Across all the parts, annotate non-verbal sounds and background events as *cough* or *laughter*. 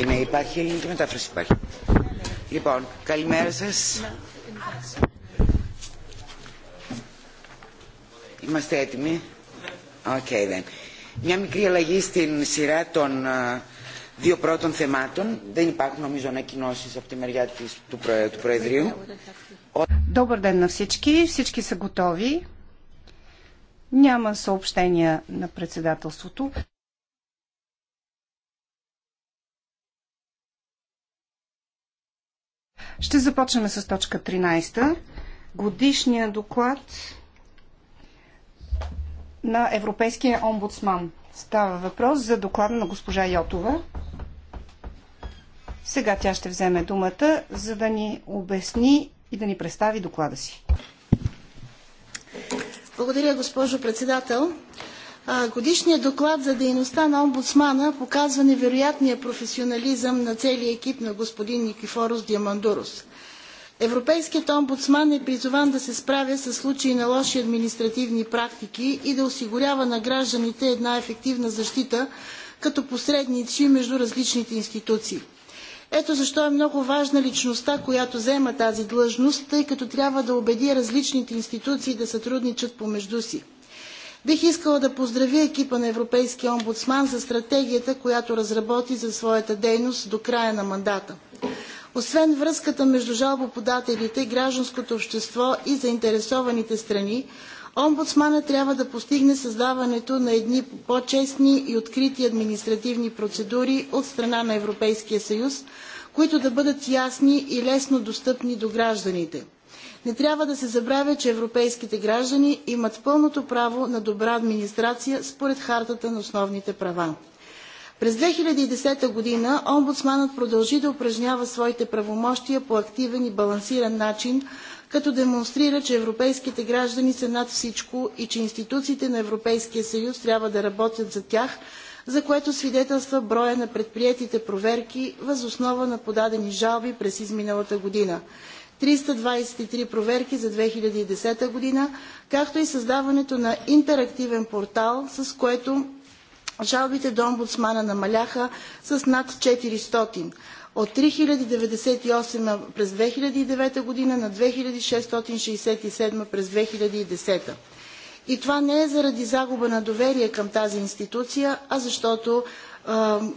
Είναι, υπάρχει ελληνική μετάφραση υπάρχει. Λοιπόν, καλημέρα σας. Είμαστε έτοιμοι. Οκ, okay, then. Μια μικρή αλλαγή στην σειρά των δύο πρώτων θεμάτων. Δεν υπάρχουν νομίζω ανακοινώσει από τη μεριά της, του, προ, του Προεδρίου. Добър ден на всички. Всички са готови. Няма съобщения на председателството. Ще започнем с точка 13. Годишния доклад на Европейския омбудсман. Става въпрос за доклада на госпожа Йотова. Сега тя ще вземе думата, за да ни обясни и да ни представи доклада си. Благодаря, госпожо председател. Годишният доклад за дейността на омбудсмана показва невероятния професионализъм на целия екип на господин Никифорос Диамандурос. Европейският омбудсман е призован да се справя с случаи на лоши административни практики и да осигурява на гражданите една ефективна защита като посредници между различните институции. Ето защо е много важна личността, която взема тази длъжност, тъй като трябва да убеди различните институции да сътрудничат помежду си. Бих искала да поздравя екипа на Европейския омбудсман за стратегията, която разработи за своята дейност до края на мандата. Освен връзката между жалбоподателите, гражданското общество и заинтересованите страни, омбудсмана трябва да постигне създаването на едни по-честни и открити административни процедури от страна на Европейския съюз, които да бъдат ясни и лесно достъпни до гражданите – не трябва да се забравя, че европейските граждани имат пълното право на добра администрация според Хартата на основните права. През 2010 година омбудсманът продължи да упражнява своите правомощия по активен и балансиран начин, като демонстрира, че европейските граждани са над всичко и че институциите на Европейския съюз трябва да работят за тях, за което свидетелства броя на предприетите проверки въз основа на подадени жалби през изминалата година. 323 проверки за 2010 година, както и създаването на интерактивен портал, с което жалбите до омбудсмана намаляха с над 400 от 3098 през 2009 година на 2667 през 2010. И това не е заради загуба на доверие към тази институция, а защото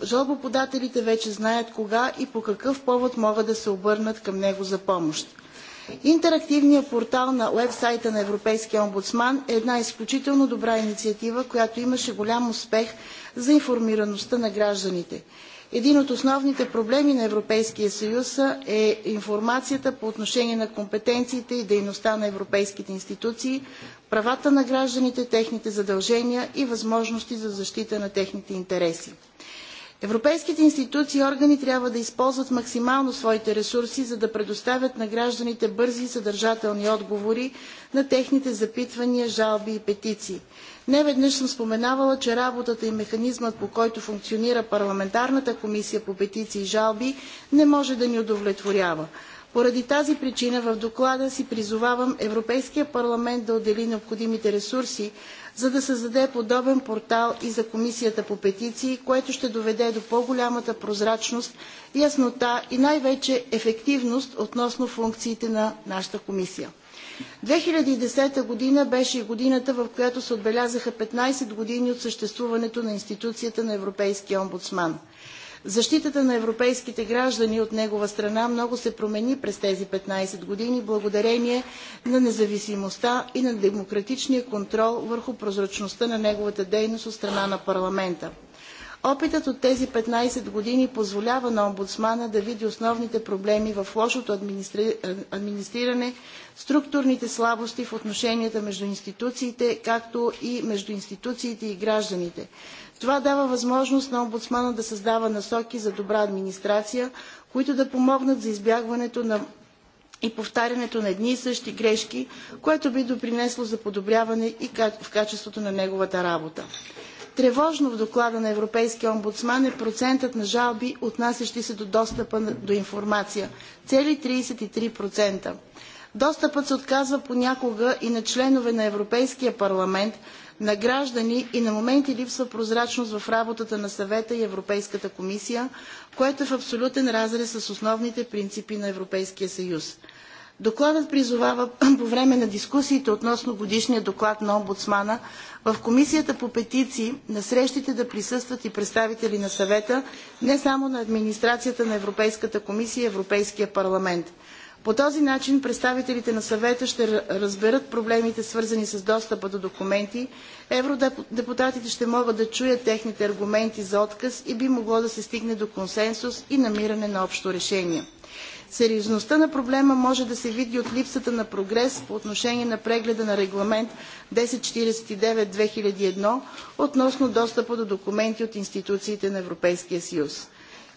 жалбоподателите вече знаят кога и по какъв повод могат да се обърнат към него за помощ. Интерактивният портал на уебсайта на Европейския омбудсман е една изключително добра инициатива, която имаше голям успех за информираността на гражданите. Един от основните проблеми на Европейския съюз е информацията по отношение на компетенциите и дейността на европейските институции, правата на гражданите, техните задължения и възможности за защита на техните интереси. Европейските институции и органи трябва да използват максимално своите ресурси, за да предоставят на гражданите бързи и съдържателни отговори на техните запитвания, жалби и петиции. Неведнъж съм споменавала, че работата и механизмът, по който функционира парламентарната комисия по петиции и жалби, не може да ни удовлетворява. Поради тази причина в доклада си призовавам Европейския парламент да отдели необходимите ресурси, за да създаде подобен портал и за Комисията по петиции, което ще доведе до по-голямата прозрачност, яснота и най-вече ефективност относно функциите на нашата комисия. 2010 г. беше и годината, в която се отбелязаха 15 години от съществуването на институцията на Европейския омбудсман. Защитата на европейските граждани от негова страна много се промени през тези 15 години благодарение на независимостта и на демократичния контрол върху прозрачността на неговата дейност от страна на парламента. Опитът от тези 15 години позволява на омбудсмана да види основните проблеми в лошото е, администриране, структурните слабости в отношенията между институциите, както и между институциите и гражданите. Това дава възможност на омбудсмана да създава насоки за добра администрация, които да помогнат за избягването на и повтарянето на едни и същи грешки, което би допринесло за подобряване и в качеството на неговата работа. Тревожно в доклада на Европейския омбудсман е процентът на жалби, отнасящи се до достъпа до информация – цели 33%. Достъпът се отказва понякога и на членове на Европейския парламент, на граждани и на моменти липсва прозрачност в работата на съвета и Европейската комисия, което е в абсолютен разрез с основните принципи на Европейския съюз. Докладът призовава *clears throat* по време на дискусиите относно годишния доклад на омбудсмана в Комисията по петиции на срещите да присъстват и представители на съвета, не само на администрацията на Европейската комисия и Европейския парламент. По този начин представителите на съвета ще разберат проблемите, свързани с достъпа до документи, евродепутатите ще могат да чуят техните аргументи за отказ и би могло да се стигне до консенсус и намиране на общо решение. Сериозността на проблема може да се види от липсата на прогрес по отношение на прегледа на регламент 1049-2001 относно достъпа до документи от институциите на Европейския съюз.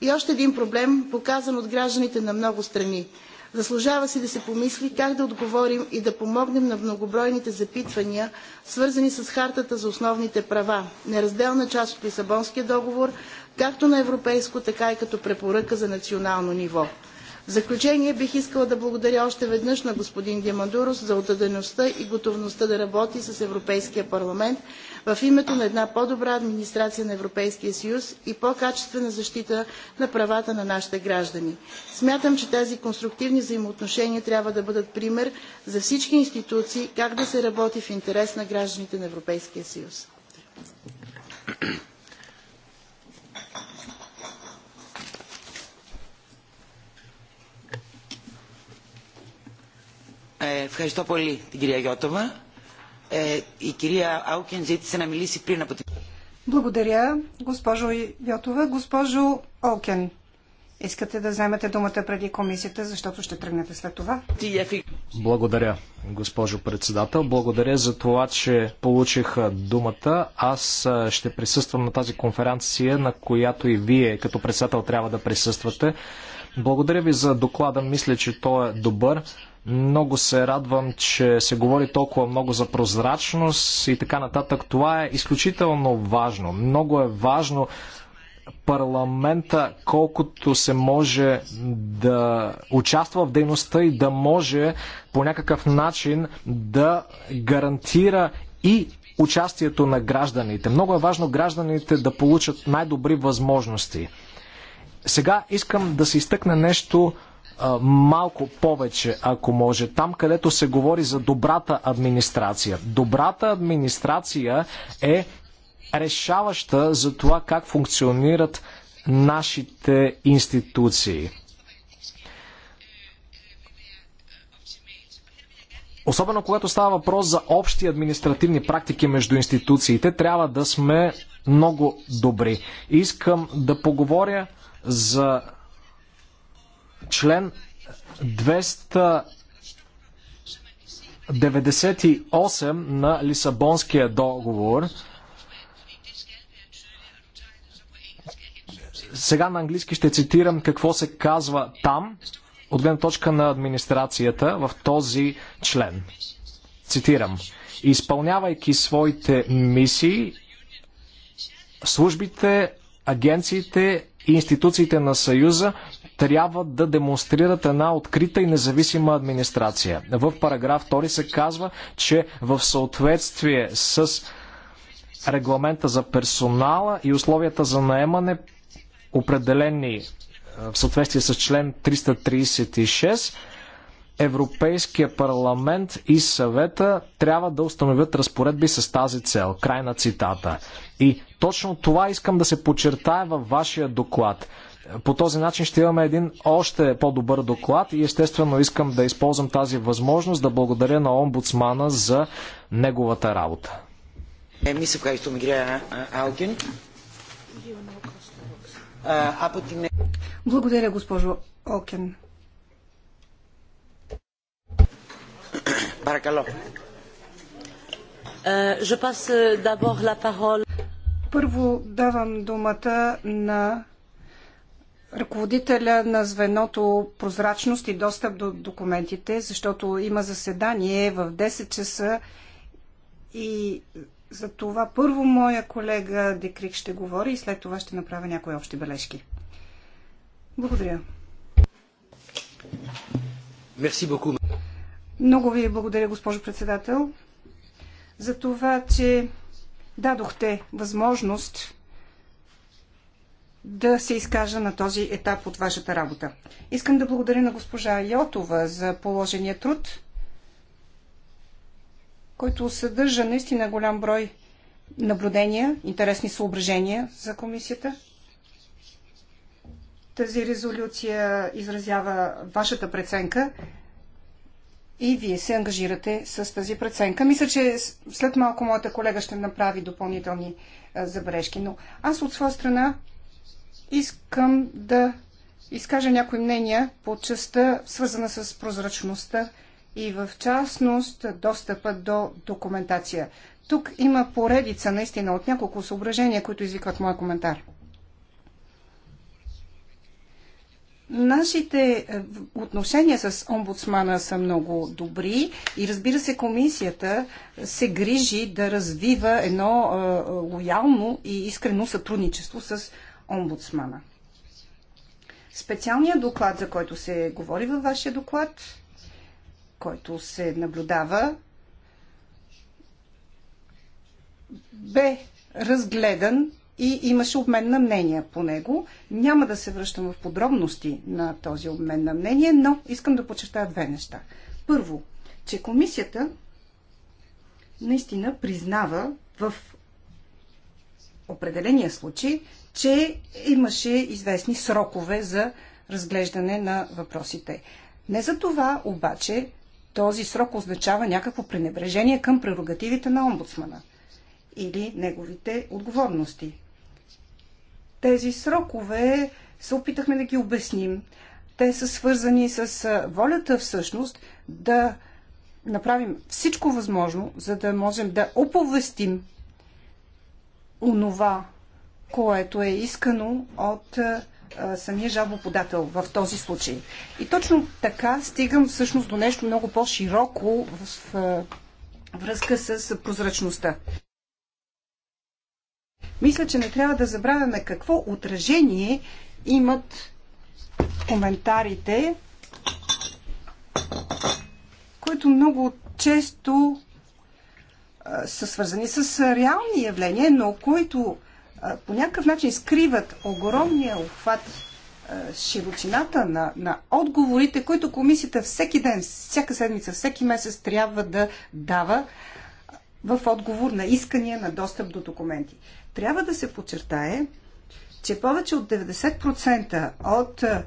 И още един проблем, показан от гражданите на много страни. Заслужава си да се помисли как да отговорим и да помогнем на многобройните запитвания, свързани с Хартата за основните права, неразделна част от Лисабонския договор, както на европейско, така и като препоръка за национално ниво. В заключение бих искала да благодаря още веднъж на господин Диамандурос за отдадеността и готовността да работи с Европейския парламент в името на една по-добра администрация на Европейския съюз и по-качествена защита на правата на нашите граждани. Смятам, че тези конструктивни взаимоотношения трябва да бъдат пример за всички институции как да се работи в интерес на гражданите на Европейския съюз. Е, ευχαριστώ πολύ την κυρία Γιώτοβα. η κυρία Άουκεν ζήτησε να μιλήσει πριν από την... Благодаря, госпожо Йотова. Госпожо Окен, искате да вземете думата преди комисията, защото ще тръгнете след това? Благодаря, госпожо председател. Благодаря за това, че получих думата. Аз ще присъствам на тази конференция, на която и вие като председател трябва да присъствате. Благодаря ви за доклада. Мисля, че той е добър. Много се радвам, че се говори толкова много за прозрачност и така нататък. Това е изключително важно. Много е важно парламента колкото се може да участва в дейността и да може по някакъв начин да гарантира и участието на гражданите. Много е важно гражданите да получат най-добри възможности. Сега искам да се изтъкне нещо малко повече, ако може, там където се говори за добрата администрация. Добрата администрация е решаваща за това как функционират нашите институции. Особено когато става въпрос за общи административни практики между институциите, трябва да сме много добри. Искам да поговоря за Член 298 на Лисабонския договор сега на английски ще цитирам какво се казва там, от гледна точка на администрацията в този член. Цитирам. Изпълнявайки своите мисии, службите, агенциите и институциите на Съюза трябва да демонстрират една открита и независима администрация. В параграф 2 се казва, че в съответствие с регламента за персонала и условията за наемане, определени е, в съответствие с член 336, Европейския парламент и съвета трябва да установят разпоредби с тази цел. Край на цитата. И точно това искам да се подчертая във вашия доклад. По този начин ще имаме един още по-добър доклад и естествено искам да използвам тази възможност да благодаря на омбудсмана за неговата работа. Е, благодаря, госпожо Окен. Е, Първо давам думата на ръководителя на звеното прозрачност и достъп до документите, защото има заседание в 10 часа и за това първо моя колега Декрик ще говори и след това ще направя някои общи бележки. Благодаря. Merci beaucoup. Много ви благодаря, госпожо председател, за това, че дадохте възможност да се изкажа на този етап от вашата работа. Искам да благодаря на госпожа Йотова за положения труд, който съдържа наистина голям брой наблюдения, интересни съображения за комисията. Тази резолюция изразява вашата преценка и вие се ангажирате с тази преценка. Мисля, че след малко моята колега ще направи допълнителни забележки, но аз от своя страна Искам да изкажа някои мнения по частта, свързана с прозрачността и в частност достъпа до документация. Тук има поредица наистина от няколко съображения, които извикват моя коментар. Нашите е, отношения с омбудсмана са много добри и разбира се комисията се грижи да развива едно е, лоялно и искрено сътрудничество с омбудсмана. Специалният доклад, за който се говори във вашия доклад, който се наблюдава, бе разгледан и имаше обмен на мнения по него. Няма да се връщам в подробности на този обмен на мнение, но искам да подчертая две неща. Първо, че комисията наистина признава в определения случай че имаше известни срокове за разглеждане на въпросите. Не за това обаче този срок означава някакво пренебрежение към прерогативите на омбудсмана или неговите отговорности. Тези срокове се опитахме да ги обясним. Те са свързани с волята всъщност да направим всичко възможно, за да можем да оповестим онова, което е искано от самия жалбоподател в този случай. И точно така стигам всъщност до нещо много по-широко в връзка с прозрачността. Мисля, че не трябва да забравяме какво отражение имат коментарите, които много често са свързани с реални явления, но които по някакъв начин скриват огромния обхват, широчината на, на отговорите, които комисията всеки ден, всяка седмица, всеки месец трябва да дава в отговор на искания на достъп до документи. Трябва да се подчертае, че повече от 90% от а,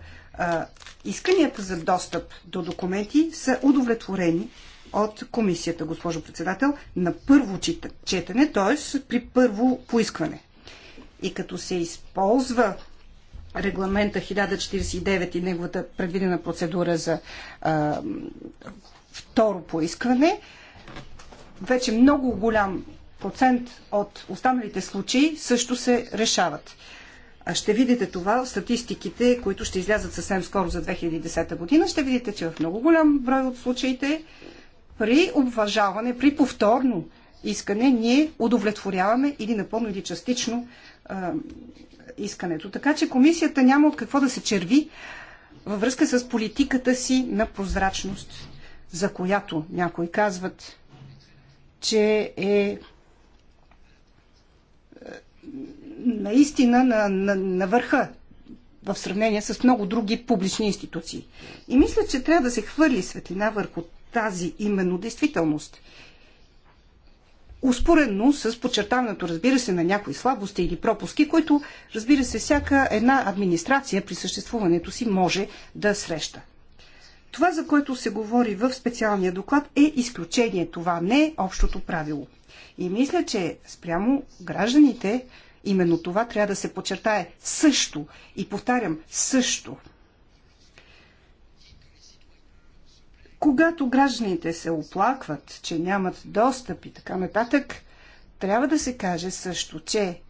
исканията за достъп до документи са удовлетворени от комисията, госпожо председател, на първо четене, т.е. при първо поискване и като се използва регламента 1049 и неговата предвидена процедура за а, второ поискване, вече много голям процент от останалите случаи също се решават. А ще видите това в статистиките, които ще излязат съвсем скоро за 2010 година. Ще видите, че в много голям брой от случаите при обважаване, при повторно искане, ние удовлетворяваме или напълно или частично искането. Така че комисията няма от какво да се черви във връзка с политиката си на прозрачност, за която някои казват, че е, е наистина на, на, на върха в сравнение с много други публични институции. И мисля, че трябва да се хвърли светлина върху тази именно действителност успоредно с подчертаването, разбира се, на някои слабости или пропуски, които, разбира се, всяка една администрация при съществуването си може да среща. Това, за което се говори в специалния доклад, е изключение. Това не е общото правило. И мисля, че спрямо гражданите, именно това трябва да се подчертае също. И повтарям, също. Когато гражданите се оплакват, че нямат достъп и така нататък, трябва да се каже също, че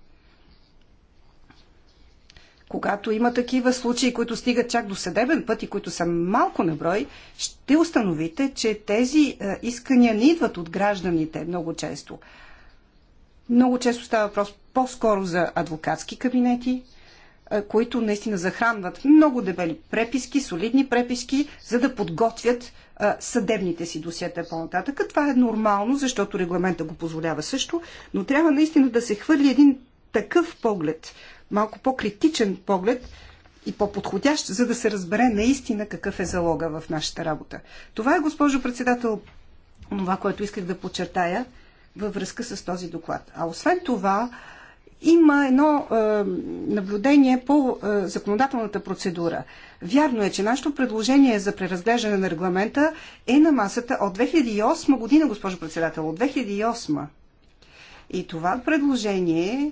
когато има такива случаи, които стигат чак до съдебен път и които са малко на брой, ще установите, че тези е, искания не идват от гражданите много често. Много често става въпрос по-скоро за адвокатски кабинети, е, които наистина захранват много дебели преписки, солидни преписки, за да подготвят съдебните си досиета по-нататък. Това е нормално, защото регламента го позволява също, но трябва наистина да се хвърли един такъв поглед, малко по-критичен поглед и по-подходящ, за да се разбере наистина какъв е залога в нашата работа. Това е, госпожо председател, това, което исках да подчертая във връзка с този доклад. А освен това, има едно е, наблюдение по е, законодателната процедура. Вярно е, че нашето предложение за преразглеждане на регламента е на масата от 2008 година, госпожо председател, от 2008. И това предложение е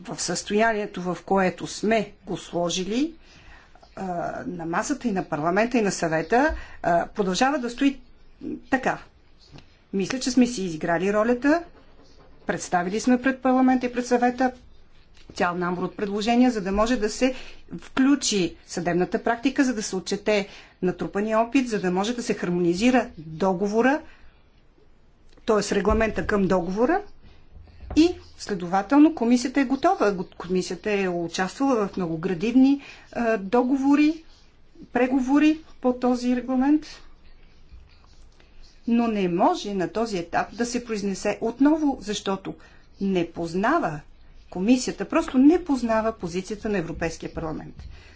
в състоянието, в което сме го сложили, на масата и на парламента и на съвета, продължава да стои така. Мисля, че сме си изиграли ролята, представили сме пред парламента и пред съвета цял набор от предложения, за да може да се включи съдебната практика, за да се отчете натрупания опит, за да може да се хармонизира договора, т.е. регламента към договора и следователно комисията е готова. Комисията е участвала в многоградивни договори, преговори по този регламент, но не може на този етап да се произнесе отново, защото не познава комисията просто не познава позицията на Европейския парламент.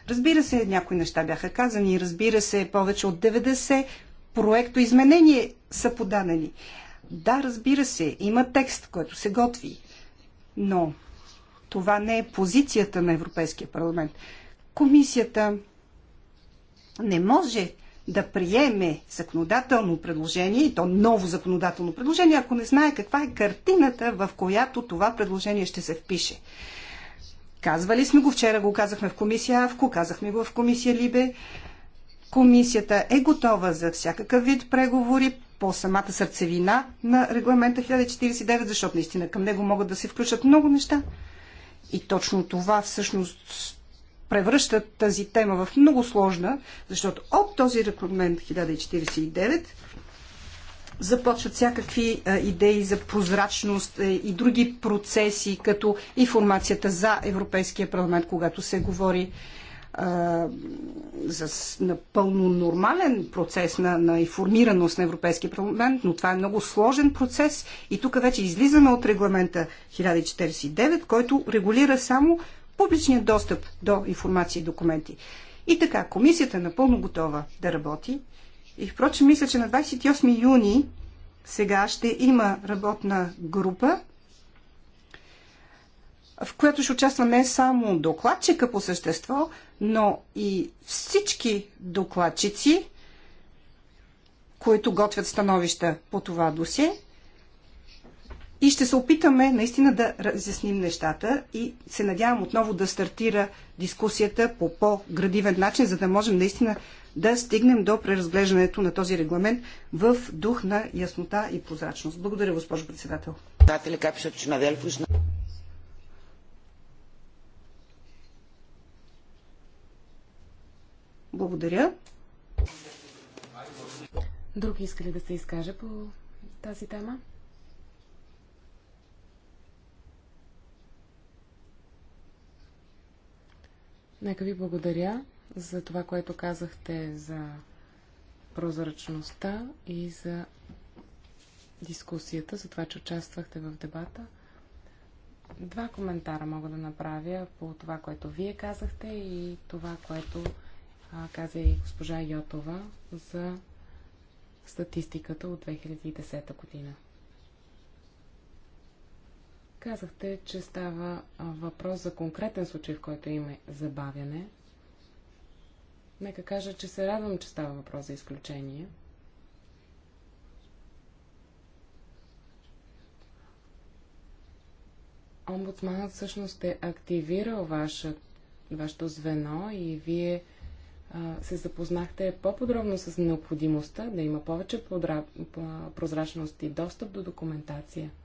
Разбира се, някои неща бяха казани, разбира се, повече от 90 проекто изменения са подадени. Да, разбира се, има текст, който се готви, но това не е позицията на Европейския парламент. Комисията не може да приеме законодателно предложение, и то ново законодателно предложение, ако не знае каква е картината, в която това предложение ще се впише. Казвали сме го вчера, го казахме в комисия АВКО, казахме го в комисия Либе. Комисията е готова за всякакъв вид преговори по самата сърцевина на регламента 1049, защото наистина към него могат да се включат много неща. И точно това всъщност превръщат тази тема в много сложна, защото от този рекламент 1049 започват всякакви е, идеи за прозрачност е, и други процеси, като информацията за Европейския парламент, когато се говори а, е, за напълно нормален процес на, на информираност на Европейския парламент, но това е много сложен процес и тук вече излизаме от регламента 1049, който регулира само публичния достъп до информация и документи. И така, комисията е напълно готова да работи. И впрочем, мисля, че на 28 юни сега ще има работна група, в която ще участва не само докладчика по същество, но и всички докладчици, които готвят становища по това досие. И ще се опитаме наистина да разясним нещата и се надявам отново да стартира дискусията по по-градивен начин, за да можем наистина да стигнем до преразглеждането на този регламент в дух на яснота и прозрачност. Благодаря, госпожо председател. Благодаря. Други искали да се изкаже по тази тема? Нека ви благодаря за това, което казахте за прозрачността и за дискусията, за това, че участвахте в дебата. Два коментара мога да направя по това, което вие казахте и това, което а, каза и госпожа Йотова за статистиката от 2010 година. Казахте, че става въпрос за конкретен случай, в който има забавяне. Нека кажа, че се радвам, че става въпрос за изключение. Омбудсманът всъщност е активирал ваше, вашето звено и вие а, се запознахте по-подробно с необходимостта да има повече прозрачност и достъп до документация –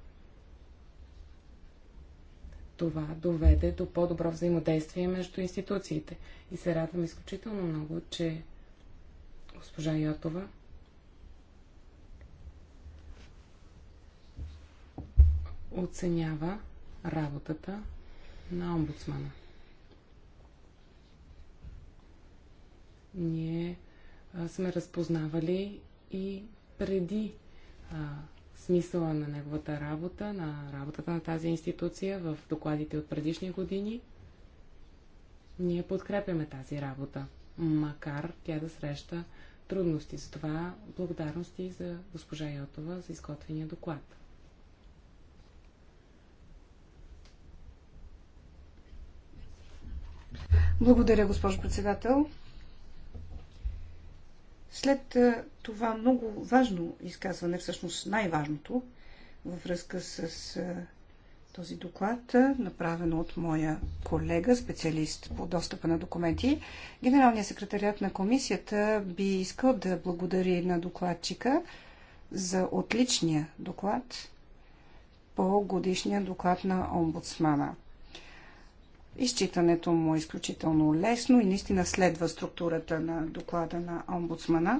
това доведе до по-добро взаимодействие между институциите. И се радвам изключително много, че госпожа Йотова оценява работата на омбудсмана. Ние сме разпознавали и преди смисъла на неговата работа, на работата на тази институция в докладите от предишни години, ние подкрепяме тази работа, макар тя да среща трудности. Затова благодарности за госпожа Йотова за изготвения доклад. Благодаря, госпожо председател. След това много важно изказване, всъщност най-важното, във връзка с този доклад, направен от моя колега, специалист по достъпа на документи. Генералният секретарят на комисията би искал да благодари на докладчика за отличния доклад по годишния доклад на омбудсмана. Изчитането му е изключително лесно и наистина следва структурата на доклада на омбудсмана,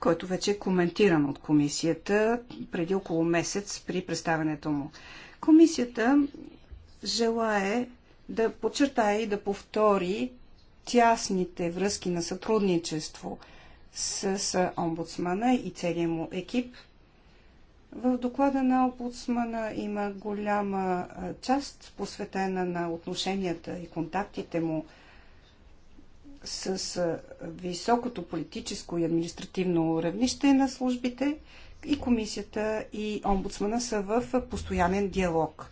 който вече е коментиран от комисията преди около месец при представянето му. Комисията желае да подчертае и да повтори тясните връзки на сътрудничество с омбудсмана и целият му екип – в доклада на Опутсмана има голяма част, посветена на отношенията и контактите му с високото политическо и административно равнище на службите и комисията и омбудсмана са в постоянен диалог.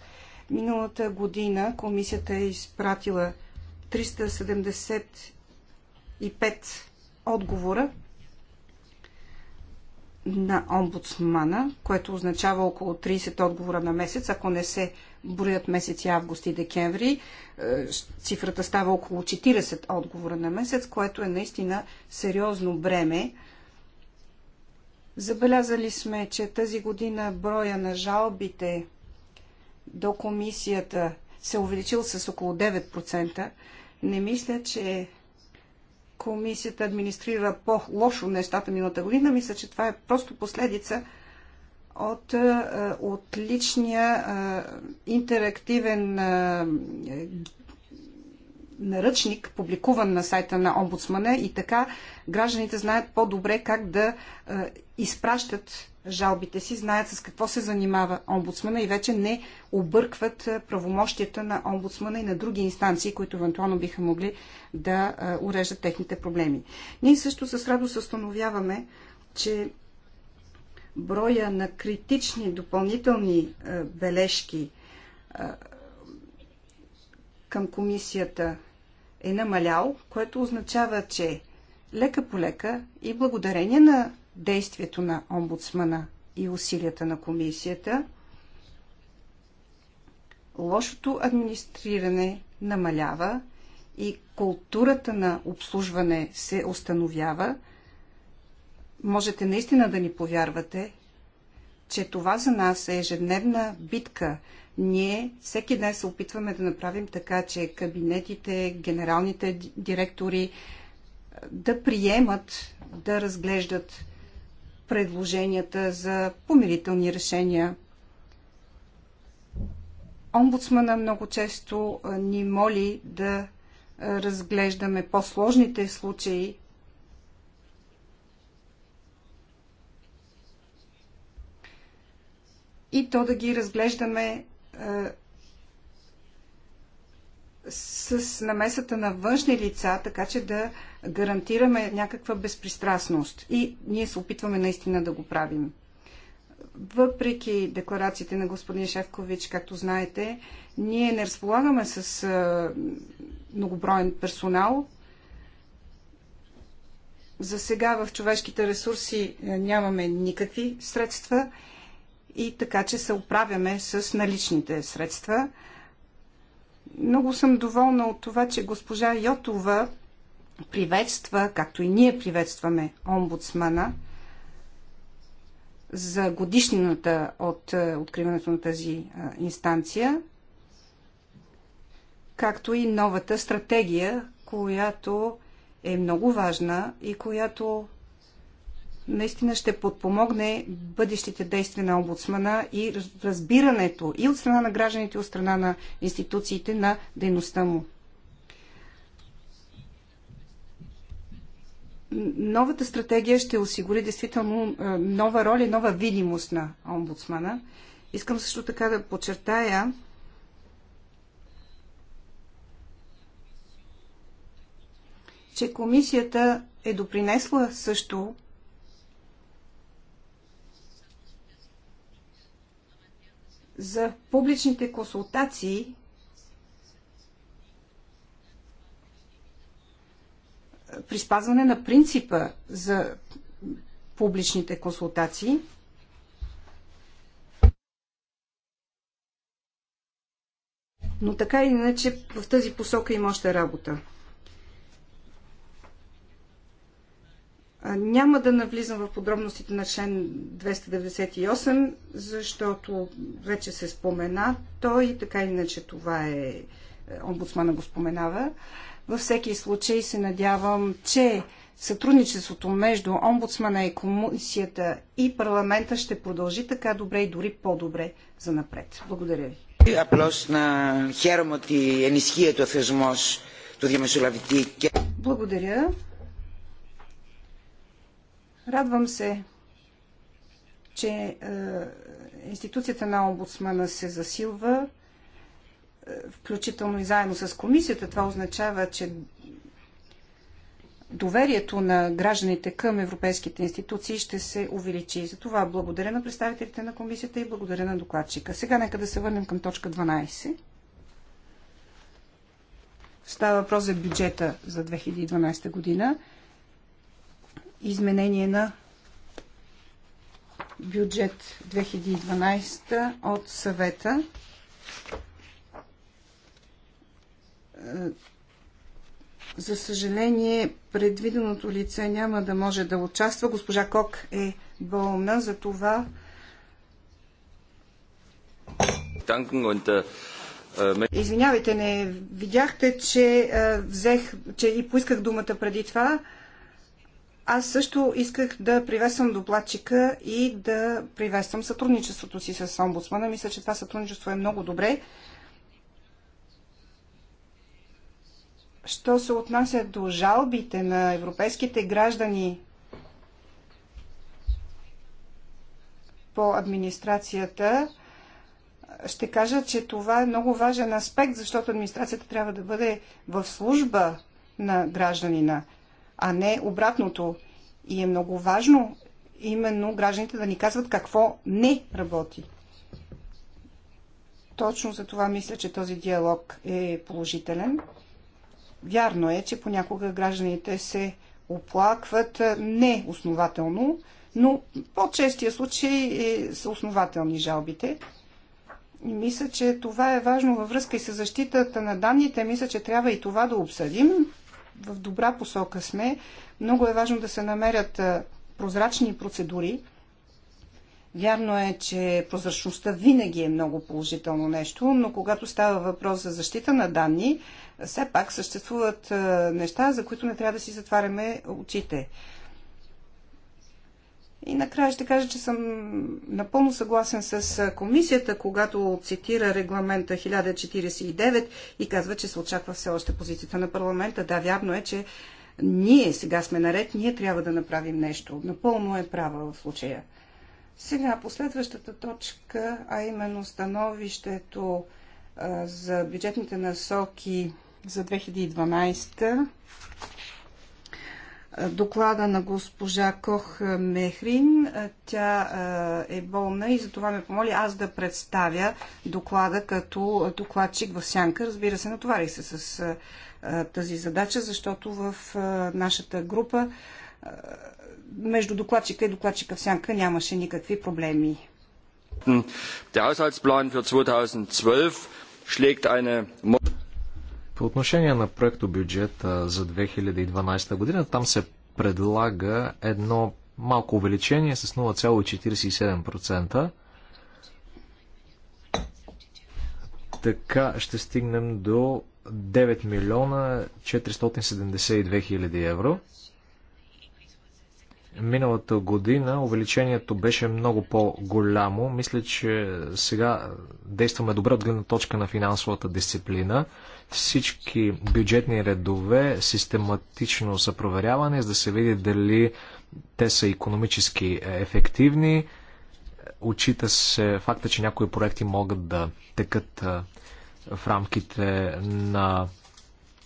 Миналата година комисията е изпратила 375 отговора на омбудсмана, което означава около 30 отговора на месец, ако не се броят месеци август и декември, е, цифрата става около 40 отговора на месец, което е наистина сериозно бреме. Забелязали сме, че тази година броя на жалбите до комисията се увеличил с около 9%. Не мисля, че комисията администрира по-лошо нещата миналата година, мисля, че това е просто последица от е, отличния е, интерактивен е, наръчник, публикуван на сайта на омбудсмана и така гражданите знаят по-добре как да е, изпращат жалбите си, знаят с какво се занимава омбудсмана и вече не объркват е, правомощията на омбудсмана и на други инстанции, които евентуално биха могли да е, уреждат техните проблеми. Ние също с радост установяваме, че броя на критични допълнителни бележки към комисията е намалял, което означава, че лека по лека и благодарение на действието на омбудсмана и усилията на комисията, лошото администриране намалява и културата на обслужване се установява, можете наистина да ни повярвате, че това за нас е ежедневна битка, ние всеки ден се опитваме да направим така, че кабинетите, генералните директори да приемат, да разглеждат предложенията за помирителни решения. Омбудсмана много често ни моли да разглеждаме по-сложните случаи. И то да ги разглеждаме е, с намесата на външни лица, така че да гарантираме някаква безпристрастност. И ние се опитваме наистина да го правим. Въпреки декларациите на господин Шевкович, както знаете, ние не разполагаме с е, многоброен персонал. За сега в човешките ресурси е, нямаме никакви средства и така, че се оправяме с наличните средства. Много съм доволна от това, че госпожа Йотова приветства, както и ние приветстваме омбудсмана за годишнината от е, откриването на тази е, инстанция, както и новата стратегия, която е много важна и която наистина ще подпомогне бъдещите действия на омбудсмана и разбирането и от страна на гражданите, и от страна на институциите на дейността му. Новата стратегия ще осигури действително нова роля и нова видимост на омбудсмана. Искам също така да подчертая, че комисията е допринесла също за публичните консултации при спазване на принципа за публичните консултации. Но така или иначе в тази посока има още работа. Няма да навлизам в подробностите на член 298, защото вече се спомена той, така иначе това е, е, омбудсмана го споменава. Във всеки случай се надявам, че сътрудничеството между омбудсмана и комисията и парламента ще продължи така добре и дори по-добре за напред. Благодаря ви. Απλώς να χαίρομαι ότι ενισχύεται ο θεσμός του Διαμεσολαβητή. Благодаря. Радвам се, че е, институцията на омбудсмана се засилва, е, включително и заедно с комисията. Това означава, че доверието на гражданите към европейските институции ще се увеличи. За това благодаря на представителите на комисията и благодаря на докладчика. Сега нека да се върнем към точка 12. Става въпрос за бюджета за 2012 година изменение на бюджет 2012 от съвета. Е, за съжаление, предвиденото лице няма да може да участва. Госпожа Кок е болна, за това äh, Извинявайте, не видяхте, че е, взех, че и поисках думата преди това. Аз също исках да приветствам доплатчика и да приветствам сътрудничеството си с омбудсмана. Мисля, че това сътрудничество е много добре. Що се отнася до жалбите на европейските граждани по администрацията, ще кажа, че това е много важен аспект, защото администрацията трябва да бъде в служба на гражданина а не обратното. И е много важно именно гражданите да ни казват какво не работи. Точно за това мисля, че този диалог е положителен. Вярно е, че понякога гражданите се оплакват неоснователно, но по-честия случай е, са основателни жалбите. И мисля, че това е важно във връзка и с защитата на данните. Мисля, че трябва и това да обсъдим в добра посока сме. Много е важно да се намерят прозрачни процедури. Вярно е, че прозрачността винаги е много положително нещо, но когато става въпрос за защита на данни, все пак съществуват неща, за които не трябва да си затваряме очите. И накрая ще кажа, че съм напълно съгласен с комисията, когато цитира регламента 1049 и казва, че се очаква все още позицията на парламента. Да, вярно е, че ние сега сме наред, ние трябва да направим нещо. Напълно е права в случая. Сега последващата точка, а именно становището а, за бюджетните насоки за 2012 доклада на госпожа Кох Мехрин. Тя е болна и затова ме помоли аз да представя доклада като докладчик в сянка. Разбира се, натоварих се с тази задача, защото в нашата група между докладчика и докладчика в сянка нямаше никакви проблеми. Der Haushaltsplan für 2012 schlägt eine по отношение на проекто бюджета за 2012 година, там се предлага едно малко увеличение с 0,47%. Така ще стигнем до 9 милиона 472 хиляди евро миналата година увеличението беше много по-голямо. Мисля, че сега действаме добре от гледна точка на финансовата дисциплина. Всички бюджетни редове систематично са проверявани, за да се види дали те са економически ефективни. Очита се факта, че някои проекти могат да текат в рамките на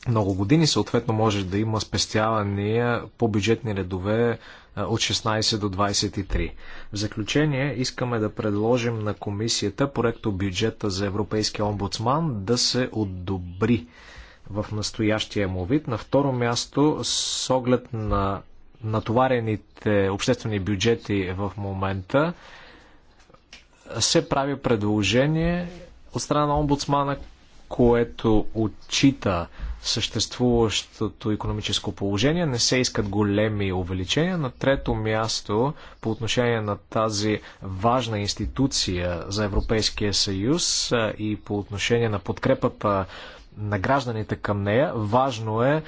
много години, съответно може да има спестявания по бюджетни редове е, от 16 до 23. В заключение искаме да предложим на комисията проекто бюджета за Европейския омбудсман да се одобри в настоящия му вид. На второ място, с оглед на натоварените обществени бюджети в момента, се прави предложение от страна на омбудсмана, което отчита съществуващото економическо положение. Не се искат големи увеличения. На трето място, по отношение на тази важна институция за Европейския съюз и по отношение на подкрепата на гражданите към нея, важно е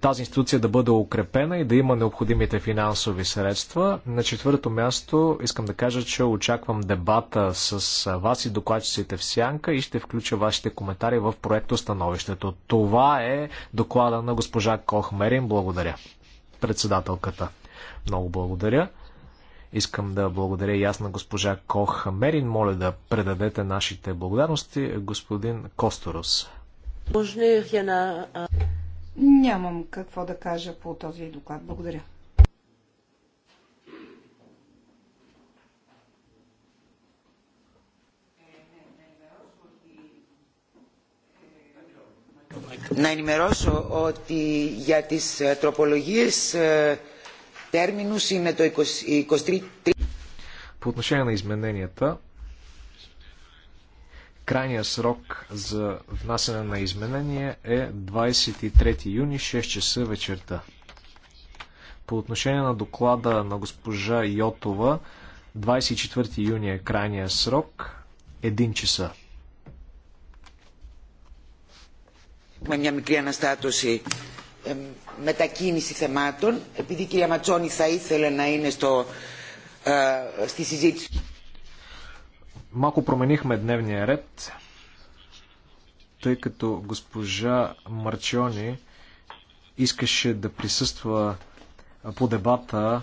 тази институция да бъде укрепена и да има необходимите финансови средства. На четвърто място искам да кажа, че очаквам дебата с вас и докладчиците в Сянка и ще включа вашите коментари в проекто становището. Това е доклада на госпожа Кохмерин. Благодаря. Председателката. Много благодаря. Искам да благодаря и аз на госпожа Кохмерин. Моля да предадете нашите благодарности господин Косторос. Нямам какво да кажа по този доклад. Благодаря. Να ενημερώσω ότι για τις τροπολογίες τέρμινους είναι το 23... По отношение на измененията, Крайният срок за внасяне на изменения е 23 юни 6 часа вечерта. По отношение на доклада на госпожа Йотова, 24 юни е крайния срок, 1 часа. Έχουμε μια μικρή αναστάτωση ε, μετακίνηση θεμάτων. Επειδή η κυρία Ματσόνη θα ήθελε να είναι στο, ε, στη συζήτηση. Малко променихме дневния ред, тъй като госпожа Марчиони искаше да присъства по дебата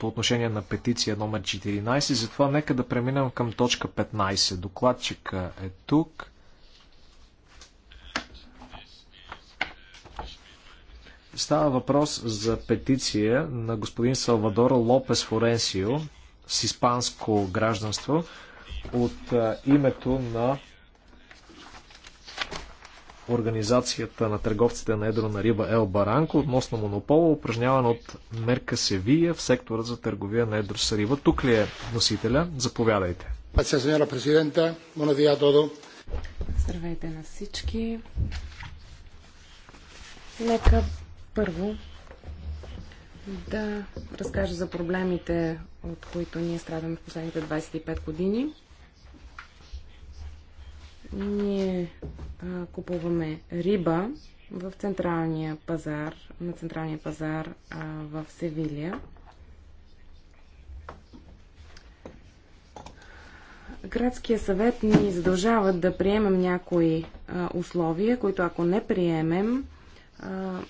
по отношение на петиция номер 14. Затова нека да преминем към точка 15. Докладчика е тук. Става въпрос за петиция на господин Салвадор Лопес Форенсио с испанско гражданство, от името на Организацията на търговците на едро на риба Ел Баранко относно монопола, упражняван от Мерка Севия в сектора за търговия на едро с риба. Тук ли е носителя? Заповядайте. Здравейте на всички. Нека първо да разкажа за проблемите, от които ние страдаме в последните 25 години. Ние а, купуваме риба в централния пазар, на централния пазар а, в Севилия. Градския съвет ни задължава да приемем някои а, условия, които ако не приемем, а,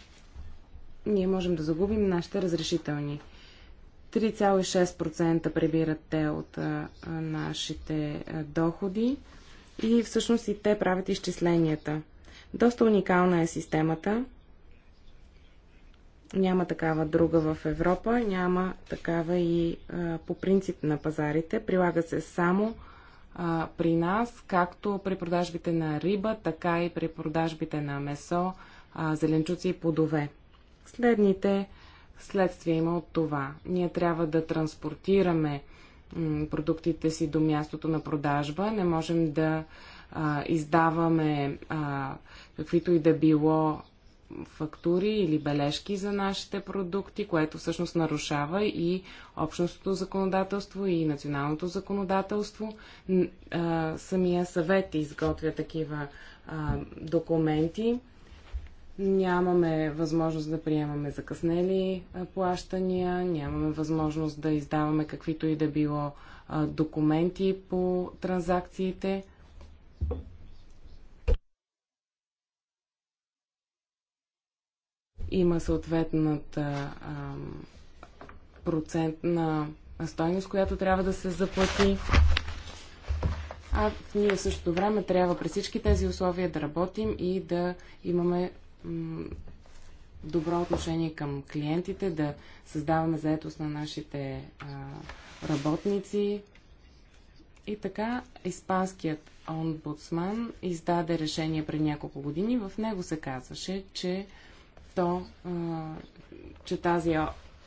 ние можем да загубим нашите разрешителни. 3,6% прибират те от а, нашите а, доходи и всъщност и те правят изчисленията. Доста уникална е системата. Няма такава друга в Европа, няма такава и а, по принцип на пазарите. Прилага се само а, при нас, както при продажбите на риба, така и при продажбите на месо, а, зеленчуци и плодове. Следните следствия има от това. Ние трябва да транспортираме продуктите си до мястото на продажба. Не можем да а, издаваме а, каквито и да било фактури или бележки за нашите продукти, което всъщност нарушава и общностното законодателство и националното законодателство. А, самия съвет изготвя такива а, документи Нямаме възможност да приемаме закъснели плащания, нямаме възможност да издаваме каквито и да било документи по транзакциите. Има съответната процентна стойност, която трябва да се заплати. А ние в същото време трябва при всички тези условия да работим и да имаме добро отношение към клиентите, да създаваме заетост на нашите а, работници. И така, испанският омбудсман издаде решение пред няколко години. В него се казваше, че, то, а, че тази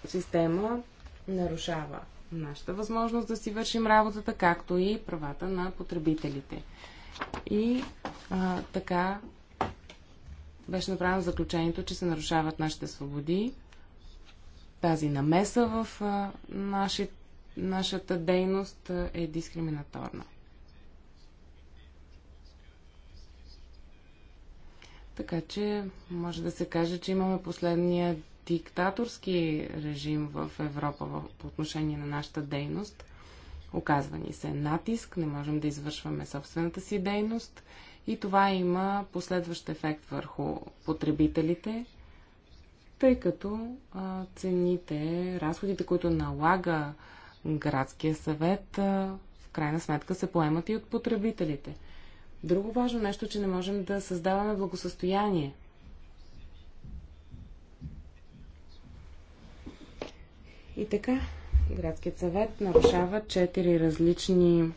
система нарушава нашата възможност да си вършим работата, както и правата на потребителите. И а, така беше направено заключението, че се нарушават нашите свободи, тази намеса в а, наши, нашата дейност е дискриминаторна. Така че може да се каже, че имаме последния диктаторски режим в Европа в, по отношение на нашата дейност. Оказва ни се натиск, не можем да извършваме собствената си дейност и това има последващ ефект върху потребителите, тъй като цените, разходите, които налага градския съвет, в крайна сметка се поемат и от потребителите. Друго важно нещо, че не можем да създаваме благосъстояние. И така, Градският съвет нарушава четири различни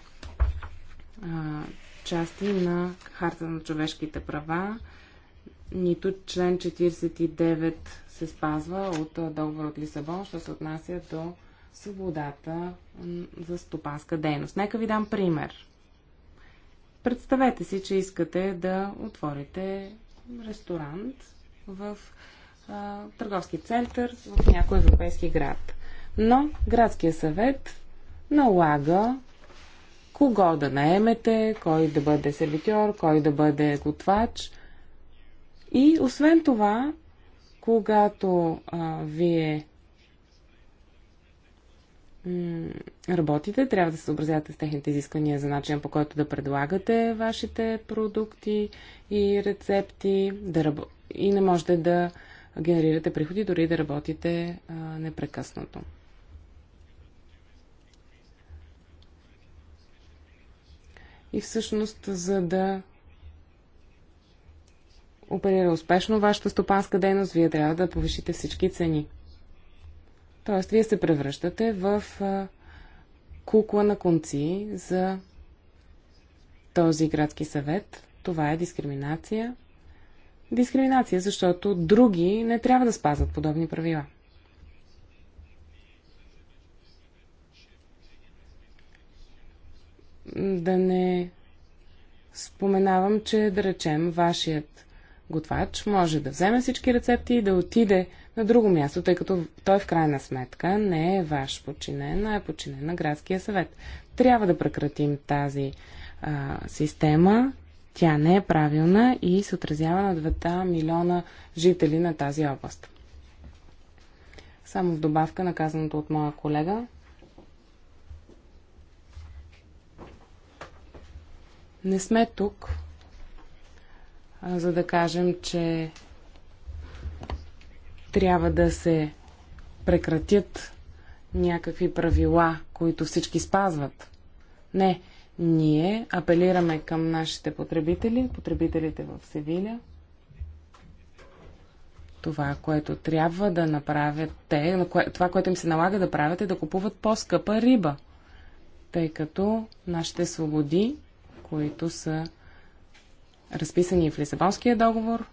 а, части на Харта на човешките права, нито член 49 се спазва от договор от Лисабон, що се отнася до свободата за стопанска дейност. Нека ви дам пример. Представете си, че искате да отворите ресторант в а, търговски център в някой европейски град. Но градския съвет налага кого да наемете, кой да бъде сервитьор, кой да бъде готвач. И освен това, когато а, вие работите, трябва да се съобразявате с техните изисквания за начина по който да предлагате вашите продукти и рецепти да раб... и не можете да генерирате приходи, дори да работите а, непрекъснато. И всъщност, за да оперира успешно вашата стопанска дейност, вие трябва да повишите всички цени. Тоест, вие се превръщате в кукла на конци за този градски съвет. Това е дискриминация. Дискриминация, защото други не трябва да спазват подобни правила. да не споменавам, че да речем вашият готвач може да вземе всички рецепти и да отиде на друго място, тъй като той в крайна сметка не е ваш починен, а е починен на градския съвет. Трябва да прекратим тази а, система. Тя не е правилна и се отразява на 2 милиона жители на тази област. Само в добавка на казаното от моя колега, Не сме тук, а, за да кажем, че трябва да се прекратят някакви правила, които всички спазват. Не, ние апелираме към нашите потребители, потребителите в Севиля. Това, което трябва да направят те, това, което им се налага да правят е да купуват по-скъпа риба, тъй като нашите свободи които са разписани в Лисабонския договор,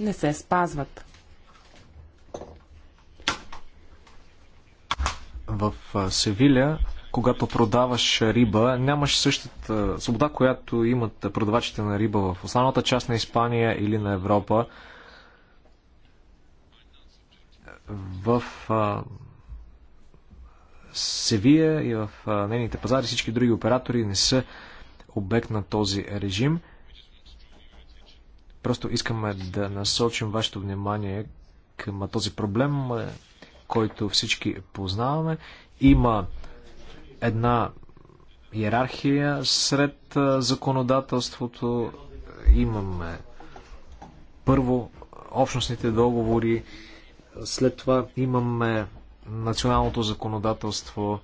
не се спазват. В Севиля, когато продаваш риба, нямаш същата свобода, която имат продавачите на риба в останалата част на Испания или на Европа. В Севия и в нейните пазари всички други оператори не са обект на този режим. Просто искаме да насочим вашето внимание към този проблем, е, който всички познаваме. Има една иерархия сред е, законодателството. Имаме първо общностните договори, след това имаме националното законодателство,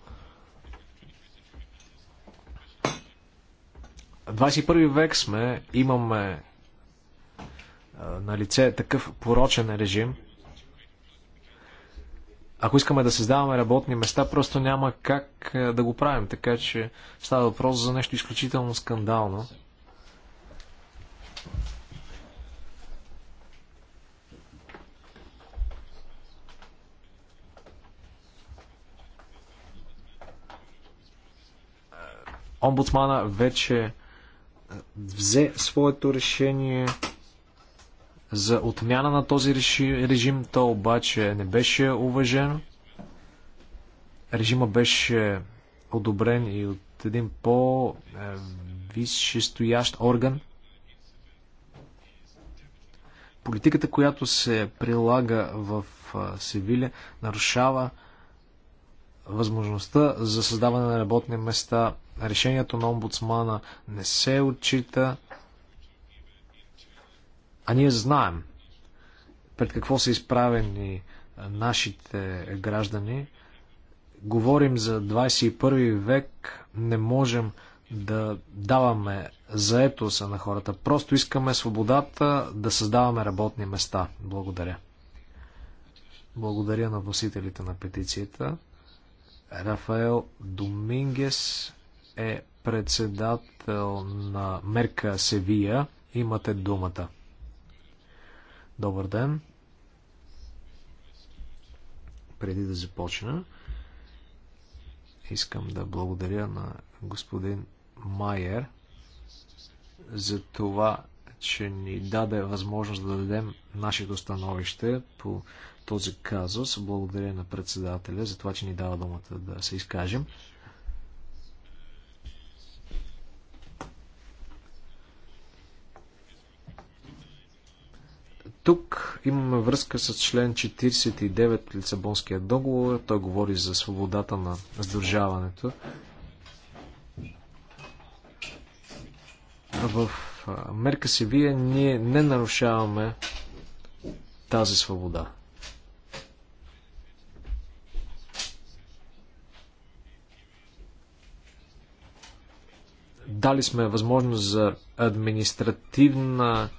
21 век сме, имаме на лице такъв порочен режим. Ако искаме да създаваме работни места, просто няма как да го правим. Така че става въпрос за нещо изключително скандално. Омбудсмана вече взе своето решение за отмяна на този режим. То обаче не беше уважен. Режима беше одобрен и от един по-висшестоящ орган. Политиката, която се прилага в Севиля, нарушава възможността за създаване на работни места, решението на омбудсмана не се отчита. А ние знаем пред какво са изправени нашите граждани. Говорим за 21 век, не можем да даваме заетоса на хората. Просто искаме свободата да създаваме работни места. Благодаря. Благодаря на вносителите на петицията. Рафаел Домингес е председател на Мерка Севия. Имате думата. Добър ден. Преди да започна, искам да благодаря на господин Майер за това, че ни даде възможност да дадем нашето становище по този казус. Благодаря на председателя за това, че ни дава думата да се изкажем. Тук имаме връзка с член 49 от Лисабонския договор. Той говори за свободата на сдържаването. В мерка си вие ние не нарушаваме тази свобода. Дали сме възможност за административна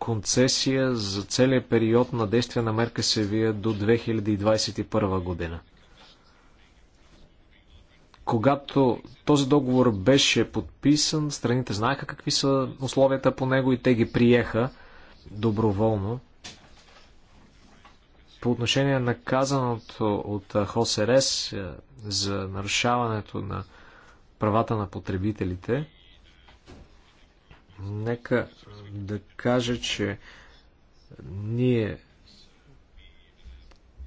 концесия за целият период на действие на мерка Севия до 2021 година. Когато този договор беше подписан, страните знаеха какви са условията по него и те ги приеха доброволно. По отношение на казаното от ХОСРС за нарушаването на правата на потребителите, Нека да кажа, че ние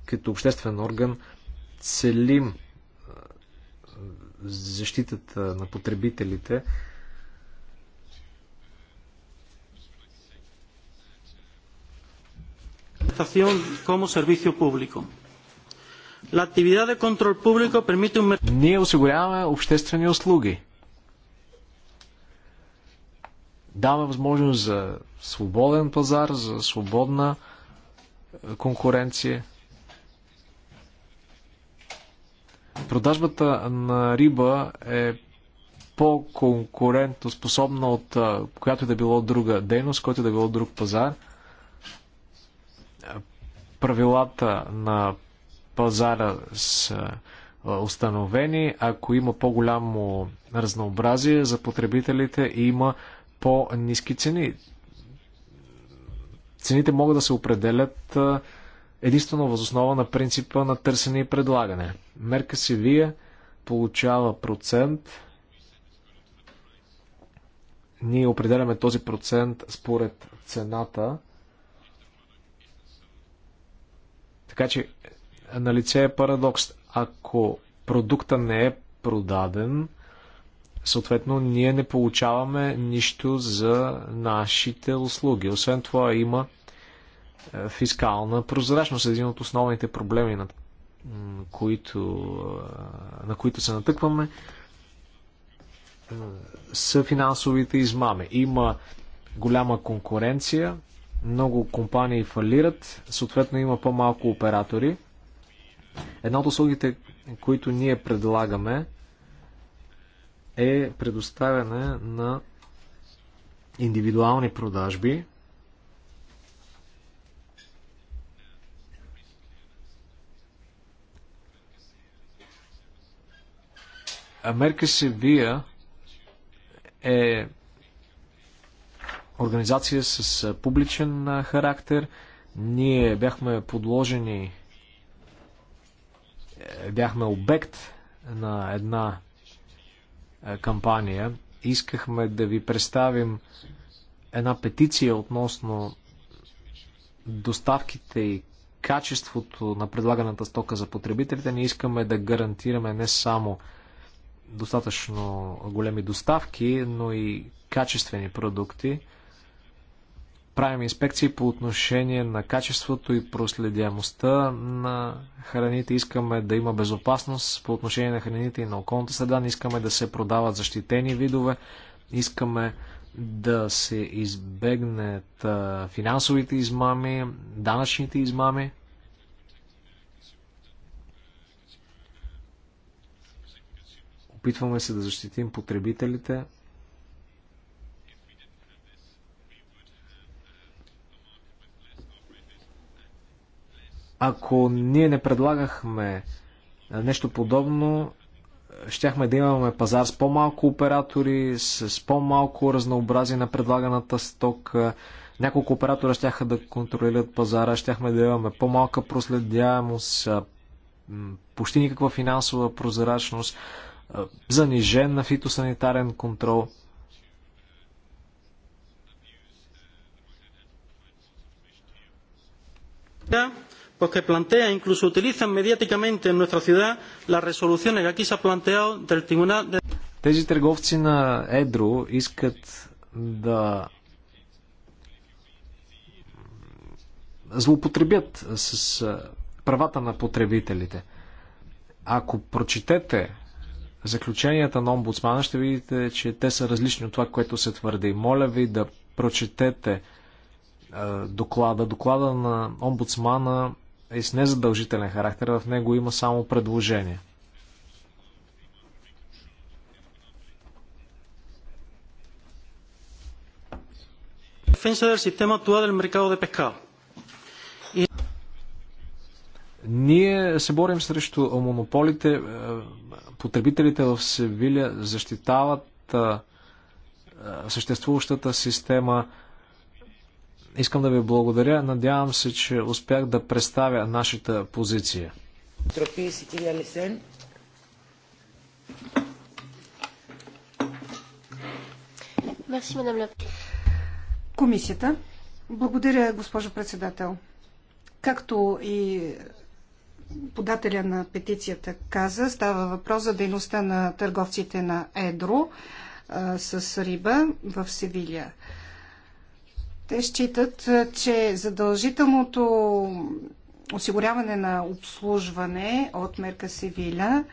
като обществен орган целим защитата на потребителите. Ние осигуряваме обществени услуги. Дава възможност за свободен пазар, за свободна е, конкуренция. Продажбата на риба е по-конкурентоспособна от е, която да било друга дейност, който да било друг пазар. Е, правилата на пазара са установени. Ако има по-голямо разнообразие за потребителите, има по-низки цени. Цените могат да се определят единствено възоснова на принципа на търсене и предлагане. Мерка Севия получава процент. Ние определяме този процент според цената. Така че на лице е парадокс. Ако продукта не е продаден, Съответно, ние не получаваме нищо за нашите услуги. Освен това, има е, фискална прозрачност. Един от основните проблеми, на които, е, на които се натъкваме, е, са финансовите измами. Има голяма конкуренция, много компании фалират, съответно има по-малко оператори. Една от услугите, които ние предлагаме, е предоставяне на индивидуални продажби. Америка Севия е организация с публичен характер. Ние бяхме подложени, е, бяхме обект на една кампания. Искахме да ви представим една петиция относно доставките и качеството на предлаганата стока за потребителите. Ние искаме да гарантираме не само достатъчно големи доставки, но и качествени продукти правим инспекции по отношение на качеството и проследяемостта на храните. Искаме да има безопасност по отношение на храните и на околната среда. Не искаме да се продават защитени видове. Искаме да се избегнат финансовите измами, данъчните измами. Опитваме се да защитим потребителите. Ако ние не предлагахме нещо подобно, щяхме да имаме пазар с по-малко оператори, с по-малко разнообразие на предлаганата стока. Няколко оператора щяха да контролират пазара, щяхме да имаме по-малка проследяемост, почти никаква финансова прозрачност, занижен на фитосанитарен контрол. Да, pues que plantea, incluso utilizan mediáticamente en nuestra ciudad las resoluciones que aquí se ha planteado del Tribunal de... Тези търговци на Едро искат да злоупотребят с правата на потребителите. Ако прочетете заключенията на омбудсмана, ще видите, че те са различни от това, което се твърди. Моля ви да прочетете доклада. Доклада на омбудсмана и е с незадължителен характер. В него има само предложение. Ние се борим срещу монополите. Е, потребителите в Севиля защитават е, съществуващата система. Искам да ви благодаря. Надявам се, че успях да представя нашата позиция. Комисията. Благодаря, госпожо председател. Както и подателя на петицията каза, става въпрос за дейността на търговците на Едро а, с риба в Севилия. Те считат, че задължителното осигуряване на обслужване от мерка Севиля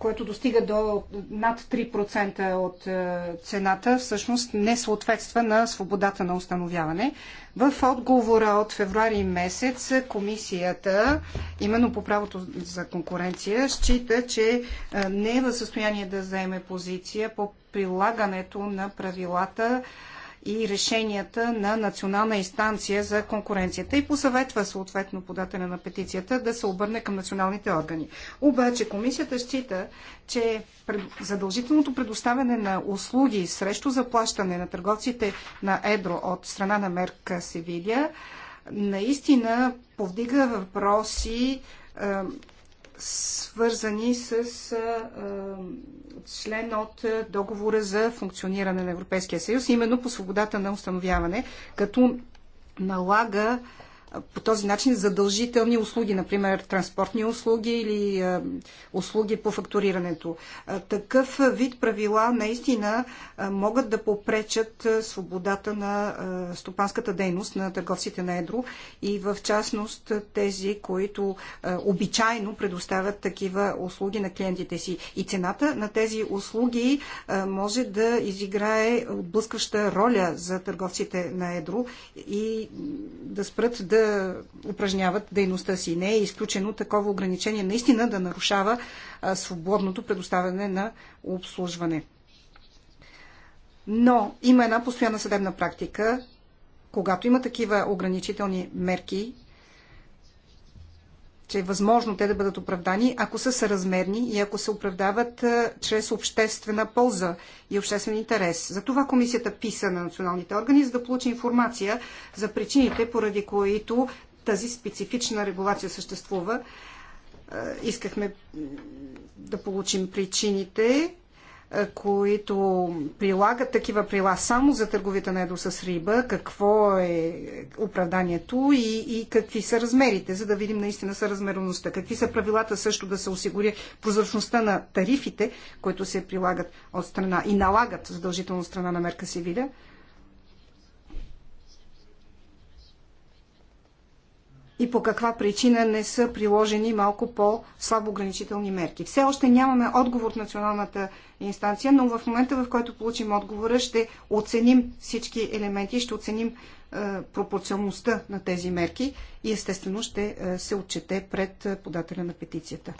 което достига до над 3% от е, цената, всъщност не съответства на свободата на установяване. В отговора от февруари месец комисията, именно по правото за конкуренция, счита, че е, не е в състояние да заеме позиция по прилагането на правилата и решенията на национална инстанция за конкуренцията и посъветва съответно подателя на петицията да се обърне към националните органи. Обаче комисията счита, че задължителното предоставяне на услуги срещу заплащане на търговците на Едро от страна на Мерк Севилия наистина повдига въпроси свързани с член от договора за функциониране на Европейския съюз, именно по свободата на установяване, като налага по този начин задължителни услуги, например транспортни услуги или е, услуги по фактурирането. Е, такъв вид правила наистина е, могат да попречат свободата на стопанската дейност на търговците на едро и в частност тези, които обичайно предоставят такива услуги на клиентите си. И цената на тези услуги може да изиграе отблъскваща роля за търговците на едро и да спрат да да упражняват дейността си. Не е изключено такова ограничение наистина да нарушава свободното предоставяне на обслужване. Но има една постоянна съдебна практика, когато има такива ограничителни мерки, че е възможно те да бъдат оправдани, ако са съразмерни и ако се оправдават чрез обществена полза и обществен интерес. Затова комисията писа на националните органи, за да получи информация за причините, поради които тази специфична регулация съществува. Искахме да получим причините които прилагат такива прила само за търговията на едо с риба, какво е оправданието и, и какви са размерите, за да видим наистина съразмерността. Какви са правилата също да се осигури прозрачността на тарифите, които се прилагат от страна и налагат задължително страна на мерка Сивиля. и по каква причина не са приложени малко по-слабо ограничителни мерки. Все още нямаме отговор от националната инстанция, но в момента, в който получим отговора, ще оценим всички елементи, ще оценим е, пропорционността на тези мерки и естествено ще е, се отчете пред е, подателя на петицията.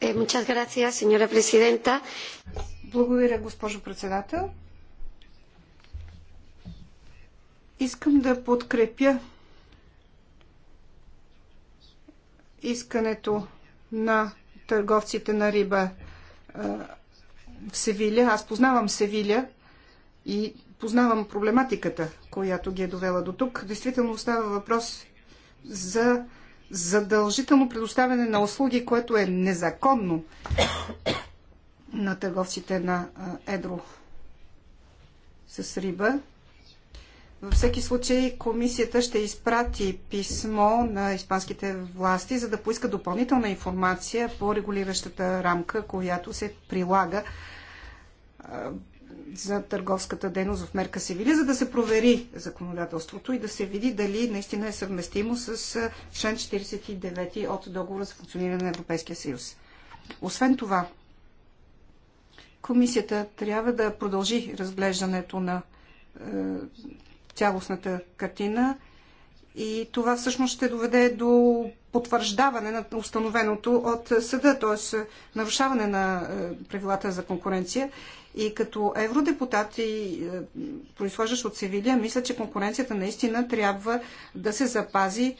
Е, Благодаря, госпожо председател. Искам да подкрепя искането на търговците на риба в Севиля. Аз познавам Севиля и познавам проблематиката, която ги е довела до тук. Действително става въпрос за задължително предоставяне на услуги, което е незаконно на търговците на едро с риба. Във всеки случай комисията ще изпрати писмо на испанските власти, за да поиска допълнителна информация по регулиращата рамка, която се прилага за търговската дейност в мерка Севили, за да се провери законодателството и да се види дали наистина е съвместимо с член 49 от договора за функциониране на Европейския съюз. Освен това, комисията трябва да продължи разглеждането на цялостната картина и това всъщност ще доведе до потвърждаване на установеното от съда, т.е. нарушаване на е, правилата за конкуренция. И като евродепутат и е, произхождащ от Севилия, мисля, че конкуренцията наистина трябва да се запази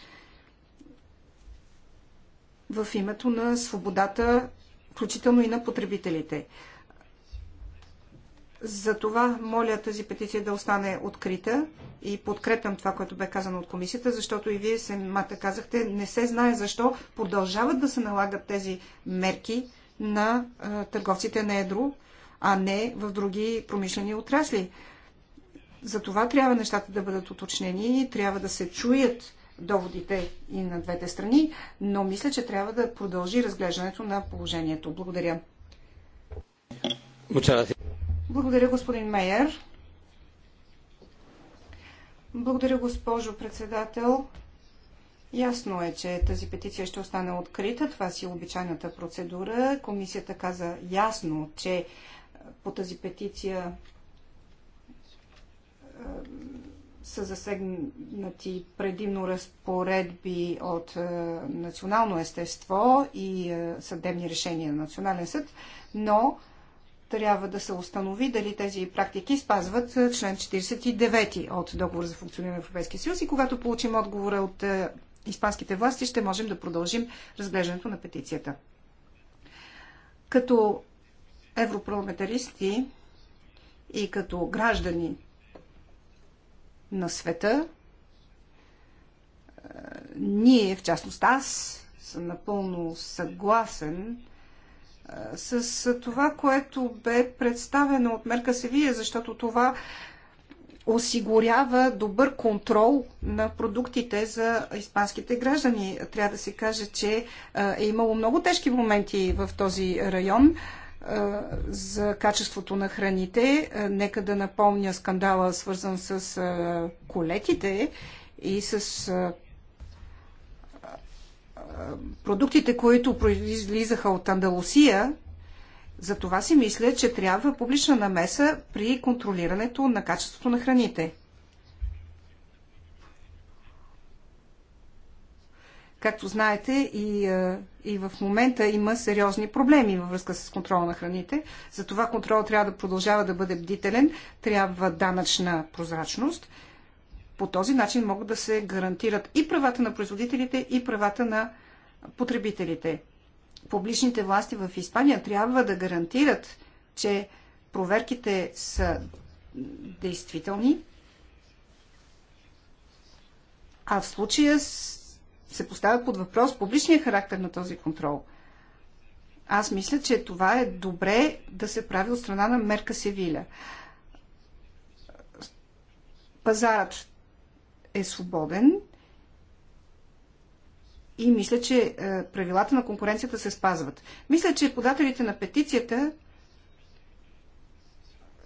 в името на свободата, включително и на потребителите. Затова моля тази петиция да остане открита и подкрепям това, което бе казано от комисията, защото и вие самата казахте, не се знае защо продължават да се налагат тези мерки на а, търговците на едро, а не в други промишлени отрасли. За това трябва нещата да бъдат уточнени, трябва да се чуят доводите и на двете страни, но мисля, че трябва да продължи разглеждането на положението. Благодаря. Muchas благодаря, господин Мейер. Благодаря, госпожо председател. Ясно е, че тази петиция ще остане открита. Това си е обичайната процедура. Комисията каза ясно, че е, по тази петиция е, са засегнати предимно разпоредби от е, национално естество и съдебни решения на Национален съд, но трябва да се установи дали тези практики спазват е, член 49 от договор за функциониране на Европейския съюз и когато получим отговора от е, испанските власти, ще можем да продължим разглеждането на петицията. Като европарламентаристи и като граждани на света, е, ние, в частност аз, съм напълно съгласен с това, което бе представено от мерка Севия, защото това осигурява добър контрол на продуктите за испанските граждани. Трябва да се каже, че е имало много тежки моменти в този район за качеството на храните. Нека да напомня скандала, свързан с колетите и с продуктите, които произлизаха от Андалусия, за това си мисля, че трябва публична намеса при контролирането на качеството на храните. Както знаете, и, и в момента има сериозни проблеми във връзка с контрола на храните. Затова контрол трябва да продължава да бъде бдителен, трябва данъчна прозрачност. По този начин могат да се гарантират и правата на производителите, и правата на потребителите. Публичните власти в Испания трябва да гарантират, че проверките са действителни, а в случая се поставя под въпрос публичния характер на този контрол. Аз мисля, че това е добре да се прави от страна на Мерка Севиля. Пазарът е свободен, и мисля, че е, правилата на конкуренцията се спазват. Мисля, че подателите на петицията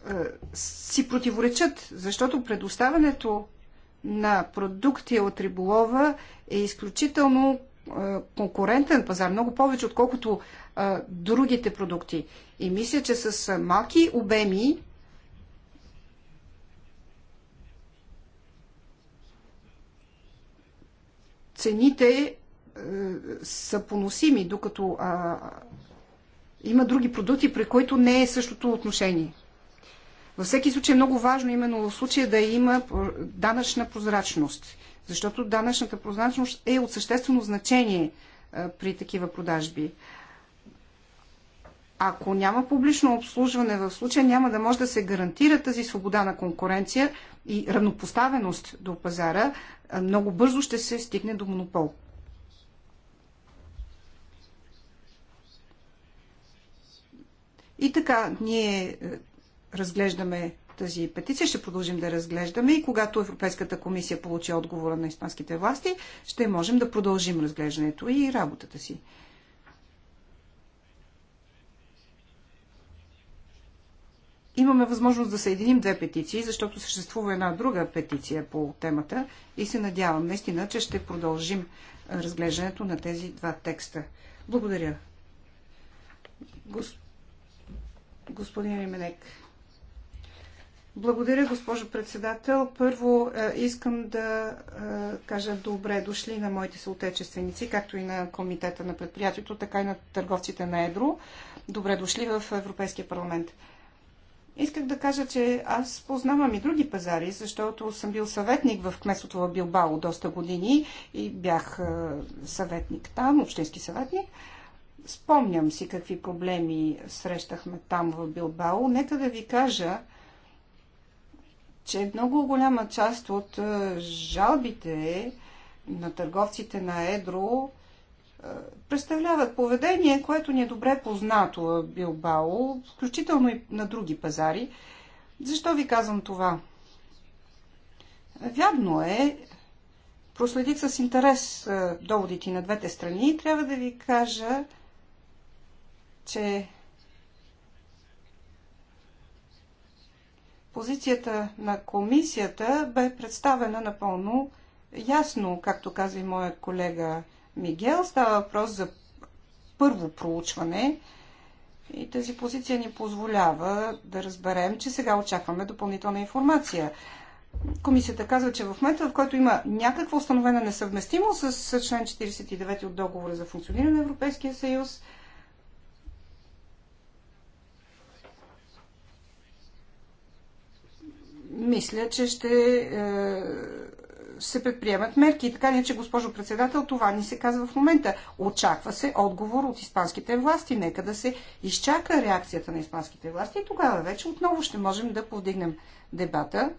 е, си противоречат, защото предоставянето на продукти от риболова е изключително е, конкурентен пазар, много повече, отколкото другите продукти. И мисля, че с малки обеми цените е, са поносими, докато а, има други продукти, при които не е същото отношение. Във всеки случай е много важно именно в случая да има данъчна прозрачност, защото данъчната прозрачност е от съществено значение а, е, при такива продажби. Ако няма публично обслужване в случая, няма да може да се гарантира тази свобода на конкуренция и равнопоставеност до пазара, е, много бързо ще се стигне до монопол. И така, ние е, разглеждаме тази петиция, ще продължим да разглеждаме и когато Европейската комисия получи отговора на испанските власти, ще можем да продължим разглеждането и работата си. Имаме възможност да съединим две петиции, защото съществува една друга петиция по темата и се надявам наистина, че ще продължим е, разглеждането на тези два текста. Благодаря. Господин господин Именек. Благодаря, госпожо председател. Първо е, искам да е, кажа добре дошли на моите съотечественици, както и на комитета на предприятието, така и на търговците на Едро. Добре дошли в Европейския парламент. Исках да кажа, че аз познавам и други пазари, защото съм бил съветник в кметството в Билбао доста години и бях е, съветник там, общински съветник. Спомням си какви проблеми срещахме там в Билбао. Нека да ви кажа, че много голяма част от е, жалбите на търговците на Едро е, представляват поведение, което ни е добре познато в е, Билбао, включително и на други пазари. Защо ви казвам това? Вярно е, проследих с интерес доводите на двете страни и трябва да ви кажа, че позицията на комисията бе представена напълно ясно, както каза и моят колега Мигел. Става въпрос за първо проучване и тази позиция ни позволява да разберем, че сега очакваме допълнителна информация. Комисията казва, че в момента, в който има някаква установена несъвместимост с член 49 от договора за функциониране на Европейския съюз, мисля, че ще е, се предприемат мерки. И така не, че госпожо председател, това ни се казва в момента. Очаква се отговор от испанските власти. Нека да се изчака реакцията на испанските власти и тогава вече отново ще можем да повдигнем дебата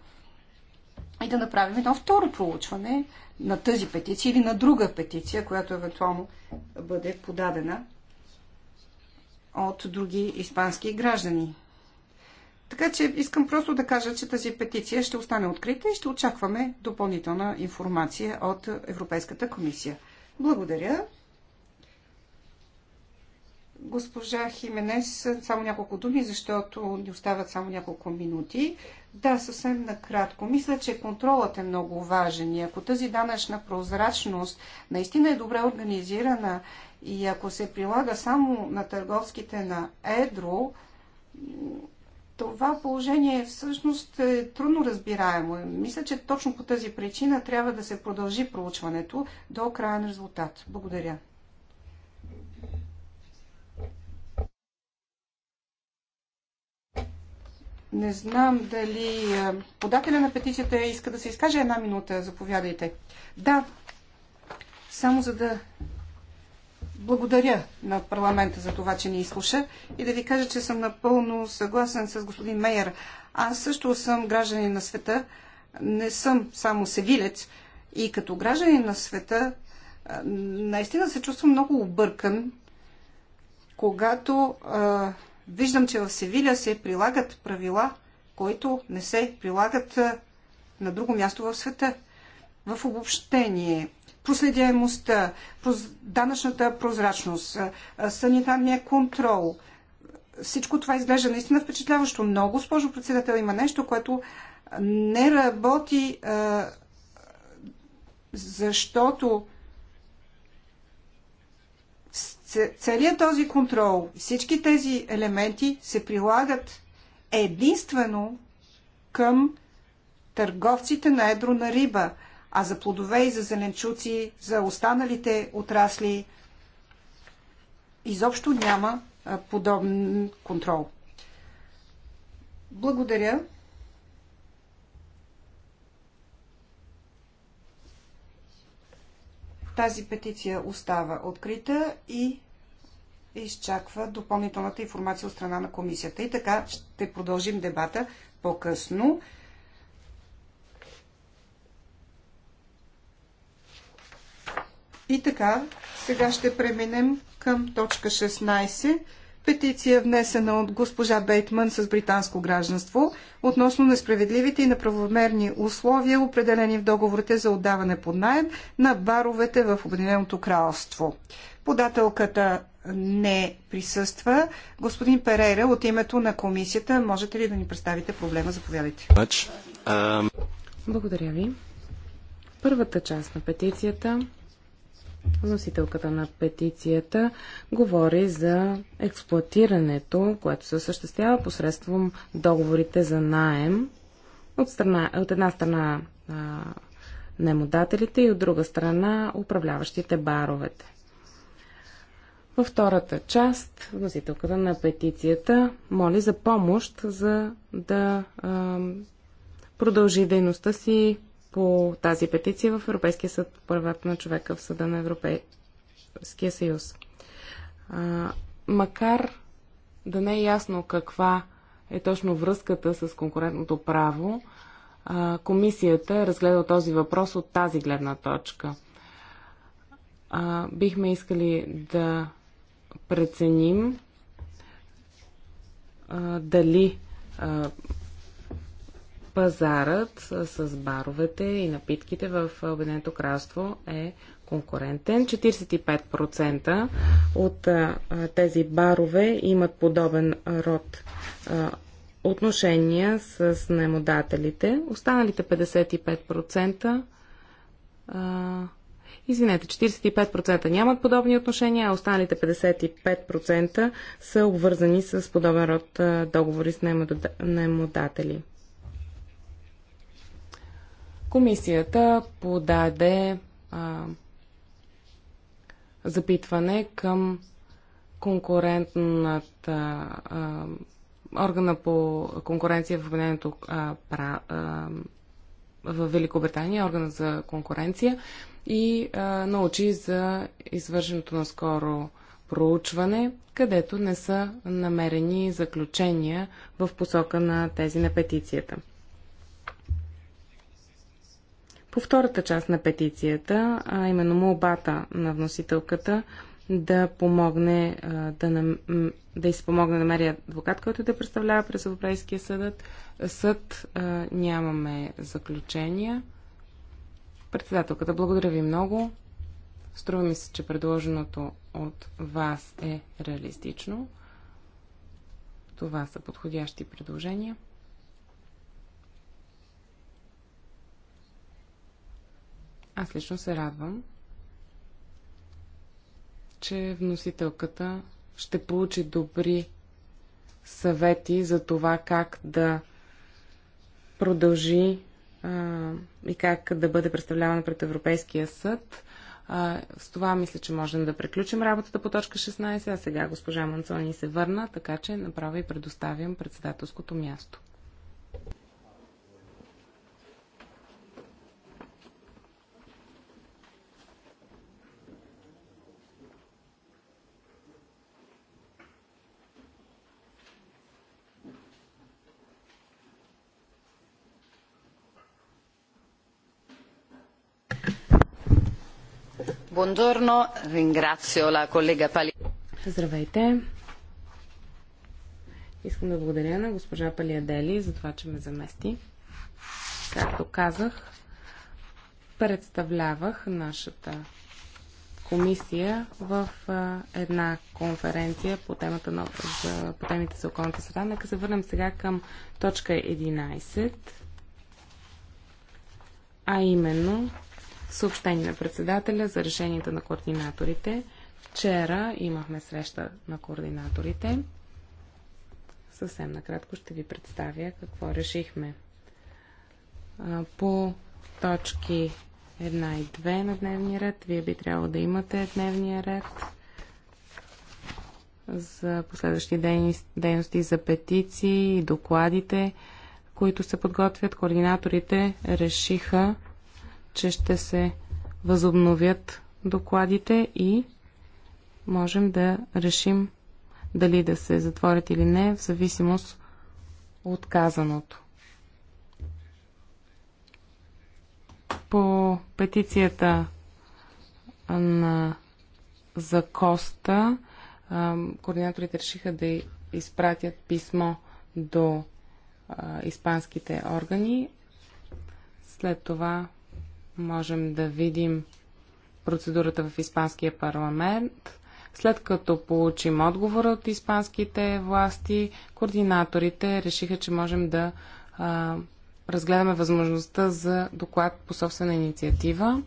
и да направим едно второ проучване на тази петиция или на друга петиция, която евентуално бъде подадена от други испански граждани. Така че искам просто да кажа, че тази петиция ще остане открита и ще очакваме допълнителна информация от Европейската комисия. Благодаря. Госпожа Хименес, само няколко думи, защото ни остават само няколко минути. Да, съвсем накратко. Мисля, че контролът е много важен и ако тази данъчна прозрачност наистина е добре организирана и ако се прилага само на търговските на едро, това положение е всъщност е трудно разбираемо. Мисля, че точно по тази причина трябва да се продължи проучването до на резултат. Благодаря. Не знам дали е, подателя на петицията иска да се изкаже една минута. Заповядайте. Да, само за да благодаря на парламента за това, че ни изслуша и да ви кажа, че съм напълно съгласен с господин Мейер. Аз също съм гражданин на света, не съм само севилец и като гражданин на света наистина се чувствам много объркан, когато а, виждам, че в Севиля се прилагат правила, които не се прилагат а, на друго място в света. В обобщение, проследяемостта, данъчната прозрачност, санитарния контрол. Всичко това изглежда наистина впечатляващо. но, госпожо председател, има нещо, което не работи, защото целият този контрол, всички тези елементи се прилагат единствено към търговците на едро на риба – а за плодове и за зеленчуци, за останалите отрасли изобщо няма подобен контрол. Благодаря. Тази петиция остава открита и изчаква допълнителната информация от страна на комисията. И така ще продължим дебата по-късно. И така, сега ще преминем към точка 16. Петиция внесена от госпожа Бейтман с британско гражданство относно несправедливите и неправомерни условия, определени в договорите за отдаване под найем на баровете в Обединеното кралство. Подателката не присъства. Господин Перейра, от името на комисията, можете ли да ни представите проблема? Заповядайте. Um, Благодаря ви. Първата част на петицията вносителката на петицията говори за експлуатирането, което се осъществява посредством договорите за наем от, страна, от една страна а, наемодателите и от друга страна управляващите баровете. Във втората част вносителката на петицията моли за помощ, за да а, продължи дейността си по тази петиция в Европейския съд по правата на човека в Съда на Европейския съюз. А, макар да не е ясно каква е точно връзката с конкурентното право, а, комисията е разгледала този въпрос от тази гледна точка. А, бихме искали да преценим а, дали а, пазарът с баровете и напитките в Обединеното кралство е конкурентен. 45% от тези барове имат подобен род отношения с наемодателите. Останалите 55% Извинете, 45% нямат подобни отношения, а останалите 55% са обвързани с подобен род договори с наемодатели. Комисията подаде а, запитване към конкурентната а, органа по конкуренция в Обединеното в Великобритания, органа за конкуренция и а, научи за извършеното наскоро проучване, където не са намерени заключения в посока на тези на петицията. По втората част на петицията, а именно молбата на вносителката да помогне, да, нам, да изпомогне намери адвокат, който да представлява през Европейския съдът. Съд нямаме заключения. Председателката, благодаря ви много. Струва ми се, че предложеното от вас е реалистично. Това са подходящи предложения. Аз лично се радвам, че вносителката ще получи добри съвети за това как да продължи а, и как да бъде представлявана пред Европейския съд. А, с това мисля, че можем да приключим работата по точка 16, а сега госпожа Манцони се върна, така че направя и предоставям председателското място. Buongiorno, ringrazio la collega Пали. Здравейте. Искам да благодаря на госпожа Палиадели за това, че ме замести. Както казах, представлявах нашата комисия в една конференция по, темата на, за, по темите за околната среда. Нека се върнем сега към точка 11, а именно Съобщение на председателя за решенията на координаторите. Вчера имахме среща на координаторите. Съвсем накратко ще ви представя какво решихме. По точки 1 и 2 на дневния ред, вие би трябвало да имате дневния ред за последващи дейности за петиции и докладите, които се подготвят. Координаторите решиха че ще се възобновят докладите и можем да решим дали да се затворят или не, в зависимост от казаното. По петицията на за Коста, координаторите решиха да изпратят писмо до испанските органи. След това можем да видим процедурата в Испанския парламент. След като получим отговора от испанските власти, координаторите решиха, че можем да а, разгледаме възможността за доклад по собствена инициатива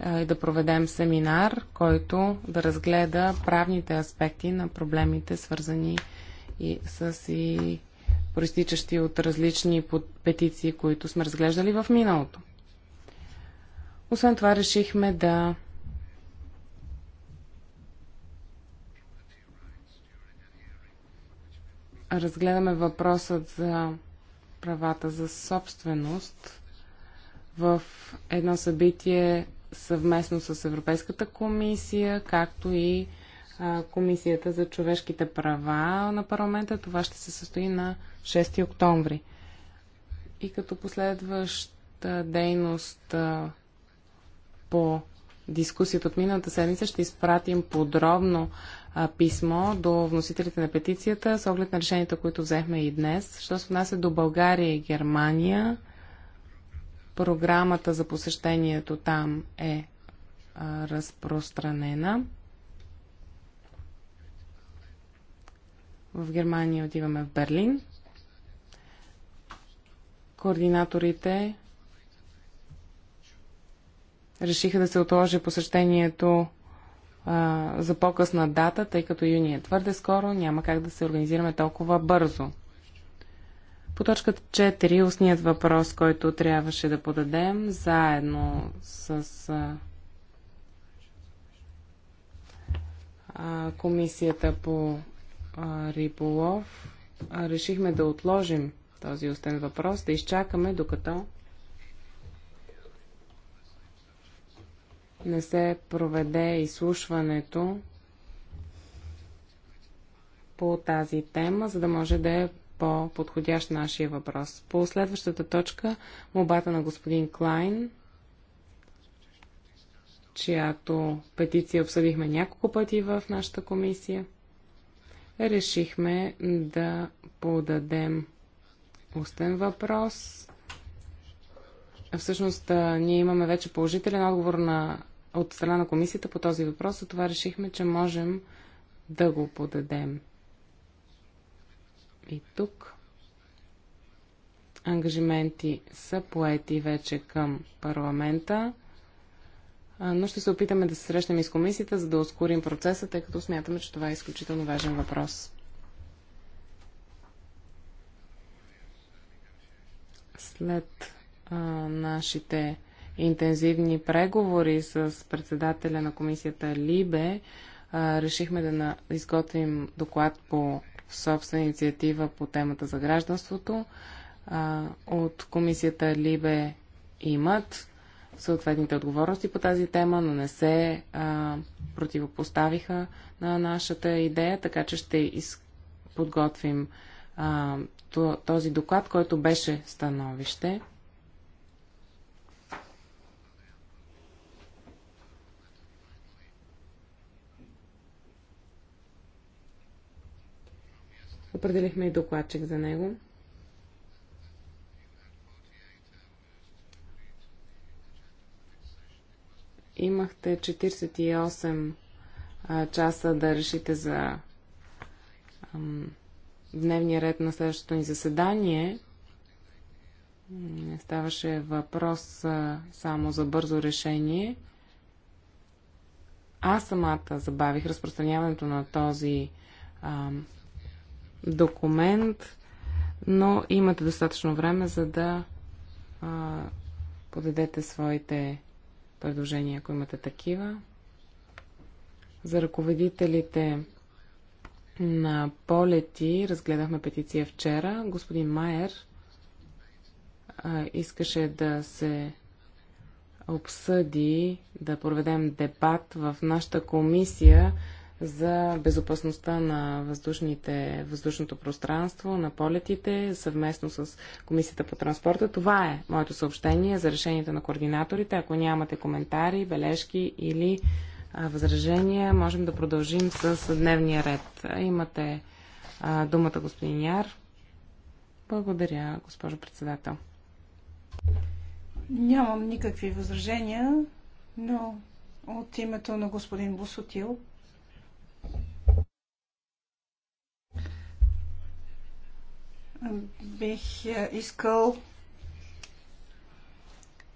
а, и да проведем семинар, който да разгледа правните аспекти на проблемите, свързани и с и проистичащи от различни петиции, които сме разглеждали в миналото. Освен това решихме да разгледаме въпросът за правата за собственост в едно събитие съвместно с Европейската комисия, както и Комисията за човешките права на парламента. Това ще се състои на 6 октомври. И като последваща дейност по дискусията от миналата седмица ще изпратим подробно а, писмо до вносителите на петицията с оглед на решенията, които взехме и днес. Що се отнася до България и Германия, програмата за посещението там е а, разпространена. В Германия отиваме в Берлин. Координаторите решиха да се отложи посещението а, за по-късна дата, тъй като юни е твърде скоро, няма как да се организираме толкова бързо. По точка 4, устният въпрос, който трябваше да подадем заедно с а, а, комисията по а, риболов, а, решихме да отложим този устен въпрос, да изчакаме докато не се проведе изслушването по тази тема, за да може да е по-подходящ нашия въпрос. По следващата точка, мобата на господин Клайн, чиято петиция обсъдихме няколко пъти в нашата комисия, решихме да подадем устен въпрос. Всъщност, ние имаме вече положителен отговор на от страна на комисията по този въпрос, за това решихме, че можем да го подадем. И тук ангажименти са поети вече към парламента, но ще се опитаме да се срещнем и с комисията, за да ускорим процеса, тъй като смятаме, че това е изключително важен въпрос. След а, нашите интензивни преговори с председателя на комисията Либе, решихме да изготвим доклад по собствена инициатива по темата за гражданството. от комисията Либе имат съответните отговорности по тази тема, но не се противопоставиха на нашата идея, така че ще подготвим този доклад, който беше становище. Определихме и докладчик за него. Имахте 48 а, часа да решите за ам, дневния ред на следващото ни заседание. Не ставаше въпрос а, само за бързо решение. Аз самата забавих разпространяването на този ам, документ, но имате достатъчно време, за да а, подадете своите предложения, ако имате такива. За ръководителите на полети разгледахме петиция вчера. Господин Майер а, искаше да се обсъди, да проведем дебат в нашата комисия за безопасността на въздушните, въздушното пространство, на полетите, съвместно с Комисията по транспорта. Това е моето съобщение за решението на координаторите. Ако нямате коментари, бележки или а, възражения, можем да продължим с дневния ред. Имате а, думата, господин Яр. Благодаря, госпожо председател. Нямам никакви възражения, но от името на господин Босотил Бих е, искал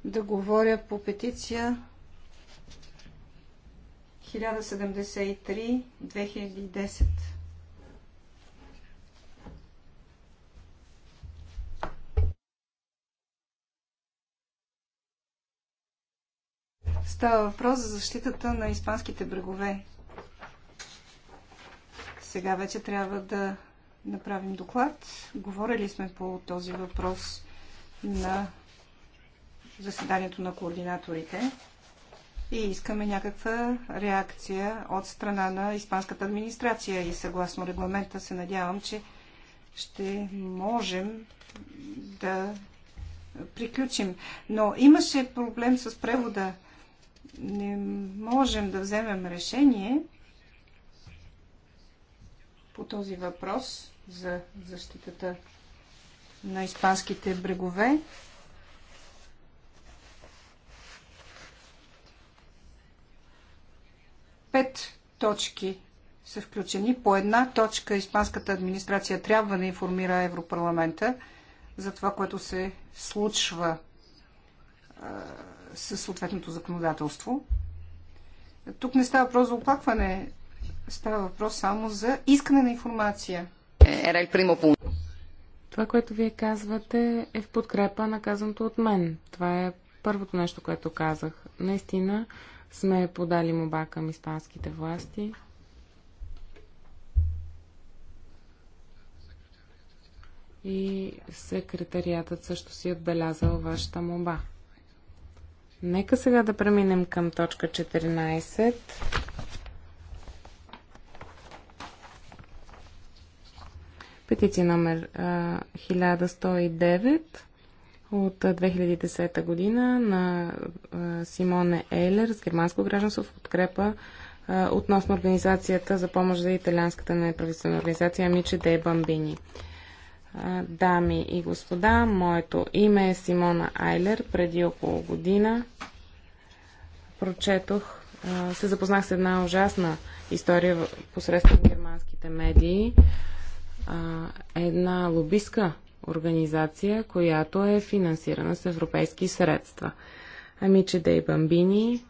да говоря по петиция 1073-2010. Става въпрос за защитата на испанските брегове. Сега вече трябва да направим доклад. Говорили сме по този въпрос на заседанието на координаторите и искаме някаква реакция от страна на Испанската администрация и съгласно регламента се надявам, че ще можем да приключим. Но имаше проблем с превода. Не можем да вземем решение, по този въпрос за защитата на испанските брегове. Пет точки са включени. По една точка испанската администрация трябва да информира Европарламента за това, което се случва със съответното законодателство. Тук не става въпрос за оплакване става въпрос само за искане на информация. Era il Това, което вие казвате, е в подкрепа на казаното от мен. Това е първото нещо, което казах. Наистина сме подали моба към испанските власти. И секретариатът също си е отбелязал вашата моба. Нека сега да преминем към точка 14 Петиция номер 1109 от 2010 година на Симоне Ейлер с германско гражданство в подкрепа относно организацията за помощ за италианската неправителствена организация Амичи Дей Бамбини. Дами и господа, моето име е Симона Айлер. Преди около година прочетох, се запознах с една ужасна история посредством германските медии а, една лобистка организация, която е финансирана с европейски средства. Амиче Дей Бамбини,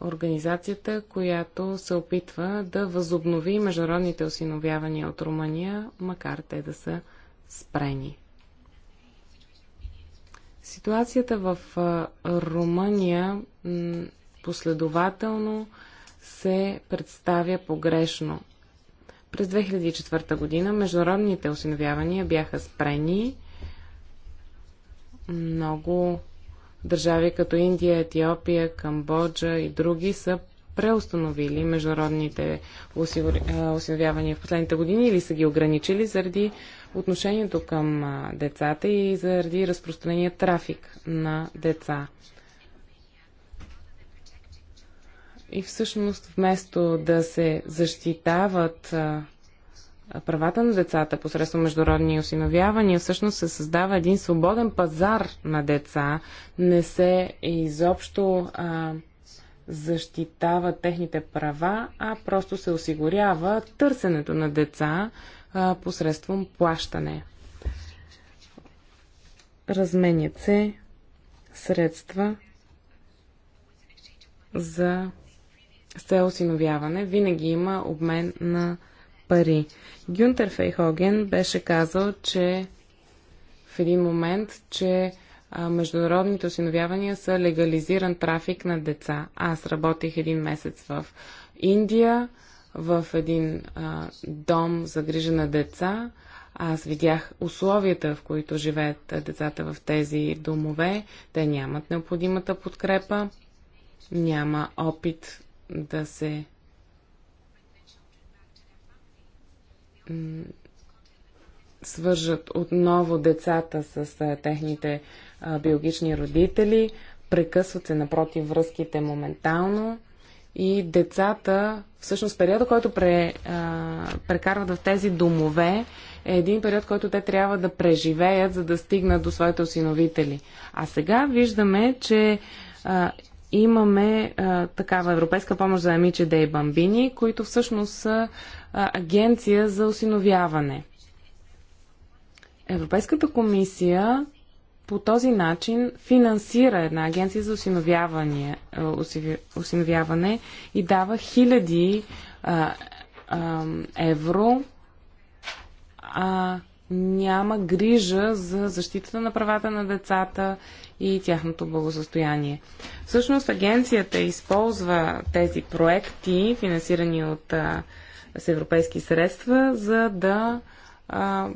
организацията, която се опитва да възобнови международните осиновявания от Румъния, макар те да са спрени. Ситуацията в Румъния последователно се представя погрешно. През 2004 година международните осиновявания бяха спрени. Много държави като Индия, Етиопия, Камбоджа и други са преустановили международните осиновявания в последните години или са ги ограничили заради отношението към децата и заради разпространения трафик на деца. И всъщност вместо да се защитават правата на децата посредством международни осиновявания, всъщност се създава един свободен пазар на деца, не се изобщо а, защитават техните права, а просто се осигурява търсенето на деца а, посредством плащане. Разменят се средства за са осиновяване, винаги има обмен на пари. Гюнтер Фейхоген беше казал, че в един момент, че международните осиновявания са легализиран трафик на деца. Аз работих един месец в Индия, в един а, дом за грижа на деца. Аз видях условията, в които живеят децата в тези домове. Те нямат необходимата подкрепа, няма опит да се свържат отново децата с техните биологични родители, прекъсват се напротив връзките моментално и децата, всъщност периода, който пре, а, прекарват в тези домове, е един период, който те трябва да преживеят, за да стигнат до своите осиновители. А сега виждаме, че а, имаме а, такава европейска помощ за Амиче Дей Бамбини, които всъщност са а, агенция за осиновяване. Европейската комисия по този начин финансира една агенция за осиновяване, осиновяване и дава хиляди а, а, евро а, няма грижа за защитата на правата на децата и тяхното благосостояние. Всъщност агенцията използва тези проекти, финансирани от с европейски средства, за да а,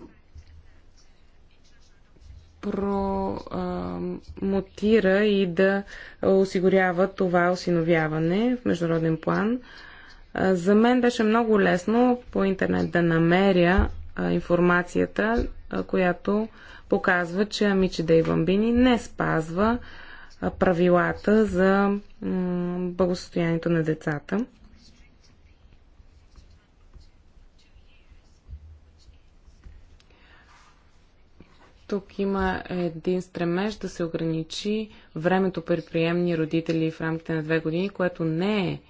промотира и да осигурява това осиновяване в международен план. За мен беше много лесно по интернет да намеря информацията, която показва, че Амичи и Бамбини не спазва правилата за благосостоянието на децата. Тук има един стремеж да се ограничи времето при приемни родители в рамките на две години, което не е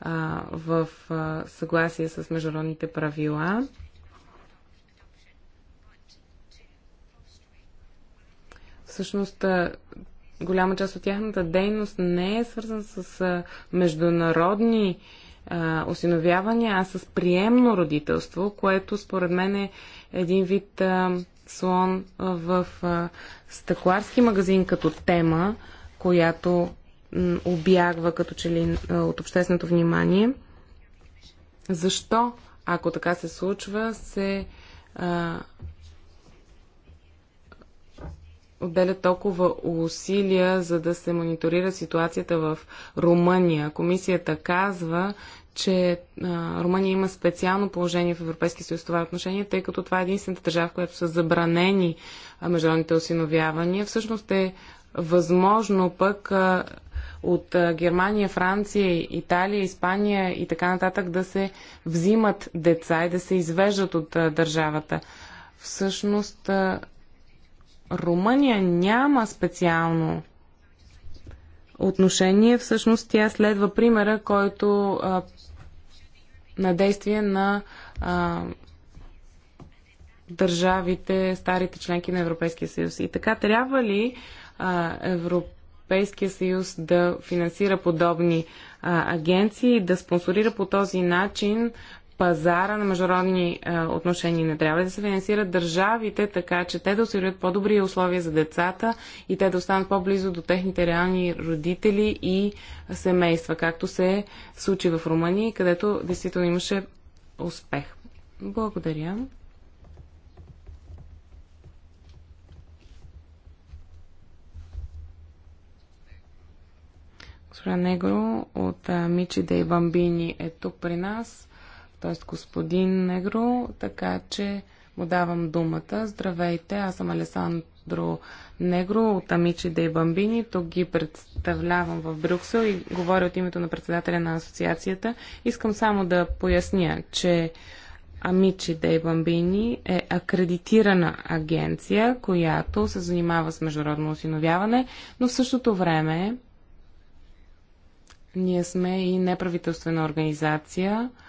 а, в а, съгласие с международните правила. Всъщност, голяма част от тяхната дейност не е свързана с международни осиновявания, а с приемно родителство, което според мен е един вид слон в стъкларски магазин като тема, която обягва като че ли от общественото внимание. Защо, ако така се случва, се отделят толкова усилия, за да се мониторира ситуацията в Румъния. Комисията казва, че а, Румъния има специално положение в Европейския съюз в това отношение, тъй като това е единствената държава, в която са забранени а, международните осиновявания. Всъщност е възможно пък а, от а, Германия, Франция, Италия, Испания и така нататък да се взимат деца и да се извеждат от а, държавата. Всъщност а, Румъния няма специално отношение. Всъщност тя следва примера, който а, на действие на а, държавите, старите членки на Европейския съюз. И така трябва ли а, Европейския съюз да финансира подобни а, агенции, да спонсорира по този начин пазара на международни а, отношения не трябва да се финансират държавите, така че те да осигурят по-добри условия за децата и те да останат по-близо до техните реални родители и семейства, както се случи в Румъния, където действително имаше успех. Благодаря. Госпожа Негро от Мичи Дей Бамбини е тук при нас т.е. господин Негро, така че му давам думата. Здравейте, аз съм Алесандро Негро от Амичи Дей Бамбини. Тук ги представлявам в Брюксел и говоря от името на председателя на асоциацията. Искам само да поясня, че Амичи Дей Бамбини е акредитирана агенция, която се занимава с международно осиновяване, но в същото време ние сме и неправителствена организация –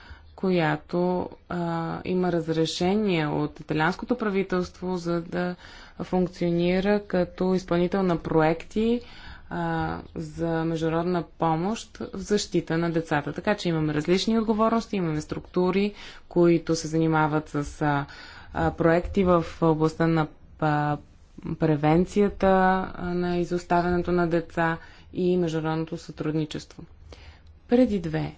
която а, има разрешение от италианското правителство, за да функционира като изпълнител на проекти а, за международна помощ в защита на децата. Така че имаме различни отговорности, имаме структури, които се занимават с а, а, проекти в областта на а, превенцията а, на изоставянето на деца и международното сътрудничество. Преди две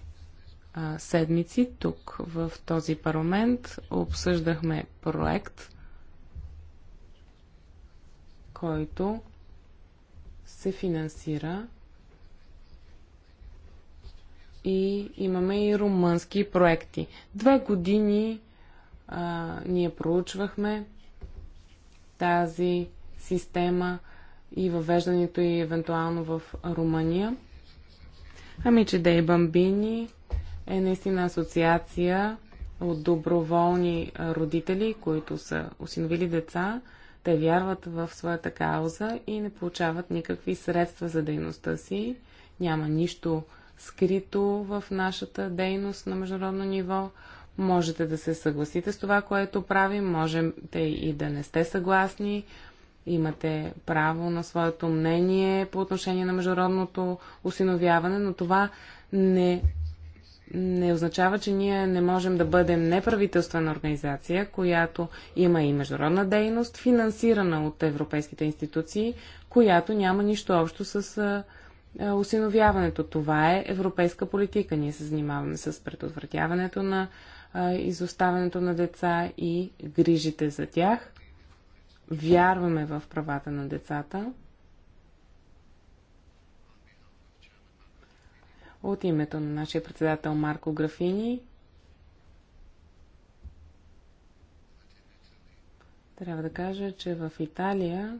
а, седмици тук в този парламент обсъждахме проект, който се финансира и имаме и румънски проекти. Две години а, ние проучвахме тази система и въвеждането и евентуално в Румъния. Ами, че да и бамбини е наистина асоциация от доброволни родители, които са осиновили деца. Те вярват в своята кауза и не получават никакви средства за дейността си. Няма нищо скрито в нашата дейност на международно ниво. Можете да се съгласите с това, което правим, можете и да не сте съгласни. Имате право на своето мнение по отношение на международното осиновяване, но това не не означава, че ние не можем да бъдем неправителствена организация, която има и международна дейност, финансирана от европейските институции, която няма нищо общо с осиновяването. Това е европейска политика. Ние се занимаваме с предотвратяването на изоставането на деца и грижите за тях. Вярваме в правата на децата от името на нашия председател Марко Графини. Трябва да кажа, че в Италия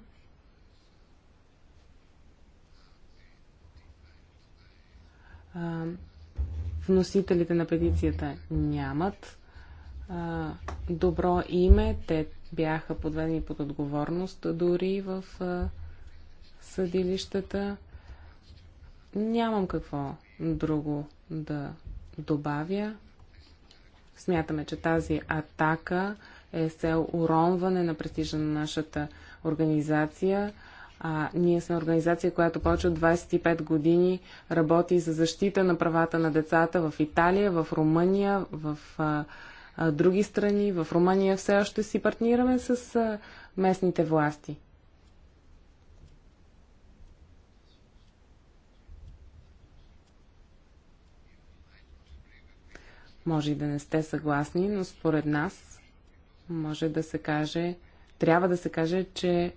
а, вносителите на петицията нямат а, добро име. Те бяха подведени под отговорност дори в а, съдилищата. Нямам какво друго да добавя. Смятаме, че тази атака е цел уронване на престижа на нашата организация. А, ние сме организация, която повече от 25 години работи за защита на правата на децата в Италия, в Румъния, в а, а, други страни. В Румъния все още си партнираме с а, местните власти. Може и да не сте съгласни, но според нас може да се каже, трябва да се каже, че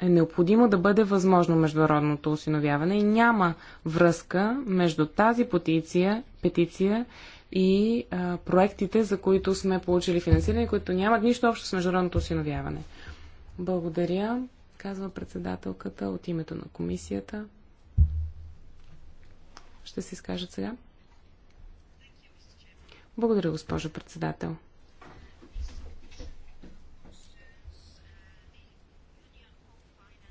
е необходимо да бъде възможно международното осиновяване и няма връзка между тази петиция, петиция и а, проектите, за които сме получили финансиране, които нямат нищо общо с международното осиновяване. Благодаря, казва председателката от името на комисията. Ще се изкажат сега. Благодаря, госпожо председател.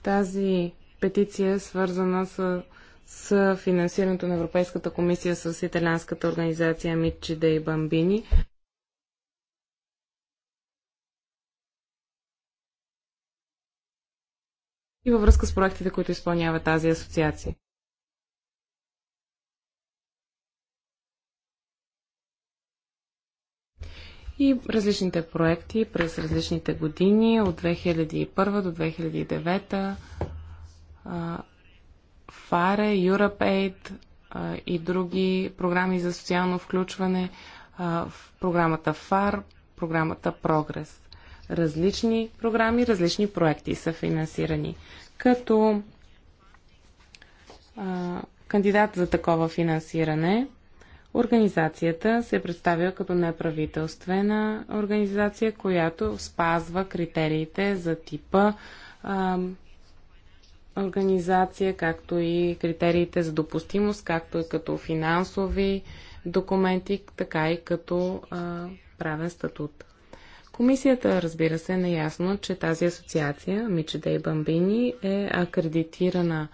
Тази петиция е свързана с, с финансирането на Европейската комисия с италянската организация Митчи Дей Бамбини. И във връзка с проектите, които изпълнява тази асоциация. и различните проекти през различните години от 2001 до 2009 ФАРЕ, EuropeAid и други програми за социално включване в програмата ФАР, програмата Прогрес. Различни програми, различни проекти са финансирани. Като кандидат за такова финансиране Организацията се представя като неправителствена организация, която спазва критериите за типа а, организация, както и критериите за допустимост, както и като финансови документи, така и като а, правен статут. Комисията, разбира се, е наясно, че тази асоциация, Мичедей и Бамбини, е акредитирана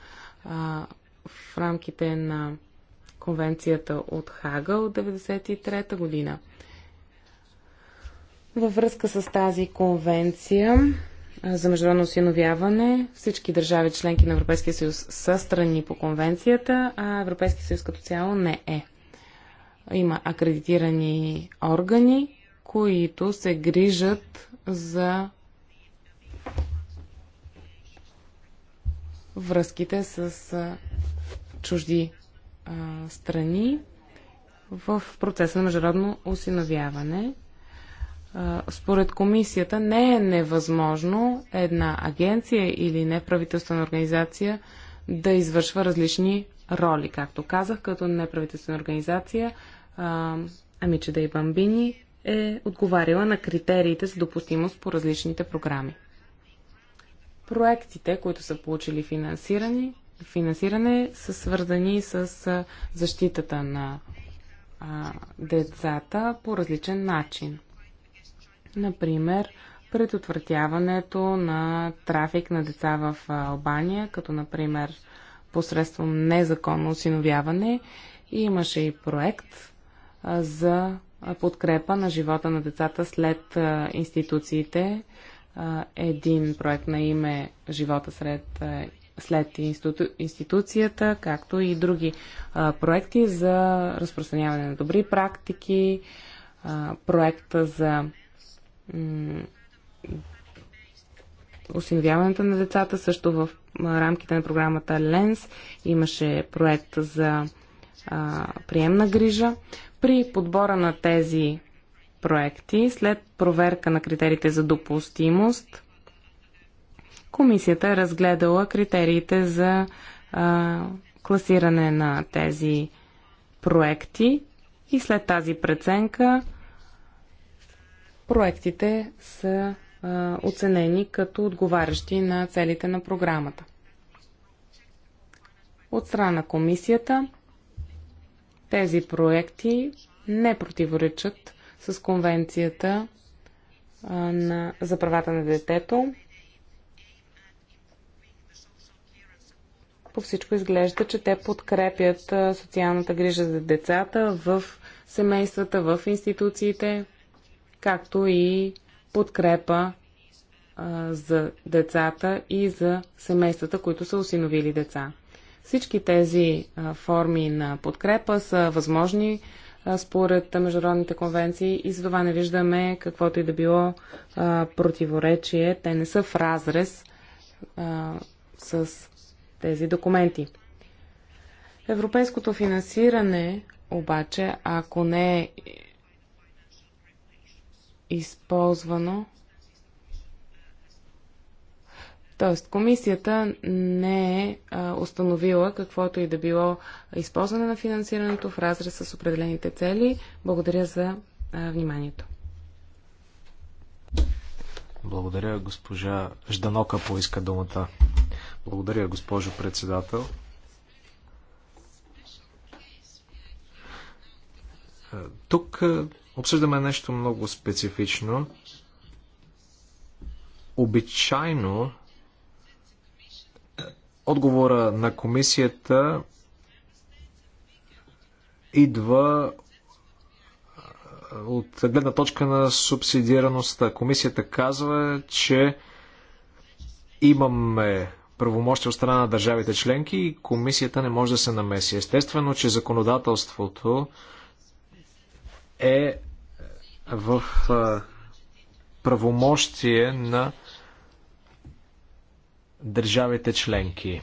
а, в рамките на конвенцията от Хага от 1993 година. Във връзка с тази конвенция за международно осиновяване, всички държави членки на Европейския съюз са страни по конвенцията, а Европейския съюз като цяло не е. Има акредитирани органи, които се грижат за връзките с чужди а, страни в процеса на международно осиновяване. според комисията не е невъзможно една агенция или неправителствена организация да извършва различни роли. Както казах, като неправителствена организация, ами че да и Бамбини е отговаряла на критериите за допустимост по различните програми. Проектите, които са получили финансирани, финансиране са свързани с защитата на децата по различен начин. Например, предотвратяването на трафик на деца в Албания, като например посредством незаконно осиновяване. И имаше и проект за подкрепа на живота на децата след институциите. Един проект на име Живота сред след институ... институцията, както и други а, проекти за разпространяване на добри практики, а, проекта за осиновяването на децата, също в рамките на програмата ЛЕНС имаше проект за а, приемна грижа. При подбора на тези проекти, след проверка на критериите за допустимост, Комисията е разгледала критериите за а, класиране на тези проекти и след тази преценка проектите са а, оценени като отговарящи на целите на програмата. От страна на комисията тези проекти не противоречат с конвенцията на, за правата на детето по всичко изглежда, че те подкрепят социалната грижа за децата в семействата, в институциите, както и подкрепа за децата и за семействата, които са осиновили деца. Всички тези форми на подкрепа са възможни според международните конвенции и за това не виждаме каквото и да било противоречие. Те не са в разрез с тези документи. Европейското финансиране обаче, ако не е използвано, Т.е. комисията не е установила каквото и да било използване на финансирането в разрез с определените цели. Благодаря за вниманието. Благодаря, госпожа Жданока поиска думата. Благодаря, госпожо председател. Е, тук е, обсъждаме нещо много специфично. Обичайно е, отговора на комисията идва от гледна точка на субсидираността. Комисията казва, че имаме правомощи от страна на държавите членки и комисията не може да се намеси. Естествено, че законодателството е в правомощие на държавите членки.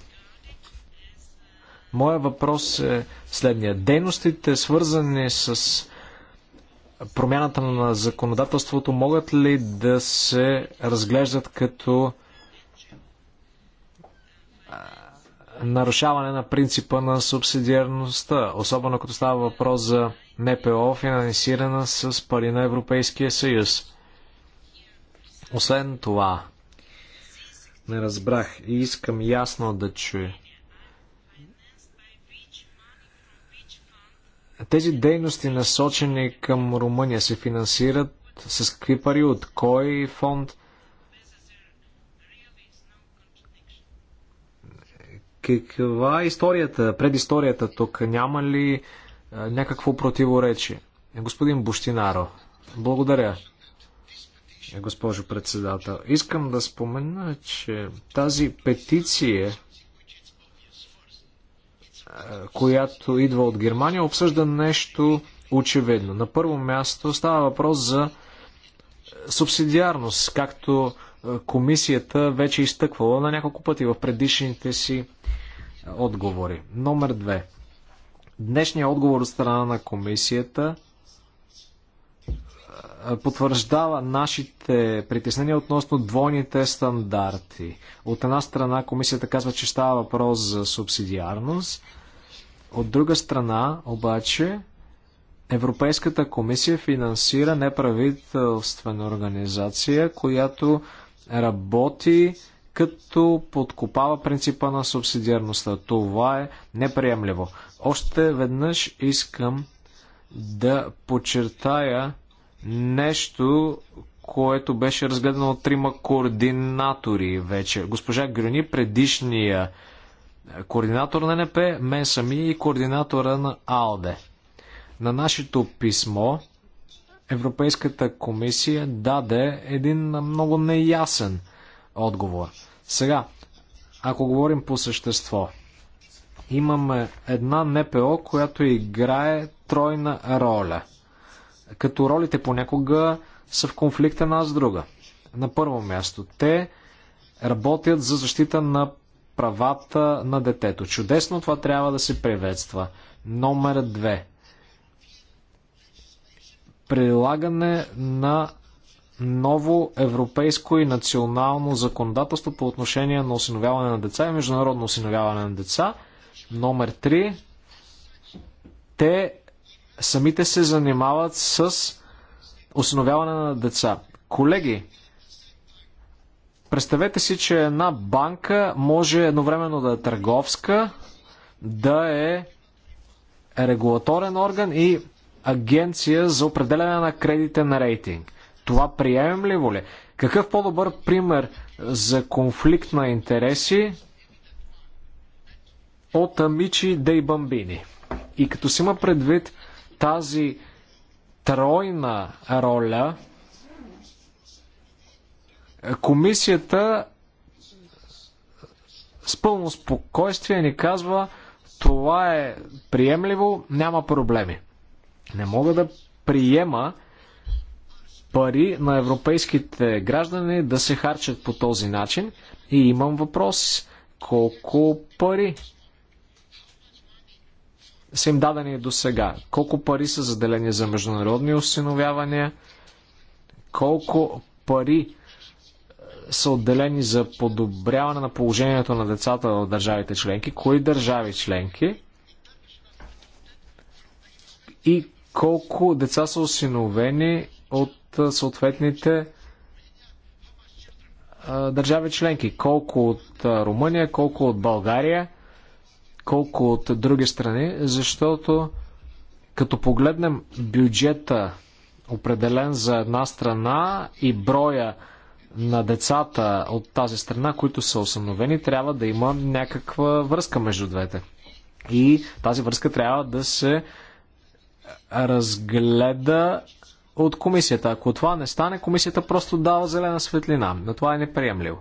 Моя въпрос е следния. Дейностите, свързани с промяната на законодателството, могат ли да се разглеждат като нарушаване на принципа на субсидиарността, особено като става въпрос за НПО, финансирана с пари на Европейския съюз. Освен това, не разбрах и искам ясно да чуя. Тези дейности, насочени към Румъния, се финансират с какви пари, от кой фонд? Каква е историята, предисторията тук? Няма ли някакво противоречие? Господин Буштинаро, благодаря госпожо председател. Искам да спомена, че тази петиция, която идва от Германия, обсъжда нещо очевидно. На първо място става въпрос за субсидиарност, както комисията вече изтъквала на няколко пъти в предишните си отговори. Номер две. Днешният отговор от страна на комисията потвърждава нашите притеснения относно двойните стандарти. От една страна комисията казва, че става въпрос за субсидиарност, от друга страна обаче Европейската комисия финансира неправителствена организация, която работи като подкопава принципа на субсидиарността. Това е неприемливо. Още веднъж искам да подчертая нещо, което беше разгледано от трима координатори вече. Госпожа Грюни, предишния координатор на НП, мен самия и координатора на АЛДЕ. На нашето писмо Европейската комисия даде един много неясен отговор. Сега, ако говорим по същество, имаме една НПО, която играе тройна роля. Като ролите понякога са в конфликт една с друга. На първо място, те работят за защита на правата на детето. Чудесно това трябва да се приветства. Номер две прилагане на ново европейско и национално законодателство по отношение на осиновяване на деца и международно осиновяване на деца. Номер 3. Те самите се занимават с осиновяване на деца. Колеги, представете си, че една банка може едновременно да е търговска, да е регулаторен орган и агенция за определяне на кредитен рейтинг. Това приемем ли воле? Какъв по-добър пример за конфликт на интереси от Амичи Дей Бамбини? И като си има предвид тази тройна роля, комисията с пълно спокойствие ни казва това е приемливо, няма проблеми. Не мога да приема пари на европейските граждани да се харчат по този начин. И имам въпрос. Колко пари са им дадени до сега? Колко пари са заделени за международни осиновявания? Колко пари е, са отделени за подобряване на положението на децата в държавите членки? Кои държави членки? И колко деца са осиновени от съответните държави членки. Колко от Румъния, колко от България, колко от други страни, защото като погледнем бюджета, определен за една страна и броя на децата от тази страна, които са осъновени, трябва да има някаква връзка между двете. И тази връзка трябва да се разгледа от комисията. Ако това не стане, комисията просто дава зелена светлина. Но това е неприемливо.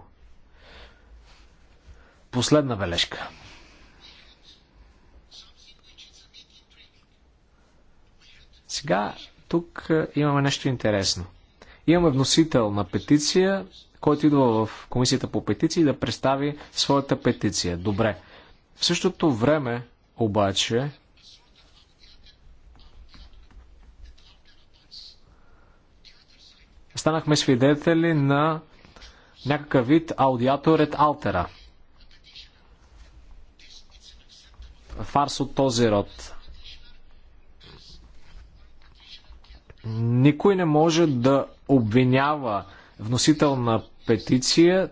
Последна бележка. Сега тук е, имаме нещо интересно. Имаме вносител на петиция, който идва в комисията по петиции да представи своята петиция. Добре. В същото време обаче станахме свидетели на някакъв вид аудиатор ет алтера. Фарс от този род. Никой не може да обвинява вносител на петиция,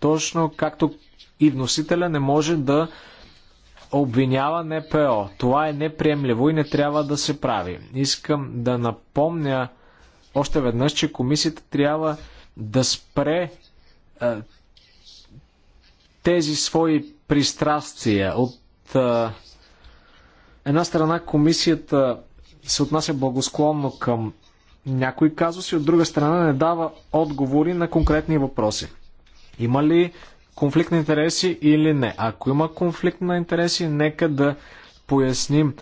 точно както и вносителя не може да обвинява НПО. Това е неприемливо и не трябва да се прави. Искам да напомня още веднъж, че комисията трябва да спре а, е, тези свои пристрастия. От а, е, една страна комисията се отнася благосклонно към някои казуси, от друга страна не дава отговори на конкретни въпроси. Има ли конфликт на интереси или не? Ако има конфликт на интереси, нека да поясним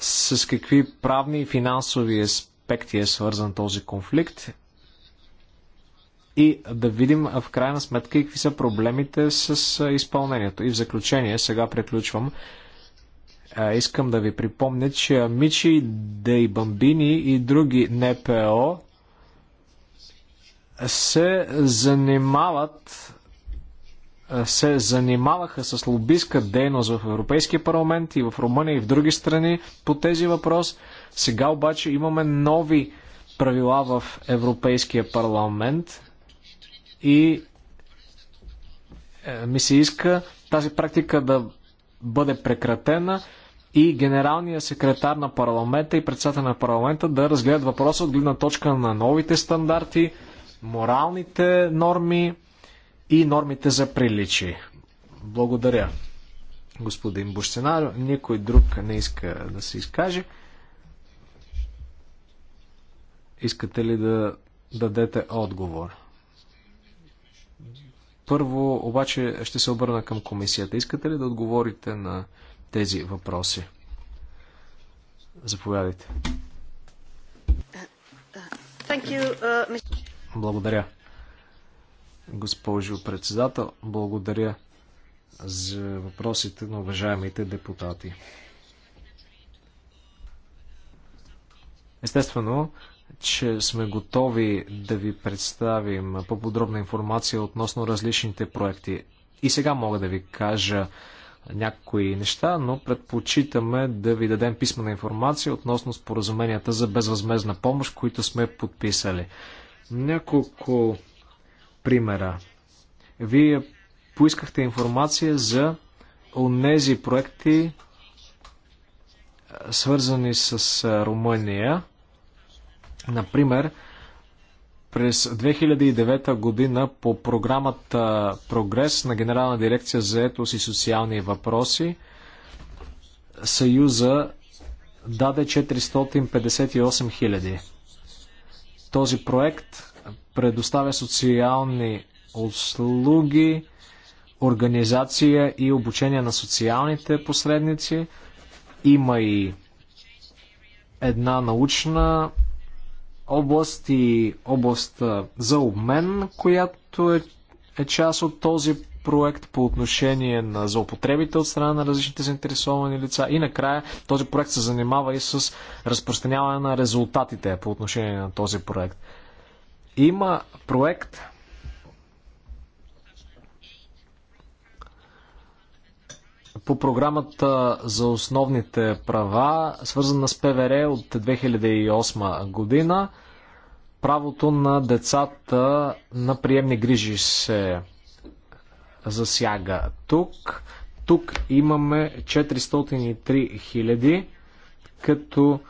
с какви правни и финансови аспекти аспекти е свързан този конфликт и да видим в крайна сметка и какви са проблемите с изпълнението. И в заключение, сега приключвам, искам да ви припомня, че Мичи, Дей Бамбини и други НПО се занимават се занимаваха с лобистка дейност в Европейския парламент и в Румъния и в други страни по тези въпрос. Сега обаче имаме нови правила в Европейския парламент и е, ми се иска тази практика да бъде прекратена и генералният секретар на парламента и председател на парламента да разгледат въпроса от гледна точка на новите стандарти, моралните норми, и нормите за приличие. Благодаря, господин Бушценар. Никой друг не иска да се изкаже. Искате ли да дадете отговор? Първо, обаче, ще се обърна към комисията. Искате ли да отговорите на тези въпроси? Заповядайте. Uh, Благодаря госпожо председател. Благодаря за въпросите на уважаемите депутати. Естествено, че сме готови да ви представим по-подробна информация относно различните проекти. И сега мога да ви кажа някои неща, но предпочитаме да ви дадем писмена информация относно споразуменията за безвъзмезна помощ, които сме подписали. Няколко примера. Вие поискахте информация за онези проекти, свързани с Румъния. Например, през 2009 година по програмата Прогрес на Генерална дирекция за етос и социални въпроси Съюза даде 458 хиляди. Този проект предоставя социални услуги, организация и обучение на социалните посредници. Има и една научна област и област за обмен, която е, е част от този проект по отношение на злоупотребите от страна на различните заинтересовани лица. И накрая този проект се занимава и с разпространяване на резултатите по отношение на този проект. Има проект, по програмата за основните права, свързана с ПВР от 2008 година. Правото на децата на приемни грижи се засяга тук. Тук имаме 403 хиляди, като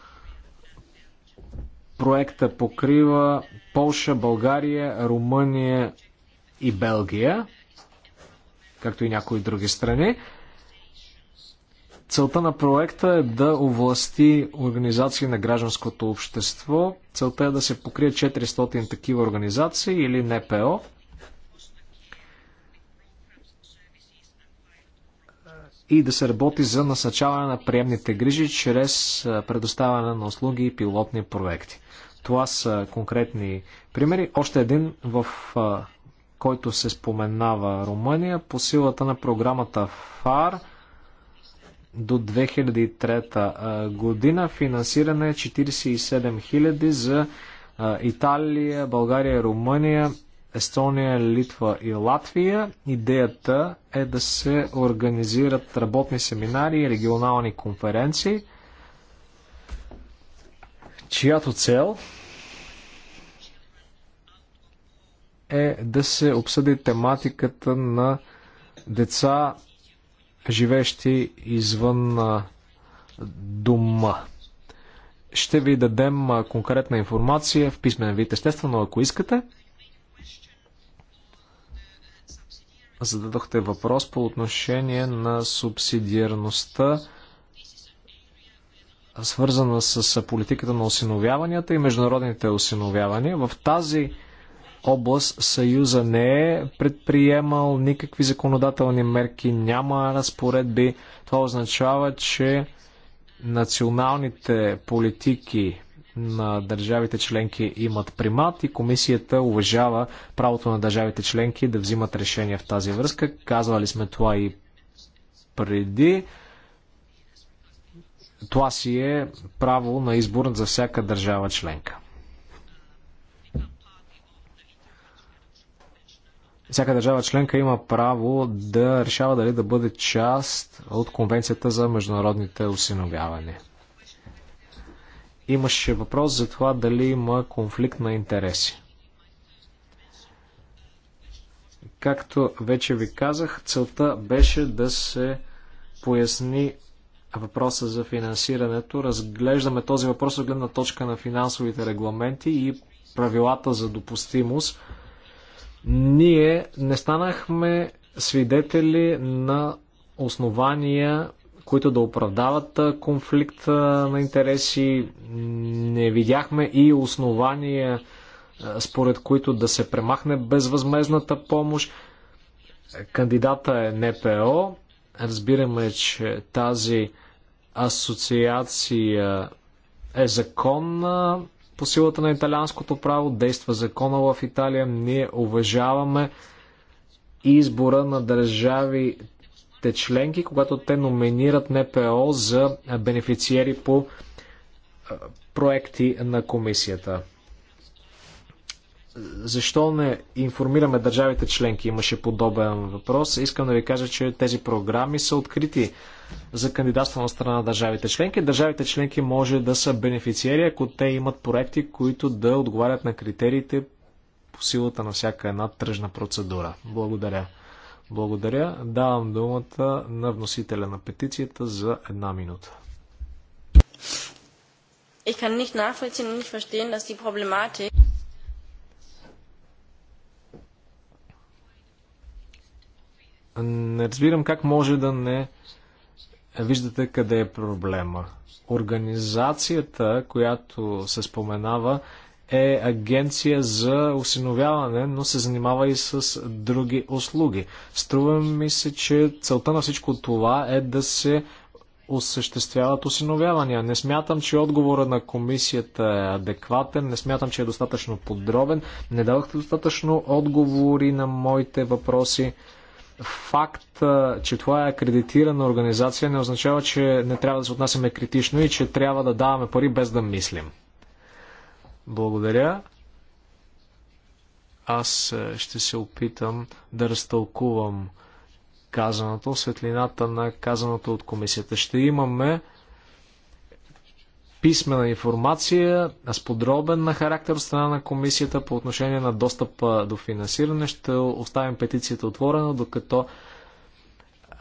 проекта покрива Полша, България, Румъния и Белгия, както и някои други страни. Целта на проекта е да овласти организации на гражданското общество. Целта е да се покрие 400 такива организации или НПО. и да се работи за насъчаване на приемните грижи чрез предоставяне на услуги и пилотни проекти. Това са конкретни примери. Още един, в който се споменава Румъния, по силата на програмата ФАР до 2003 година финансиране 47 е 000 за Италия, България, Румъния, Естония, Литва и Латвия. Идеята е да се организират работни семинари и регионални конференции – чиято цел е да се обсъди тематиката на деца, живещи извън дома. Ще ви дадем конкретна информация в писмен вид, естествено, ако искате. Зададохте въпрос по отношение на субсидиарността свързана с политиката на осиновяванията и международните осиновявания. В тази област Съюза не е предприемал никакви законодателни мерки, няма разпоредби. Това означава, че националните политики на държавите членки имат примат и комисията уважава правото на държавите членки да взимат решения в тази връзка. Казвали сме това и преди. Това си е право на избор за всяка държава членка. Всяка държава членка има право да решава дали да бъде част от Конвенцията за международните усиновявания. Имаше въпрос за това дали има конфликт на интереси. Както вече ви казах, целта беше да се поясни въпроса за финансирането. Разглеждаме този въпрос от гледна точка на финансовите регламенти и правилата за допустимост. Ние не станахме свидетели на основания, които да оправдават конфликт на интереси. Не видяхме и основания, според които да се премахне безвъзмезната помощ. Кандидата е НПО, Разбираме, че тази асоциация е законна по силата на италианското право, действа закона в Италия. Ние уважаваме избора на държави те членки, когато те номинират НПО за бенефициери по проекти на комисията защо не информираме държавите членки? Имаше подобен въпрос. Искам да ви кажа, че тези програми са открити за кандидатство на страна на държавите членки. Държавите членки може да са бенефициери, ако те имат проекти, които да отговарят на критериите по силата на всяка една тръжна процедура. Благодаря. Благодаря. Давам думата на вносителя на петицията за една минута. Ich kann nicht nachvollziehen und nicht verstehen, dass die Problematik Не разбирам как може да не виждате къде е проблема. Организацията, която се споменава, е агенция за осиновяване, но се занимава и с други услуги. Струва ми се, че целта на всичко това е да се осъществяват осиновявания. Не смятам, че отговора на комисията е адекватен, не смятам, че е достатъчно подробен, не давахте достатъчно отговори на моите въпроси факт, че това е акредитирана организация, не означава, че не трябва да се отнасяме критично и че трябва да даваме пари без да мислим. Благодаря. Аз ще се опитам да разтълкувам казаното, светлината на казаното от комисията. Ще имаме писмена информация с подробен на характер от страна на комисията по отношение на достъпа до финансиране. Ще оставим петицията отворена, докато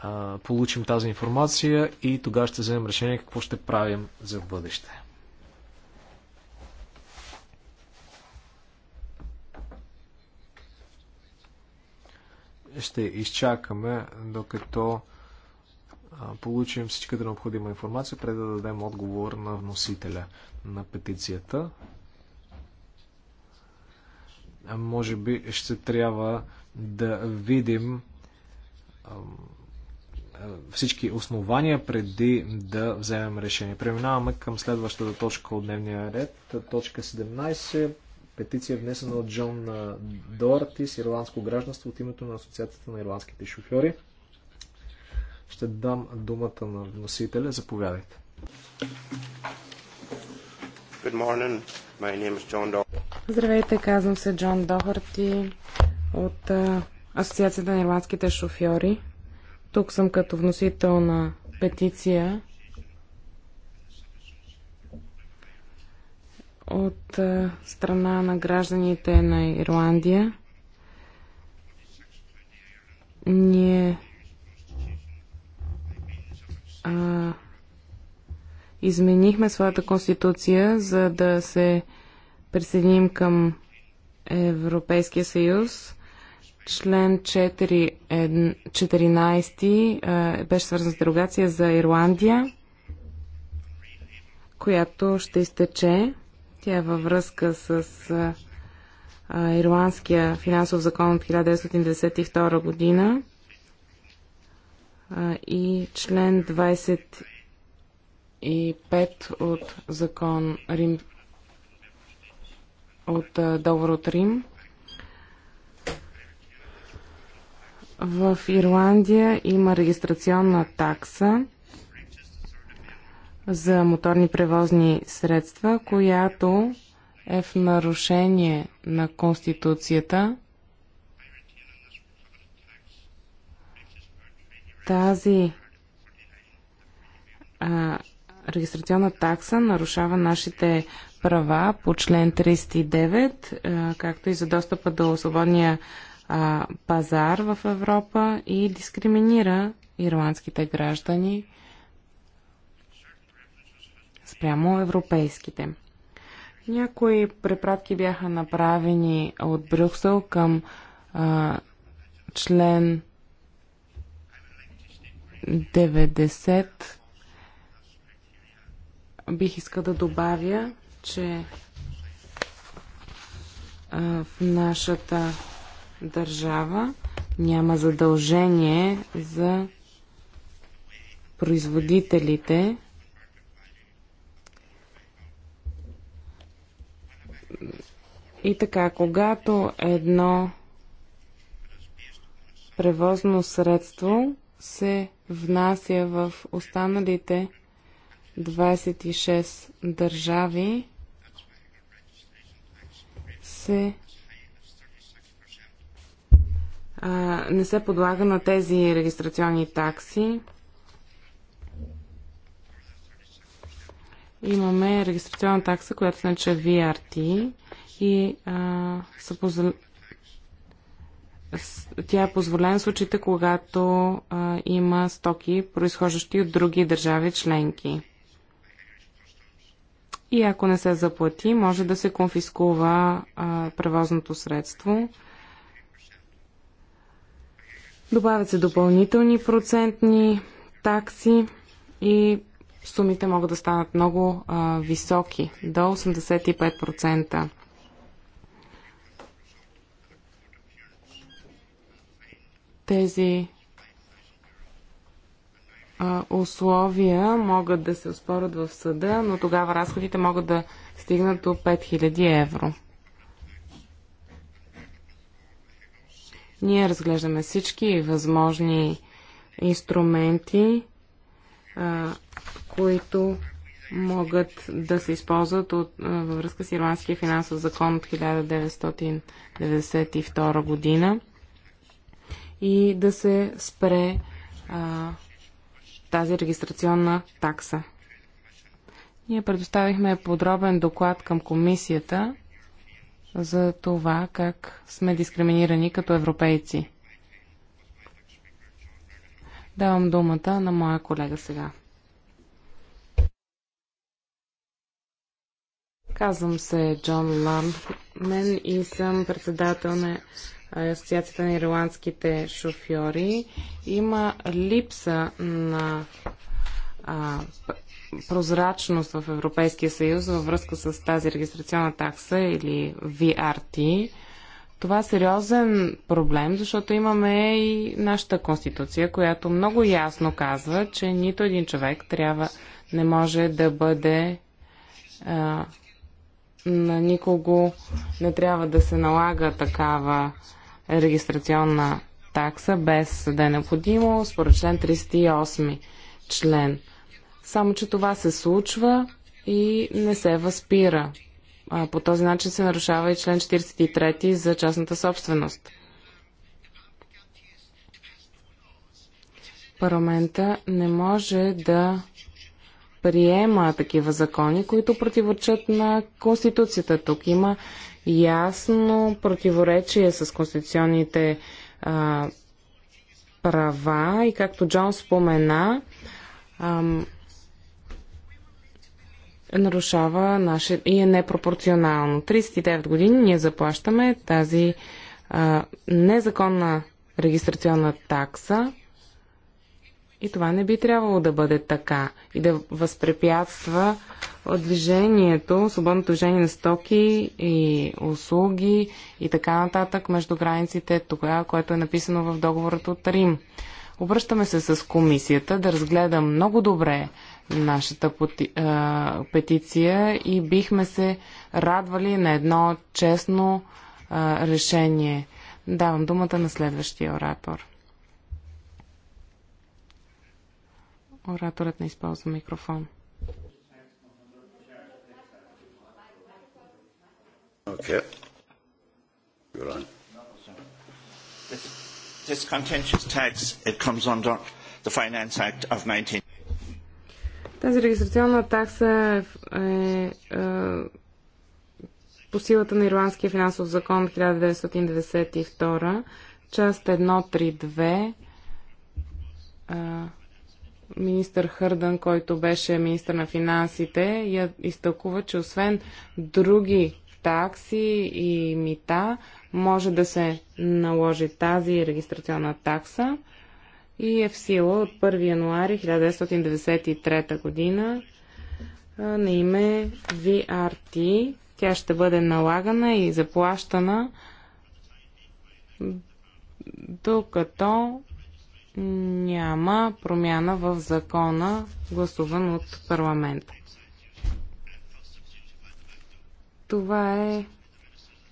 а, получим тази информация и тогава ще вземем решение какво ще правим за бъдеще. Ще изчакаме докато получим всичката необходима информация, преди да дадем отговор на вносителя на петицията. Може би ще трябва да видим всички основания преди да вземем решение. Преминаваме към следващата точка от дневния ред. Точка 17. Петиция внесена от Джон с ирландско гражданство от името на Асоциацията на ирландските шофьори. Ще дам думата на носителя. Заповядайте. Здравейте, казвам се Джон Дохарти от Асоциацията на ирландските шофьори. Тук съм като вносител на петиция от страна на гражданите на Ирландия. Ние а, изменихме своята конституция, за да се присъединим към Европейския съюз. Член 4, 14 беше свързан с дерогация за Ирландия, която ще изтече. Тя е във връзка с ирландския финансов закон от 1992 година и член 25 от закон Рим, от договор от Рим. В Ирландия има регистрационна такса за моторни превозни средства, която е в нарушение на Конституцията Тази а, регистрационна такса нарушава нашите права по член 39, а, както и за достъпа до свободния а, пазар в Европа и дискриминира ирландските граждани спрямо европейските. Някои препратки бяха направени от Брюксел към а, член 90 бих искал да добавя, че в нашата държава няма задължение за производителите и така, когато едно превозно средство се внася в останалите 26 държави, се а, не се подлага на тези регистрационни такси. Имаме регистрационна такса, която се нарича VRT и а, са тя е позволена в случаите, когато а, има стоки, произхождащи от други държави членки. И ако не се заплати, може да се конфискува а, превозното средство. Добавят се допълнителни процентни такси и сумите могат да станат много а, високи, до 85%. Тези а, условия могат да се оспорят в съда, но тогава разходите могат да стигнат до 5000 евро. Ние разглеждаме всички възможни инструменти, а, които могат да се използват от, а, във връзка с Ирландския финансов закон от 1992 година и да се спре а, тази регистрационна такса. Ние предоставихме подробен доклад към комисията за това как сме дискриминирани като европейци. Давам думата на моя колега сега. Казвам се Джон Ламмен и съм председател на Асоциацията на ирландските шофьори, има липса на а, прозрачност в Европейския съюз във връзка с тази регистрационна такса или VRT. Това е сериозен проблем, защото имаме и нашата конституция, която много ясно казва, че нито един човек трябва не може да бъде а, на никого не трябва да се налага такава регистрационна такса, без да е необходимо, според член 308 член. Само, че това се случва и не се възпира. по този начин се нарушава и член 43 за частната собственост. Парламента не може да приема такива закони, които противоречат на Конституцията. Тук има ясно противоречие с конституционните а, права и както Джон спомена, а, нарушава наше и е непропорционално. 39 години ние заплащаме тази а, незаконна регистрационна такса и това не би трябвало да бъде така и да възпрепятства движението, свободното движение на стоки и услуги и така нататък между границите, тогава, което е написано в договорът от Рим. Обръщаме се с комисията да разгледа много добре нашата петиция и бихме се радвали на едно честно решение. Давам думата на следващия оратор. Ораторът не използва микрофон. Тази регистрационна такса е, е, е по силата на Ирландския финансов закон 1992, част 132, е, министър Хърдън, който беше министър на финансите, я изтълкува, че освен други такси и мита, може да се наложи тази регистрационна такса и е в сила от 1 януари 1993 година на име VRT. Тя ще бъде налагана и заплащана докато няма промяна в закона, гласуван от парламента. Това е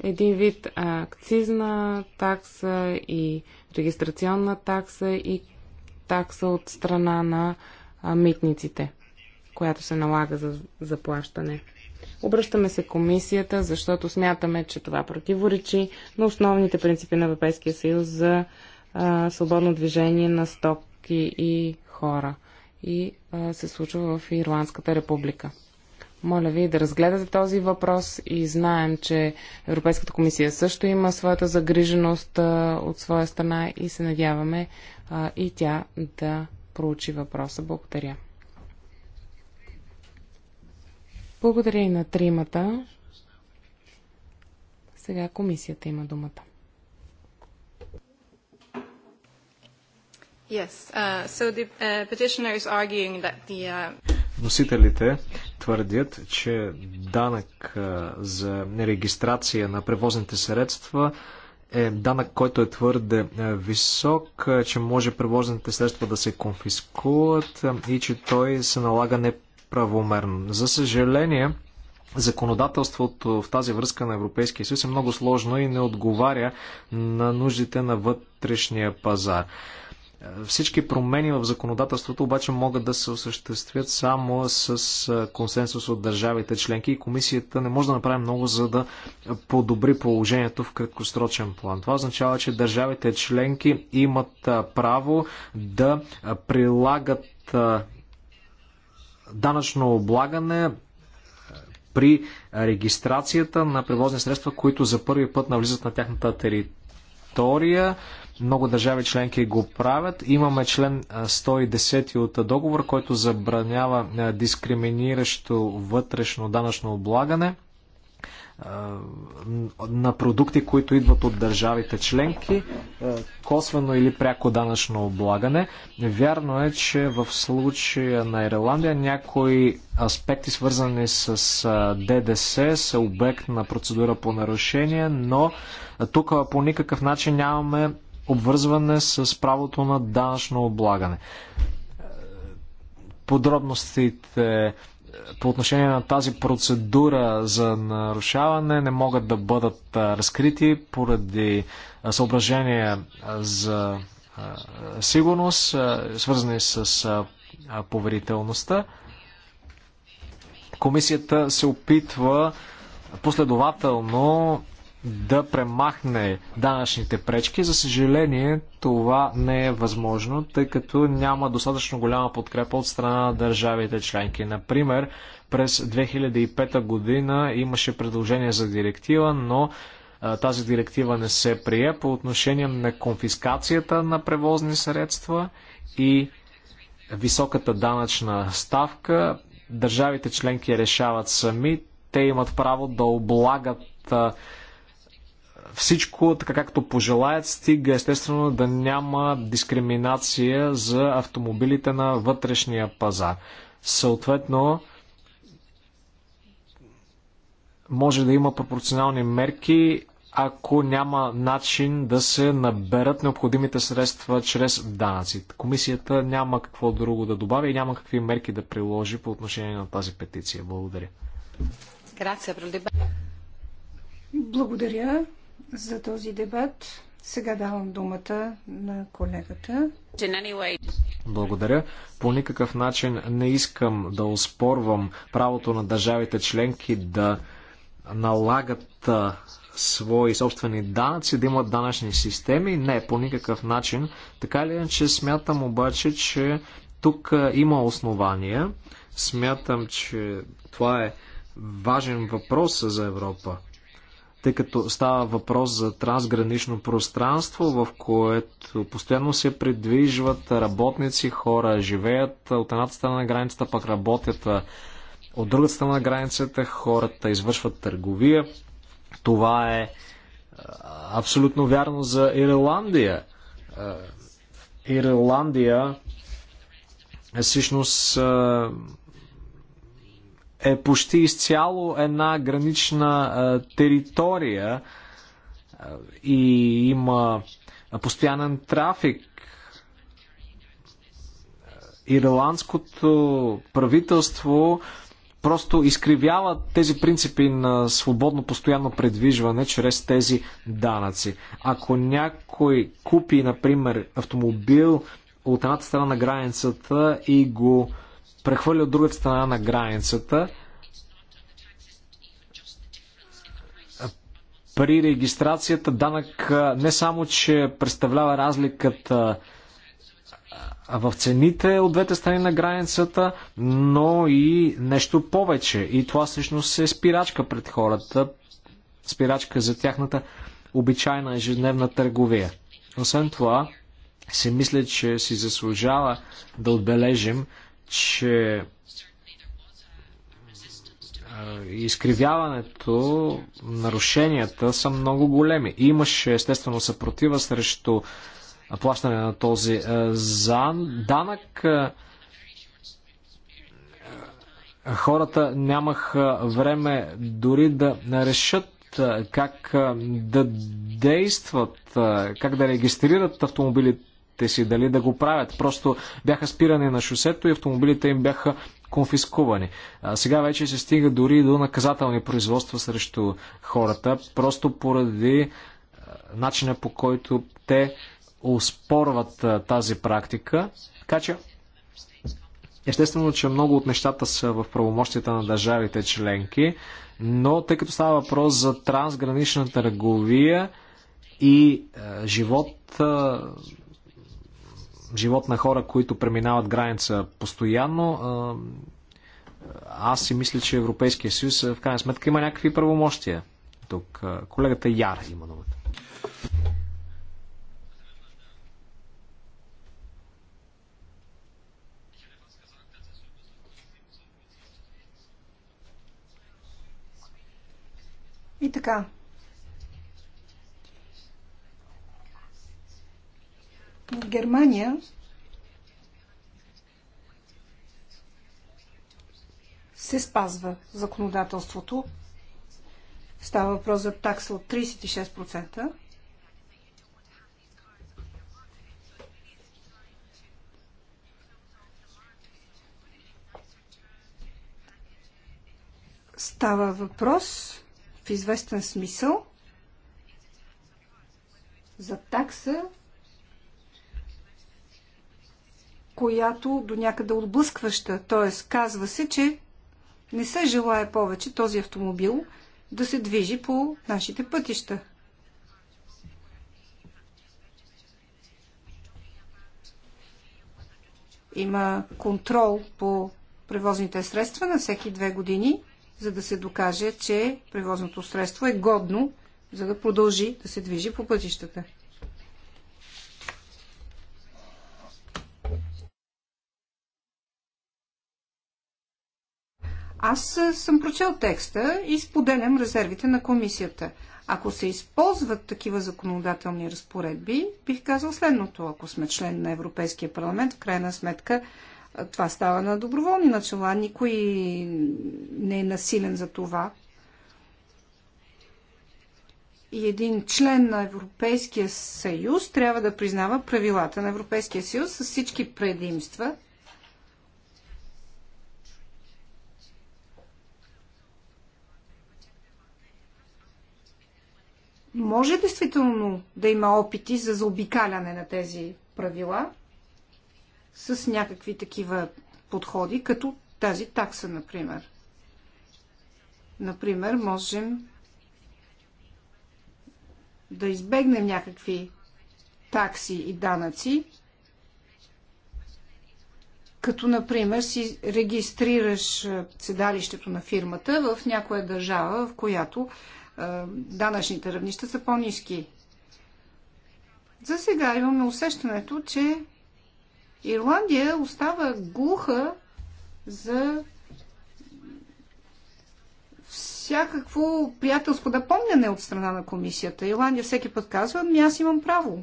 един вид акцизна такса и регистрационна такса и такса от страна на митниците, която се налага за заплащане. Обръщаме се комисията, защото смятаме, че това противоречи на основните принципи на Европейския съюз за свободно движение на стоки и хора. И а, се случва в Ирландската република. Моля ви да разгледате този въпрос и знаем, че Европейската комисия също има своята загриженост а, от своя страна и се надяваме а, и тя да проучи въпроса. Благодаря. Благодаря и на тримата. Сега комисията има думата. Yes. Uh, so the uh, petitioner is arguing that the uh, Вносителите твърдят, че данък uh, за регистрация на превозните средства е данък, който е твърде uh, висок, че може превозните средства да се конфискуват и че той се налага неправомерно. За съжаление, законодателството в тази връзка на Европейския съюз е много сложно и не отговаря на нуждите на вътрешния пазар. Всички промени в законодателството обаче могат да се осъществят само с консенсус от държавите членки и комисията не може да направи много за да подобри положението в краткосрочен план. Това означава, че държавите членки имат право да прилагат данъчно облагане при регистрацията на превозни средства, които за първи път навлизат на тяхната територия много държави членки го правят. Имаме член 110 от договор, който забранява дискриминиращо вътрешно данъчно облагане на продукти, които идват от държавите членки, косвено или пряко данъчно облагане. Вярно е, че в случая на Ирландия някои аспекти, свързани с ДДС, са обект на процедура по нарушение, но тук по никакъв начин нямаме обвързване с правото на данъчно облагане. Подробностите по отношение на тази процедура за нарушаване не могат да бъдат разкрити поради съображения за сигурност, свързани с поверителността. Комисията се опитва последователно да премахне данъчните пречки. За съжаление, това не е възможно, тъй като няма достатъчно голяма подкрепа от страна на държавите членки. Например, през 2005 година имаше предложение за директива, но а, тази директива не се прие по отношение на конфискацията на превозни средства и високата данъчна ставка. Държавите членки решават сами. Те имат право да облагат а, всичко така както пожелаят, стига естествено да няма дискриминация за автомобилите на вътрешния пазар. Съответно, може да има пропорционални мерки, ако няма начин да се наберат необходимите средства чрез данъци. Комисията няма какво друго да добави и няма какви мерки да приложи по отношение на тази петиция. Благодаря. Благодаря за този дебат. Сега давам думата на колегата. Благодаря. По никакъв начин не искам да оспорвам правото на държавите членки да налагат свои собствени данъци, да имат данъчни системи. Не, по никакъв начин. Така ли иначе смятам обаче, че тук има основания. Смятам, че това е важен въпрос за Европа тъй като става въпрос за трансгранично пространство, в което постоянно се придвижват работници, хора живеят от едната страна на границата, пък работят от другата страна на границата, хората извършват търговия. Това е абсолютно вярно за Ирландия. Ирландия е всъщност е почти изцяло една гранична територия и има постоянен трафик. Ирландското правителство просто изкривява тези принципи на свободно постоянно предвижване чрез тези данъци. Ако някой купи, например, автомобил от едната страна на границата и го прехвърля от другата страна на границата. При регистрацията данък не само, че представлява разликата в цените от двете страни на границата, но и нещо повече. И това всъщност е спирачка пред хората, спирачка за тяхната обичайна ежедневна търговия. Освен това, се мисля, че си заслужава да отбележим, че изкривяването, нарушенията са много големи. Имаше естествено съпротива срещу плащане на този данък. Хората нямаха време дори да решат как да действат, как да регистрират автомобилите те си дали да го правят. Просто бяха спирани на шосето и автомобилите им бяха конфискувани. А сега вече се стига дори до наказателни производства срещу хората, просто поради начина по който те успорват тази практика. Така че, естествено, че много от нещата са в правомощията на държавите членки, но тъй като става въпрос за трансгранична търговия и е, живот, е, живот на хора, които преминават граница постоянно. Аз си мисля, че Европейския съюз в крайна сметка има някакви правомощия. Тук колегата Яр има думата. И така, В Германия се спазва законодателството. Става въпрос за такса от 36%. Става въпрос в известен смисъл за такса която до някъде отблъскваща. Т.е. казва се, че не се желая повече този автомобил да се движи по нашите пътища. Има контрол по превозните средства на всеки две години, за да се докаже, че превозното средство е годно, за да продължи да се движи по пътищата. Аз съм прочел текста и споделям резервите на комисията. Ако се използват такива законодателни разпоредби, бих казал следното. Ако сме член на Европейския парламент, в крайна сметка това става на доброволни начала. Никой не е насилен за това. И един член на Европейския съюз трябва да признава правилата на Европейския съюз с всички предимства, може действително да има опити за заобикаляне на тези правила с някакви такива подходи, като тази такса, например. Например, можем да избегнем някакви такси и данъци, като, например, си регистрираш седалището на фирмата в някоя държава, в която данъчните равнища са по-низки. За сега имаме усещането, че Ирландия остава глуха за всякакво приятелско да помняне от страна на комисията. Ирландия всеки път казва, ами аз имам право.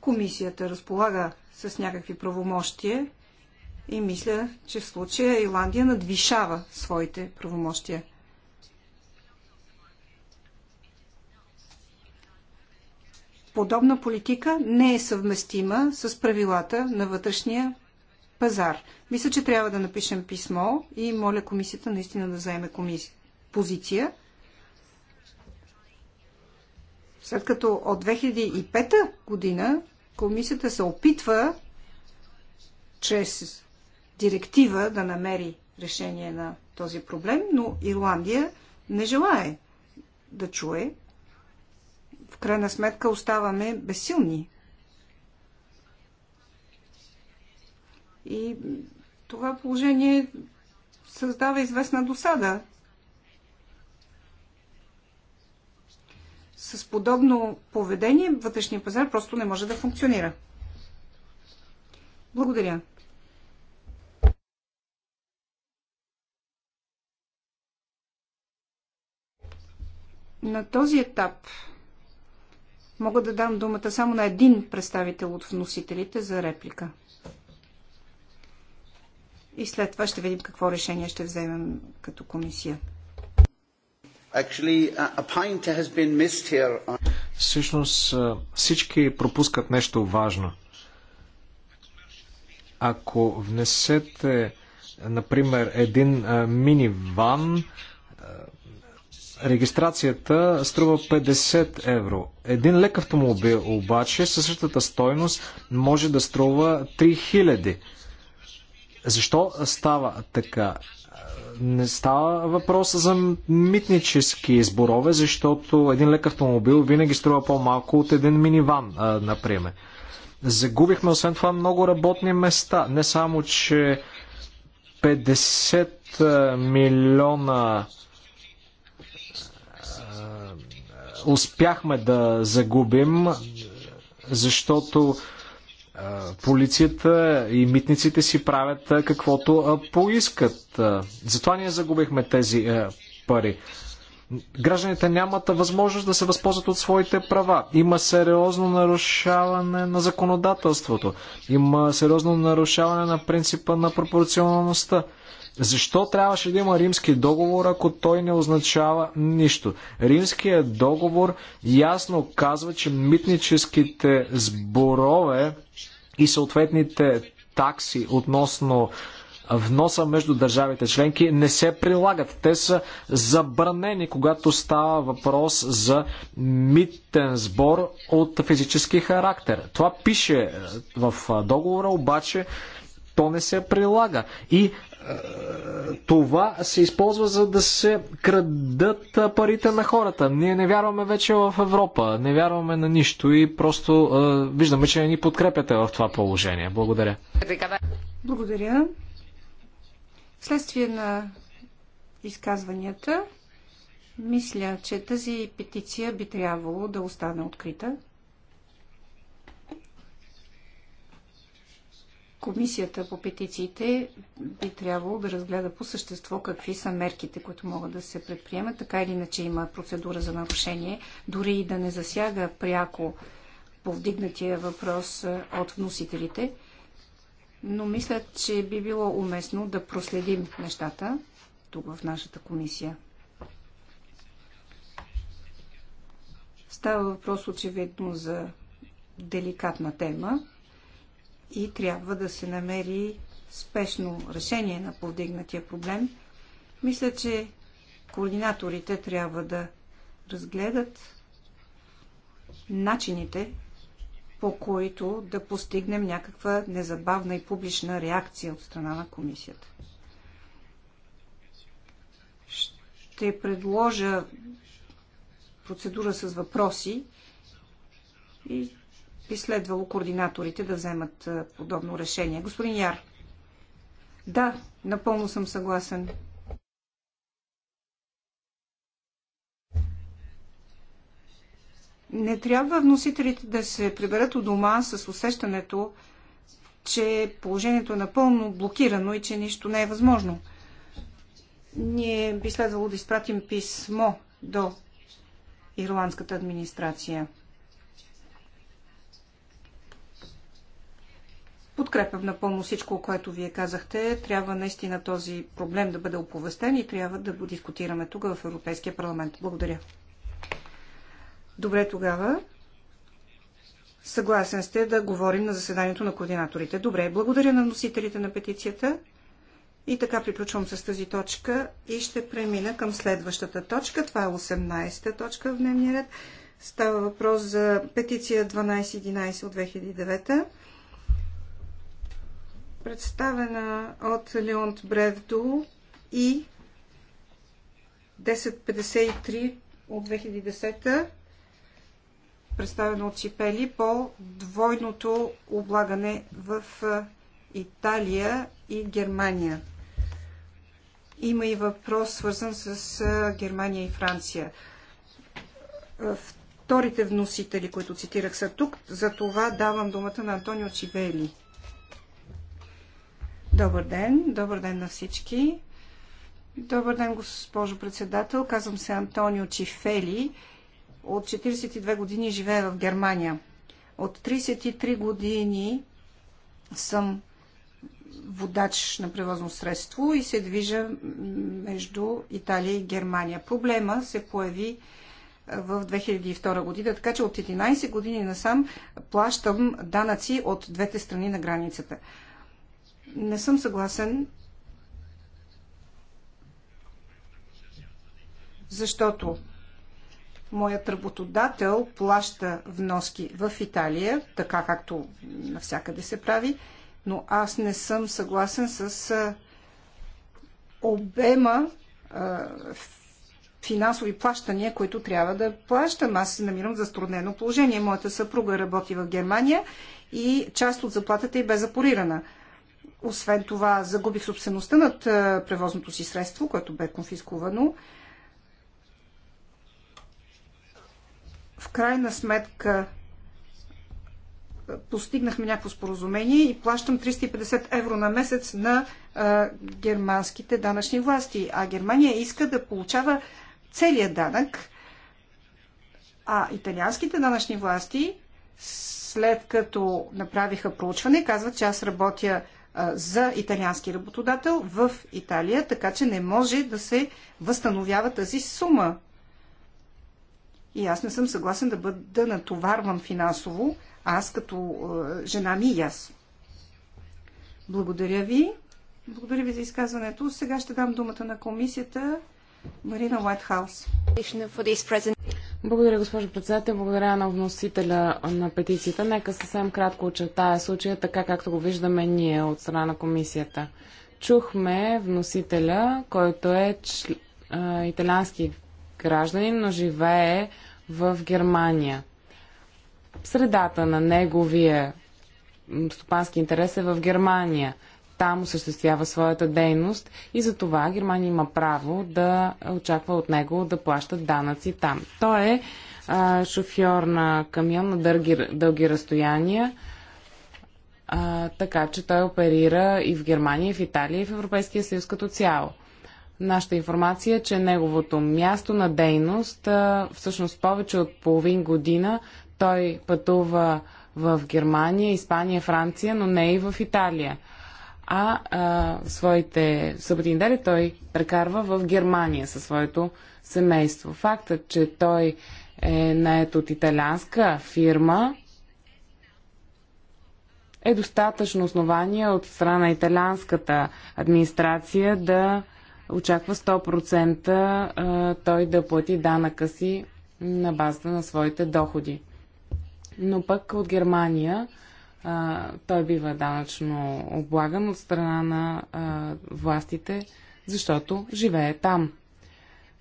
комисията разполага с някакви правомощия и мисля, че в случая Ирландия надвишава своите правомощия. Подобна политика не е съвместима с правилата на вътрешния пазар. Мисля, че трябва да напишем писмо и моля комисията наистина да заеме комисия, позиция – след като от 2005 година комисията се опитва чрез директива да намери решение на този проблем, но Ирландия не желае да чуе. В крайна сметка оставаме безсилни. И това положение създава известна досада с подобно поведение вътрешния пазар просто не може да функционира. Благодаря. На този етап мога да дам думата само на един представител от вносителите за реплика. И след това ще видим какво решение ще вземем като комисия. Всъщност всички пропускат нещо важно. Ако внесете, например, един мини ван, регистрацията струва 50 евро. Един лек автомобил обаче със същата стойност може да струва 3000 евро защо става така? Не става въпроса за митнически изборове, защото един лек автомобил винаги струва по-малко от един миниван, например. Загубихме освен това много работни места. Не само, че 50 милиона успяхме да загубим, защото полицията и митниците си правят каквото поискат. Затова ние загубихме тези пари. Гражданите нямат възможност да се възползват от своите права. Има сериозно нарушаване на законодателството. Има сериозно нарушаване на принципа на пропорционалността. Защо трябваше да има римски договор, ако той не означава нищо? Римският договор ясно казва, че митническите сборове и съответните такси относно вноса между държавите членки не се прилагат. Те са забранени, когато става въпрос за митен сбор от физически характер. Това пише в договора, обаче то не се прилага. И е, това се използва за да се крадат парите на хората. Ние не вярваме вече в Европа, не вярваме на нищо и просто е, виждаме, че не ни подкрепяте в това положение. Благодаря. Благодаря. Вследствие на изказванията, мисля, че тази петиция би трябвало да остане открита. Комисията по петициите би трябвало да разгледа по същество какви са мерките, които могат да се предприемат. Така или иначе има процедура за нарушение, дори и да не засяга пряко повдигнатия въпрос е, от вносителите. Но мисля, че би било уместно да проследим нещата тук в нашата комисия. Става въпрос очевидно за деликатна тема и трябва да се намери спешно решение на повдигнатия проблем. Мисля, че координаторите трябва да разгледат начините, по които да постигнем някаква незабавна и публична реакция от страна на комисията. Ще предложа процедура с въпроси и би следвало координаторите да вземат подобно решение. Господин Яр. Да, напълно съм съгласен. Не трябва вносителите да се приберат у дома с усещането, че положението е напълно блокирано и че нищо не е възможно. Ние би следвало да изпратим писмо до ирландската администрация – Подкрепям напълно всичко, което вие казахте. Трябва наистина този проблем да бъде оповестен и трябва да го дискутираме тук в Европейския парламент. Благодаря. Добре тогава. Съгласен сте да говорим на заседанието на координаторите. Добре, благодаря на носителите на петицията. И така приключвам с тази точка и ще премина към следващата точка. Това е 18-та точка в дневния ред. Става въпрос за петиция 1211 от 2009 представена от Леонт Бревду и 1053 от 2010 представена от Чипели по двойното облагане в Италия и Германия. Има и въпрос свързан с Германия и Франция. Вторите вносители, които цитирах, са тук. За това давам думата на Антонио Чивели. Добър ден! Добър ден на всички! Добър ден, госпожо председател! Казвам се Антонио Чифели. От 42 години живея в Германия. От 33 години съм водач на превозно средство и се движа между Италия и Германия. Проблема се появи в 2002 година, така че от 11 години насам плащам данъци от двете страни на границата. Не съм съгласен, защото моят работодател плаща вноски в Италия, така както навсякъде се прави, но аз не съм съгласен с обема финансови плащания, които трябва да плащам. Аз се намирам за струднено положение. Моята съпруга работи в Германия и част от заплатата й бе запорирана. Освен това, загубих собствеността над е, превозното си средство, което бе конфискувано. В крайна сметка е, постигнахме някакво споразумение и плащам 350 евро на месец на а, е, германските данъчни власти. А Германия иска да получава целия данък, а италианските данъчни власти, след като направиха проучване, казват, че аз работя за италиански работодател в Италия, така че не може да се възстановява тази сума. И аз не съм съгласен да бъда натоварван финансово, аз като жена ми и аз. Благодаря ви. Благодаря ви за изказването. Сега ще дам думата на комисията Марина Уайтхаус. Благодаря, госпожо председател. Благодаря на вносителя на петицията. Нека съвсем кратко очертая случая, така както го виждаме ние от страна на комисията. Чухме вносителя, който е чл... италиански гражданин, но живее в Германия. Средата на неговия стопански интерес е в Германия там осъществява своята дейност и за това Германия има право да очаква от него да плаща данъци там. Той е а, шофьор на камион на дълги, дълги разстояния, а, така че той оперира и в Германия, и в Италия, и в Европейския съюз като цяло. Нашата информация е, че неговото място на дейност, а, всъщност повече от половин година, той пътува в Германия, Испания, Франция, но не и в Италия а, а своите съботи недели той прекарва в Германия със своето семейство. Фактът, че той е наед от италианска фирма, е достатъчно основание от страна на италианската администрация да очаква 100% той да плати данъка си на базата на своите доходи. Но пък от Германия а, той бива данъчно облаган от страна на а, властите, защото живее там.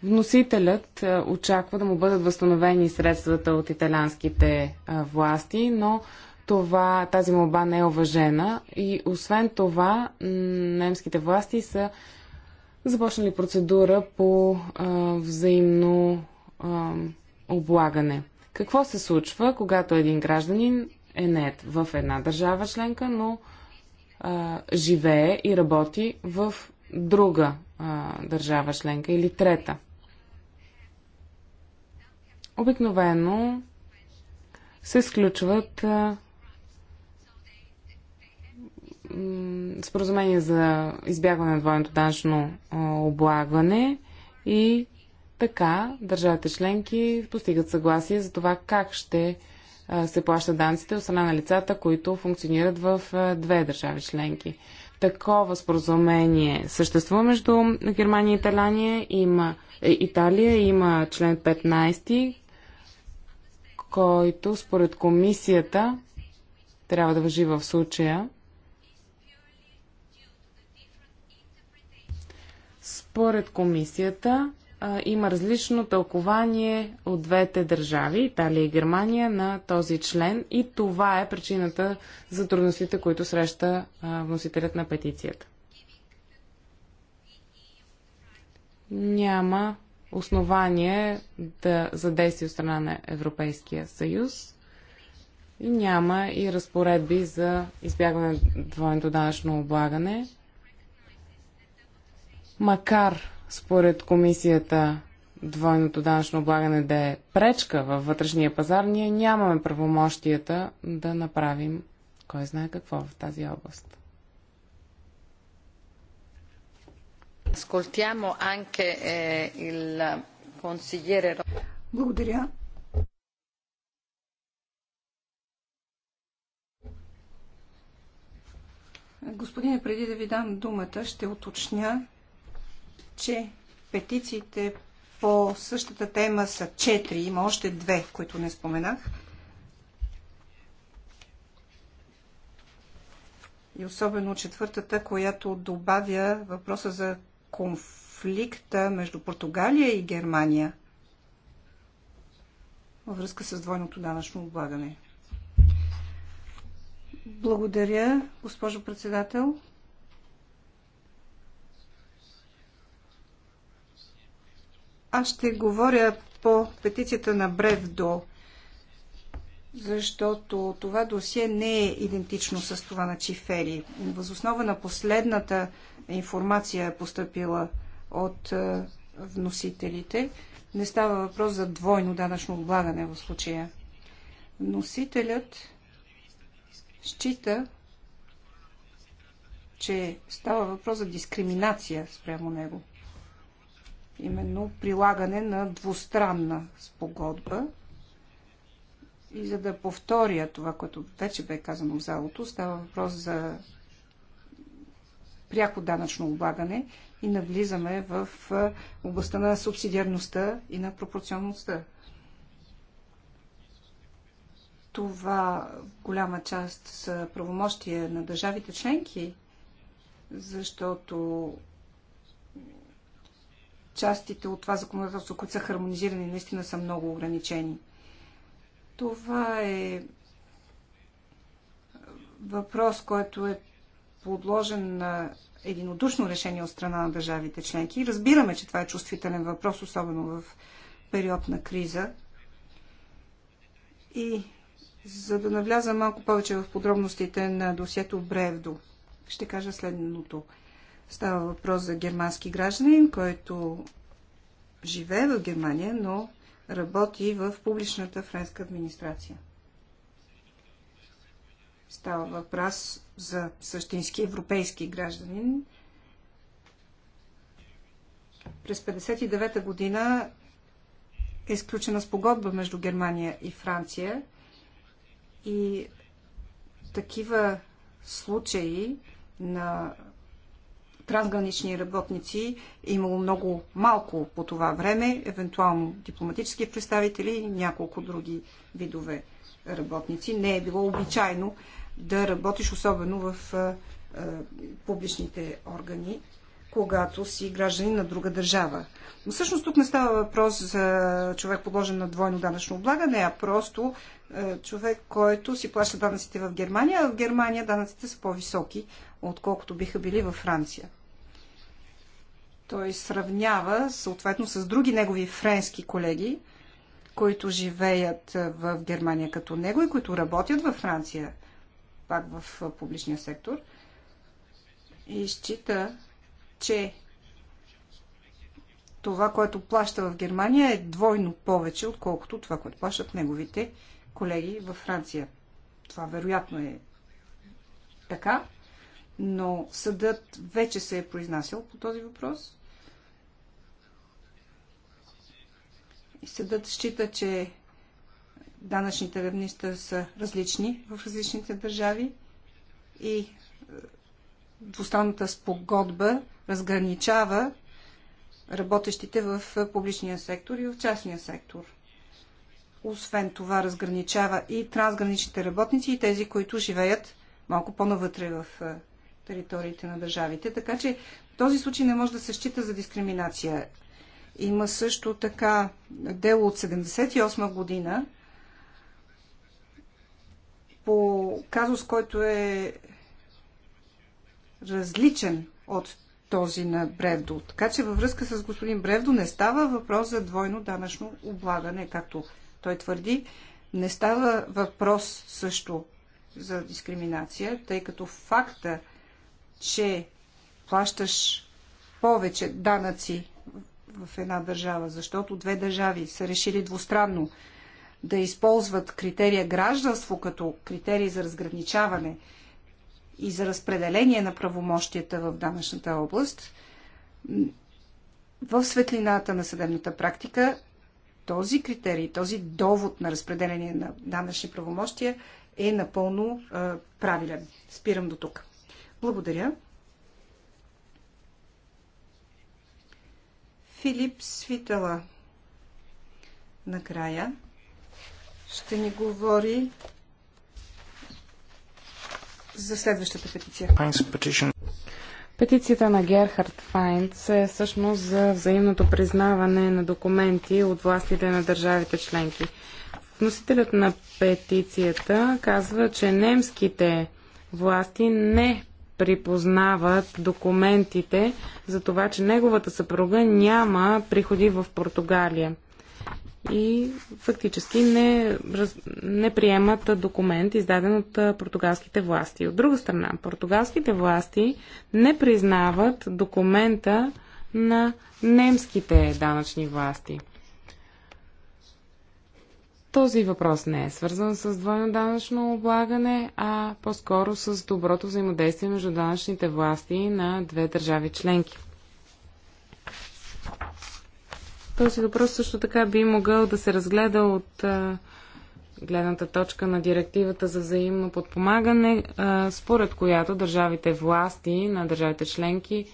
Вносителят а, очаква да му бъдат възстановени средствата от италянските а, власти, но това, тази молба не е уважена и освен това немските власти са започнали процедура по а, взаимно а, облагане. Какво се случва, когато един гражданин е нет в една държава членка, но а, живее и работи в друга а, държава членка или трета. Обикновено се сключват а, споразумения за избягване на двойното данъчно облагане и така държавите членки постигат съгласие за това как ще се плащат данците от страна на лицата, които функционират в две държави членки. Такова споразумение съществува между Германия и Италия. Има, е, Италия има член 15, който според комисията трябва да въжи в случая. Според комисията има различно тълкование от двете държави, Италия и Германия, на този член и това е причината за трудностите, които среща вносителят на петицията. Няма основание да задейства от страна на Европейския съюз и няма и разпоредби за избягване на двойното данъчно облагане, макар според комисията двойното данъчно облагане да е пречка във вътрешния пазар, ние нямаме правомощията да направим кой знае какво в тази област. Eh, Благодаря. Господине, преди да ви дам думата, ще уточня, че петициите по същата тема са четири, Има още две, които не споменах. И особено четвъртата, която добавя въпроса за конфликта между Португалия и Германия във връзка с двойното данъчно облагане. Благодаря, госпожо председател. Аз ще говоря по петицията на Бревдо, защото това досие не е идентично с това на Чифери. Възоснова на последната информация е поступила от вносителите. Не става въпрос за двойно данъчно облагане в случая. Носителят счита, че става въпрос за дискриминация спрямо него именно прилагане на двустранна спогодба. И за да повторя това, което вече бе казано в залото, става въпрос за пряко данъчно облагане и навлизаме в областта на субсидиарността и на пропорционността. Това голяма част са правомощия на държавите членки, защото частите от това законодателство, които са хармонизирани, наистина са много ограничени. Това е въпрос, който е подложен на единодушно решение от страна на държавите членки. И разбираме, че това е чувствителен въпрос, особено в период на криза. И за да навляза малко повече в подробностите на досието Бревдо, ще кажа следното. Става въпрос за германски гражданин, който живее в Германия, но работи в публичната френска администрация. Става въпрос за същински европейски гражданин. През 1959 година е изключена спогодба между Германия и Франция и такива случаи на трансгранични работници е имало много малко по това време, евентуално дипломатически представители и няколко други видове работници. Не е било обичайно да работиш, особено в а, а, публичните органи, когато си граждани на друга държава. Но всъщност тук не става въпрос за човек подложен на двойно данъчно облагане, а просто а, човек, който си плаща данъците в Германия, а в Германия данъците са по-високи, отколкото биха били във Франция. Той сравнява съответно с други негови френски колеги, които живеят в Германия като него и които работят във Франция, пак в публичния сектор. И счита, че това, което плаща в Германия е двойно повече, отколкото това, което плащат неговите колеги във Франция. Това вероятно е така, но съдът вече се е произнасял по този въпрос Съдът счита, че данъчните равнища са различни в различните държави и е, двустранната спогодба разграничава работещите в публичния сектор и в частния сектор. Освен това разграничава и трансграничните работници и тези, които живеят малко по-навътре в е, териториите на държавите. Така че този случай не може да се счита за дискриминация. Има също така дело от 78 година по казус, който е различен от този на Бревдо. Така че във връзка с господин Бревдо не става въпрос за двойно данъчно облагане, както той твърди. Не става въпрос също за дискриминация, тъй като факта, че плащаш повече данъци в една държава, защото две държави са решили двустранно да използват критерия гражданство като критерий за разграничаване и за разпределение на правомощията в данъчната област, в светлината на съдебната практика този критерий, този довод на разпределение на данъчни правомощия е напълно е, правилен. Спирам до тук. Благодаря. Филип Свитала. Накрая ще ни говори за следващата петиция. Петицията на Герхард Файнц е всъщност за взаимното признаване на документи от властите на държавите членки. Вносителят на петицията казва, че немските власти не припознават документите за това, че неговата съпруга няма приходи в Португалия. И фактически не, не приемат документ, издаден от португалските власти. От друга страна, португалските власти не признават документа на немските данъчни власти. Този въпрос не е свързан с двойно данъчно облагане, а по-скоро с доброто взаимодействие между данъчните власти на две държави членки. Този въпрос също така би могъл да се разгледа от а, гледната точка на директивата за взаимно подпомагане, а, според която държавите власти на държавите членки,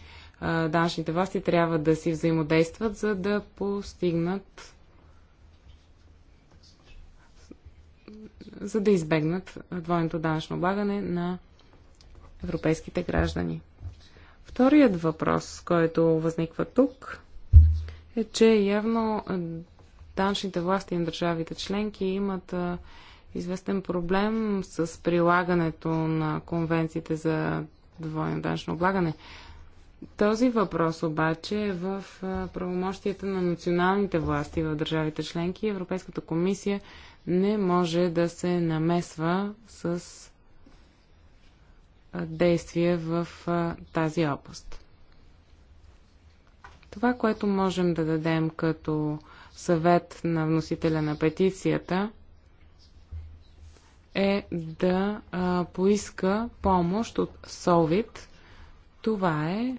а, данъчните власти трябва да си взаимодействат, за да постигнат за да избегнат двойното данъчно облагане на европейските граждани. Вторият въпрос, който възниква тук, е, че явно данъчните власти на държавите членки имат известен проблем с прилагането на конвенциите за двойно данъчно облагане. Този въпрос обаче е в правомощията на националните власти в държавите членки. Европейската комисия не може да се намесва с действие в тази област. Това, което можем да дадем като съвет на вносителя на петицията, е да а, поиска помощ от СОВИТ. Това е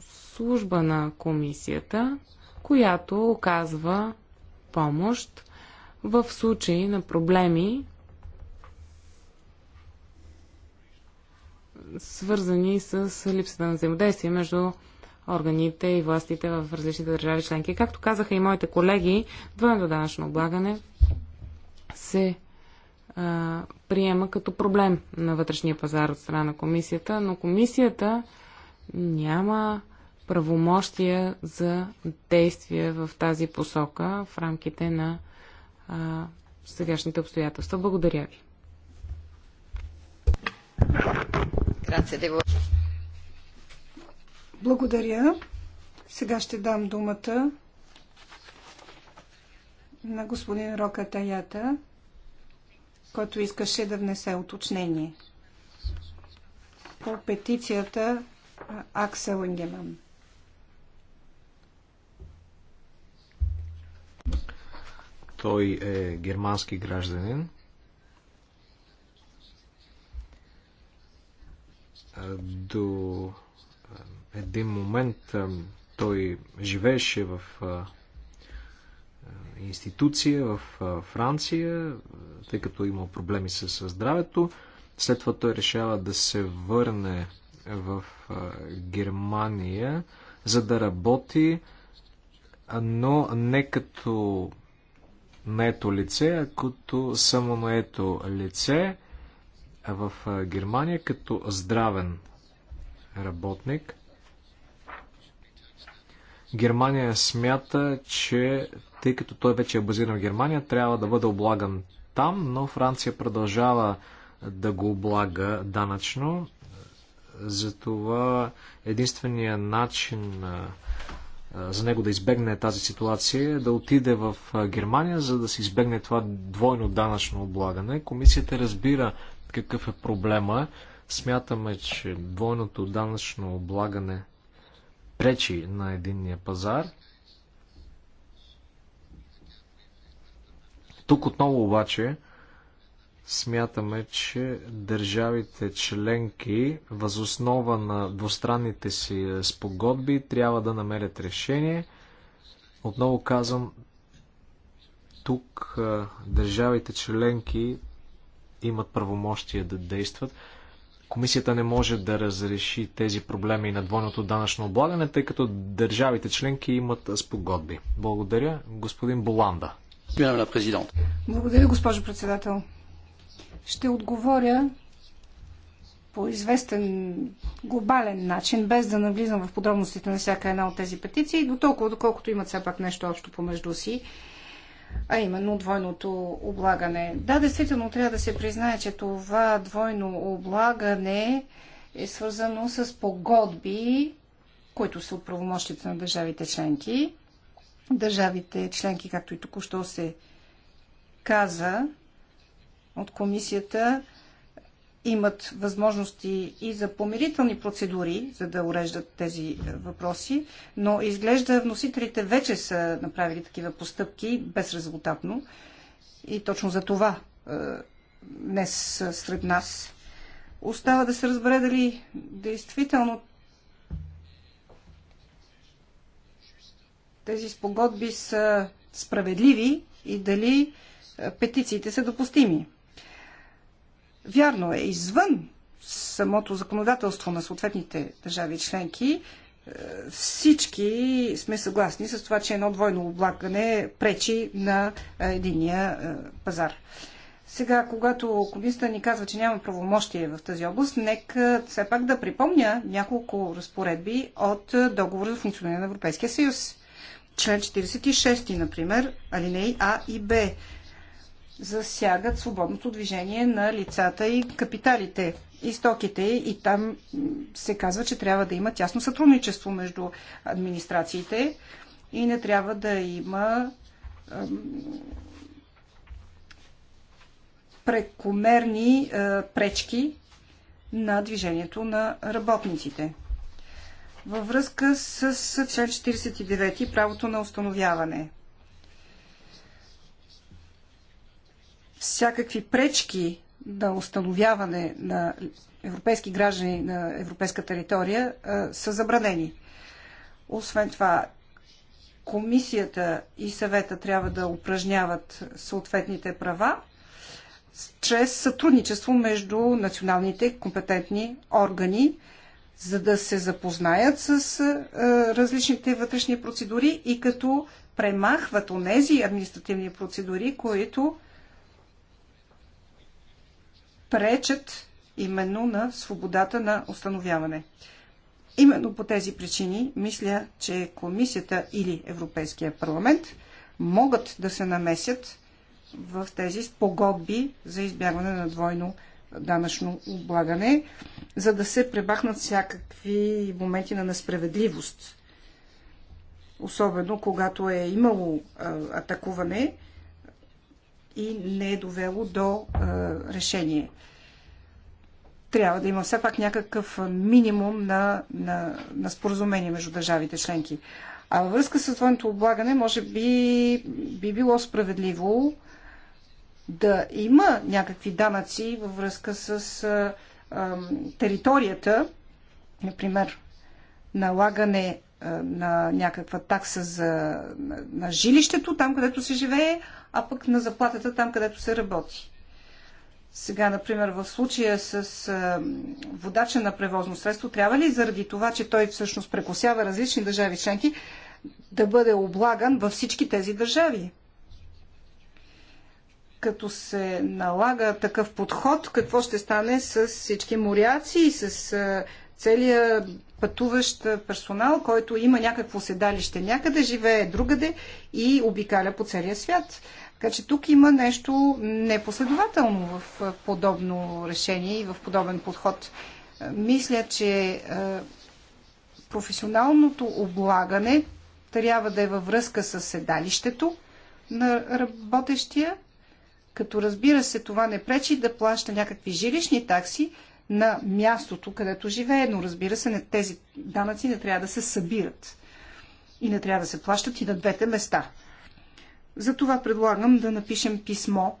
служба на комисията, която оказва помощ в случай на проблеми, свързани с липсата на взаимодействие между органите и властите в различните държави членки. Както казаха и моите колеги, двойното данъчно облагане се а, приема като проблем на вътрешния пазар от страна на комисията, но комисията няма правомощия за действие в тази посока в рамките на а, сегашните обстоятелства. Благодаря ви. Благодаря. Сега ще дам думата на господин Рока Таята, който искаше да внесе уточнение по петицията Аксел Ингеман. Той е германски гражданин. До един момент той живееше в институция в Франция, тъй като имал проблеми с здравето. След това той решава да се върне в Германия, за да работи, но не като наето лице, а като само наето лице в Германия като здравен работник. Германия смята, че тъй като той вече е базиран в Германия, трябва да бъде облаган там, но Франция продължава да го облага данъчно. Затова единствения начин за него да избегне тази ситуация, да отиде в Германия, за да се избегне това двойно данъчно облагане. Комисията разбира какъв е проблема. Смятаме, че двойното данъчно облагане пречи на единния пазар. Тук отново обаче смятаме, че държавите членки, възоснова на двустранните си е, спогодби, трябва да намерят решение. Отново казвам, тук е, държавите членки имат правомощия да действат. Комисията не може да разреши тези проблеми на двойното данъчно облагане, тъй като държавите членки имат е, спогодби. Благодаря, господин Боланда. Благодаря, госпожо председател. Ще отговоря по известен глобален начин, без да навлизам в подробностите на всяка една от тези петиции, до толкова, доколкото имат все пак нещо общо помежду си, а именно двойното облагане. Да, действително трябва да се признае, че това двойно облагане е свързано с погодби, които са от правомощите на държавите членки. Държавите членки, както и току-що се каза, от комисията имат възможности и за помирителни процедури, за да уреждат тези е, въпроси, но изглежда вносителите вече са направили такива постъпки безрезултатно и точно за това е, днес е, сред нас. Остава да се разбере дали действително тези спогодби са справедливи и дали петициите са допустими вярно е, извън самото законодателство на съответните държави членки, е, всички сме съгласни с това, че едно двойно облагане пречи на е, единия е, пазар. Сега, когато комисията ни казва, че няма правомощие в тази област, нека все пак да припомня няколко разпоредби от договора за функциониране на Европейския съюз. Член 46, например, алинеи А и Б засягат свободното движение на лицата и капиталите и стоките и там се казва, че трябва да има тясно сътрудничество между администрациите и не трябва да има прекомерни пречки на движението на работниците. Във връзка с член 49 правото на установяване – всякакви пречки на установяване на европейски граждани на европейска територия са забранени. Освен това, комисията и съвета трябва да упражняват съответните права чрез сътрудничество между националните компетентни органи, за да се запознаят с различните вътрешни процедури и като премахват онези административни процедури, които пречат именно на свободата на установяване. Именно по тези причини мисля, че комисията или Европейския парламент могат да се намесят в тези спогодби за избягване на двойно данъчно облагане, за да се пребахнат всякакви моменти на несправедливост. Особено когато е имало атакуване и не е довело до а, решение. Трябва да има все пак някакъв минимум на, на, на споразумение между държавите членки. А във връзка с двойното облагане, може би би било справедливо да има някакви данъци във връзка с а, а, територията, например, налагане е, на някаква такса за, на, на жилището, там където се живее, а пък на заплатата там където се работи. Сега, например, в случая с а, е, водача на превозно средство, трябва ли заради това, че той всъщност прекосява различни държави членки, да бъде облаган във всички тези държави? Като се налага такъв подход, какво ще стане с всички моряци и с а, е, целият пътуващ персонал, който има някакво седалище някъде, живее другаде и обикаля по целия свят. Така че тук има нещо непоследователно в подобно решение и в подобен подход. Мисля, че професионалното облагане трябва да е във връзка с седалището на работещия, като разбира се това не пречи да плаща някакви жилищни такси, на мястото, където живее. Но разбира се, тези данъци не трябва да се събират и не трябва да се плащат и на двете места. Затова предлагам да напишем писмо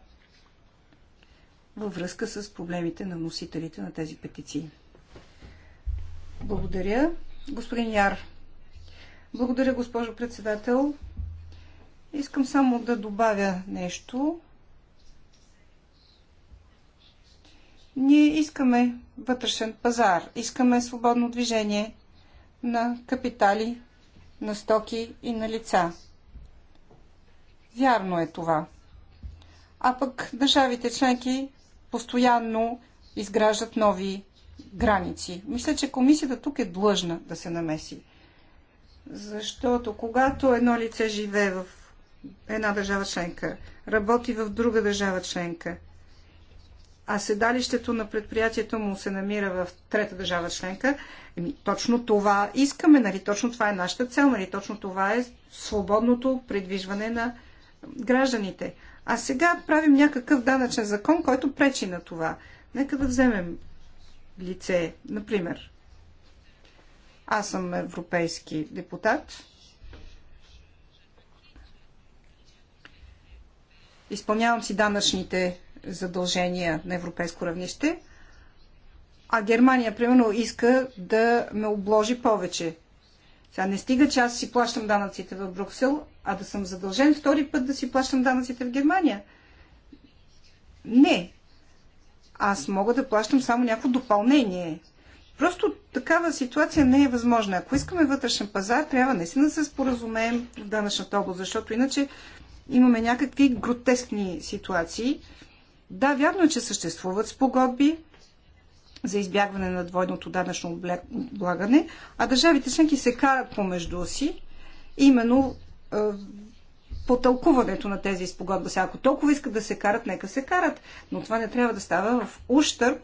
във връзка с проблемите на носителите на тези петиции. Благодаря. Господин Яр. Благодаря, госпожо председател. Искам само да добавя нещо. Ние искаме вътрешен пазар, искаме свободно движение на капитали, на стоки и на лица. Вярно е това. А пък държавите членки постоянно изграждат нови граници. Мисля, че комисията тук е длъжна да се намеси. Защото когато едно лице живее в една държава членка, работи в друга държава членка – а седалището на предприятието му се намира в трета държава членка, еми, точно това искаме, нали? Точно това е нашата цел, нали? Точно това е свободното придвижване на гражданите. А сега правим някакъв данъчен закон, който пречи на това. Нека да вземем лице, например. Аз съм европейски депутат. Изпълнявам си данъчните задължения на европейско равнище, а Германия, примерно, иска да ме обложи повече. Сега не стига, че аз си плащам данъците в Брюксел, а да съм задължен втори път да си плащам данъците в Германия. Не. Аз мога да плащам само някакво допълнение. Просто такава ситуация не е възможна. Ако искаме вътрешен пазар, трябва наистина да се споразумеем в данъчната област, защото иначе имаме някакви гротескни ситуации да, вярно е, че съществуват спогодби за избягване на двойното данъчно облагане, а държавите членки се карат помежду си, именно е, по тълкуването на тези спогодби. Сега, ако толкова искат да се карат, нека се карат, но това не трябва да става в ущърп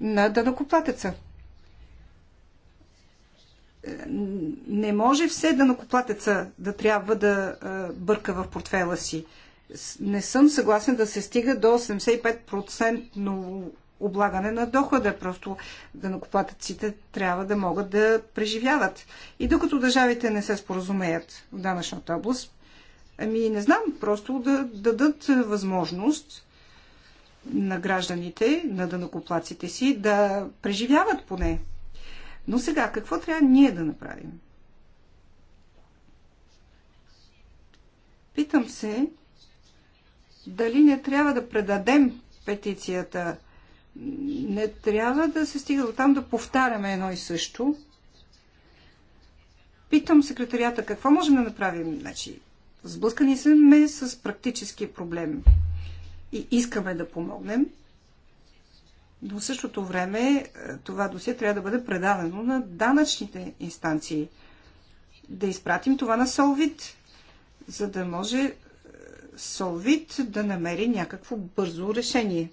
на данъкоплатеца. Е, не може все данъкоплатеца да трябва да бърка в портфела си не съм съгласен да се стига до 85% облагане на дохода. Просто данокоплатъците трябва да могат да преживяват. И докато държавите не се споразумеят в данъчната област, ами не знам, просто да дадат възможност на гражданите, на данокоплаците си да преживяват поне. Но сега, какво трябва ние да направим? Питам се, дали не трябва да предадем петицията. Не трябва да се стига до там да повтаряме едно и също. Питам секретарията какво можем да направим. Значи, сблъскани сме с практически проблем и искаме да помогнем, но в същото време е, това досие трябва да бъде предадено на данъчните инстанции. Да изпратим това на Солвит, за да може Солвит да намери някакво бързо решение.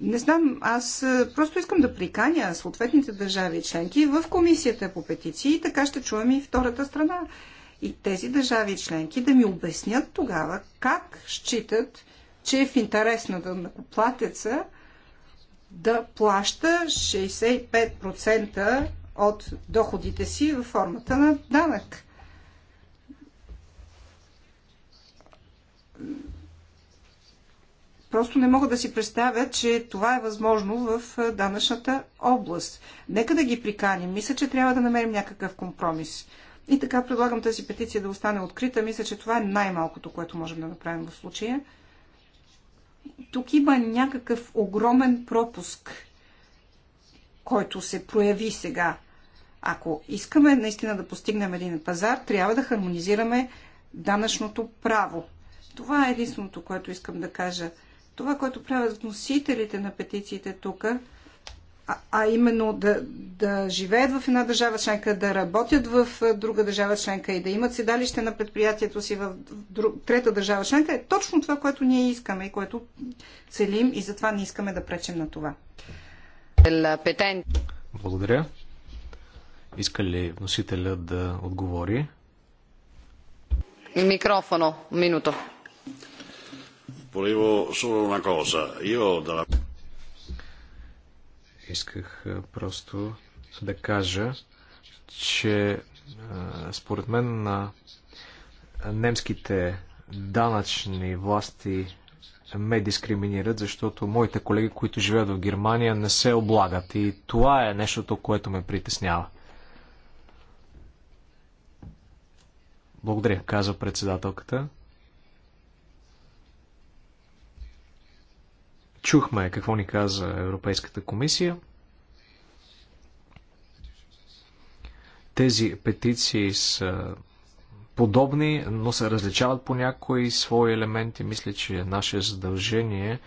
Не знам, аз просто искам да приканя съответните държави членки в комисията по петиции, така ще чуем и втората страна. И тези държави членки да ми обяснят тогава как считат, че е в интерес на дънакоплатеца да плаща 65% от доходите си във формата на данък. просто не мога да си представя, че това е възможно в данъчната област. Нека да ги приканим. Мисля, че трябва да намерим някакъв компромис. И така предлагам тази петиция да остане открита. Мисля, че това е най-малкото, което можем да направим в случая. Тук има някакъв огромен пропуск, който се прояви сега. Ако искаме наистина да постигнем един пазар, трябва да хармонизираме данъчното право. Това е единственото, което искам да кажа. Това, което правят вносителите на петициите тук, а, а именно да, да живеят в една държава членка, да работят в друга държава членка и да имат седалище на предприятието си в друг, трета държава членка, е точно това, което ние искаме и което целим и затова не искаме да пречем на това. Благодаря. Иска ли вносителя да отговори? Микрофоно, минуто. Volevo solo una cosa. Io dalla... Исках просто да кажа, че според мен на немските данъчни власти ме дискриминират, защото моите колеги, които живеят в Германия, не се облагат. И това е нещото, което ме притеснява. Благодаря, казва председателката. Чухме какво ни каза Европейската комисия. Тези петиции са подобни, но се различават по някои свои елементи. Мисля, че е наше задължение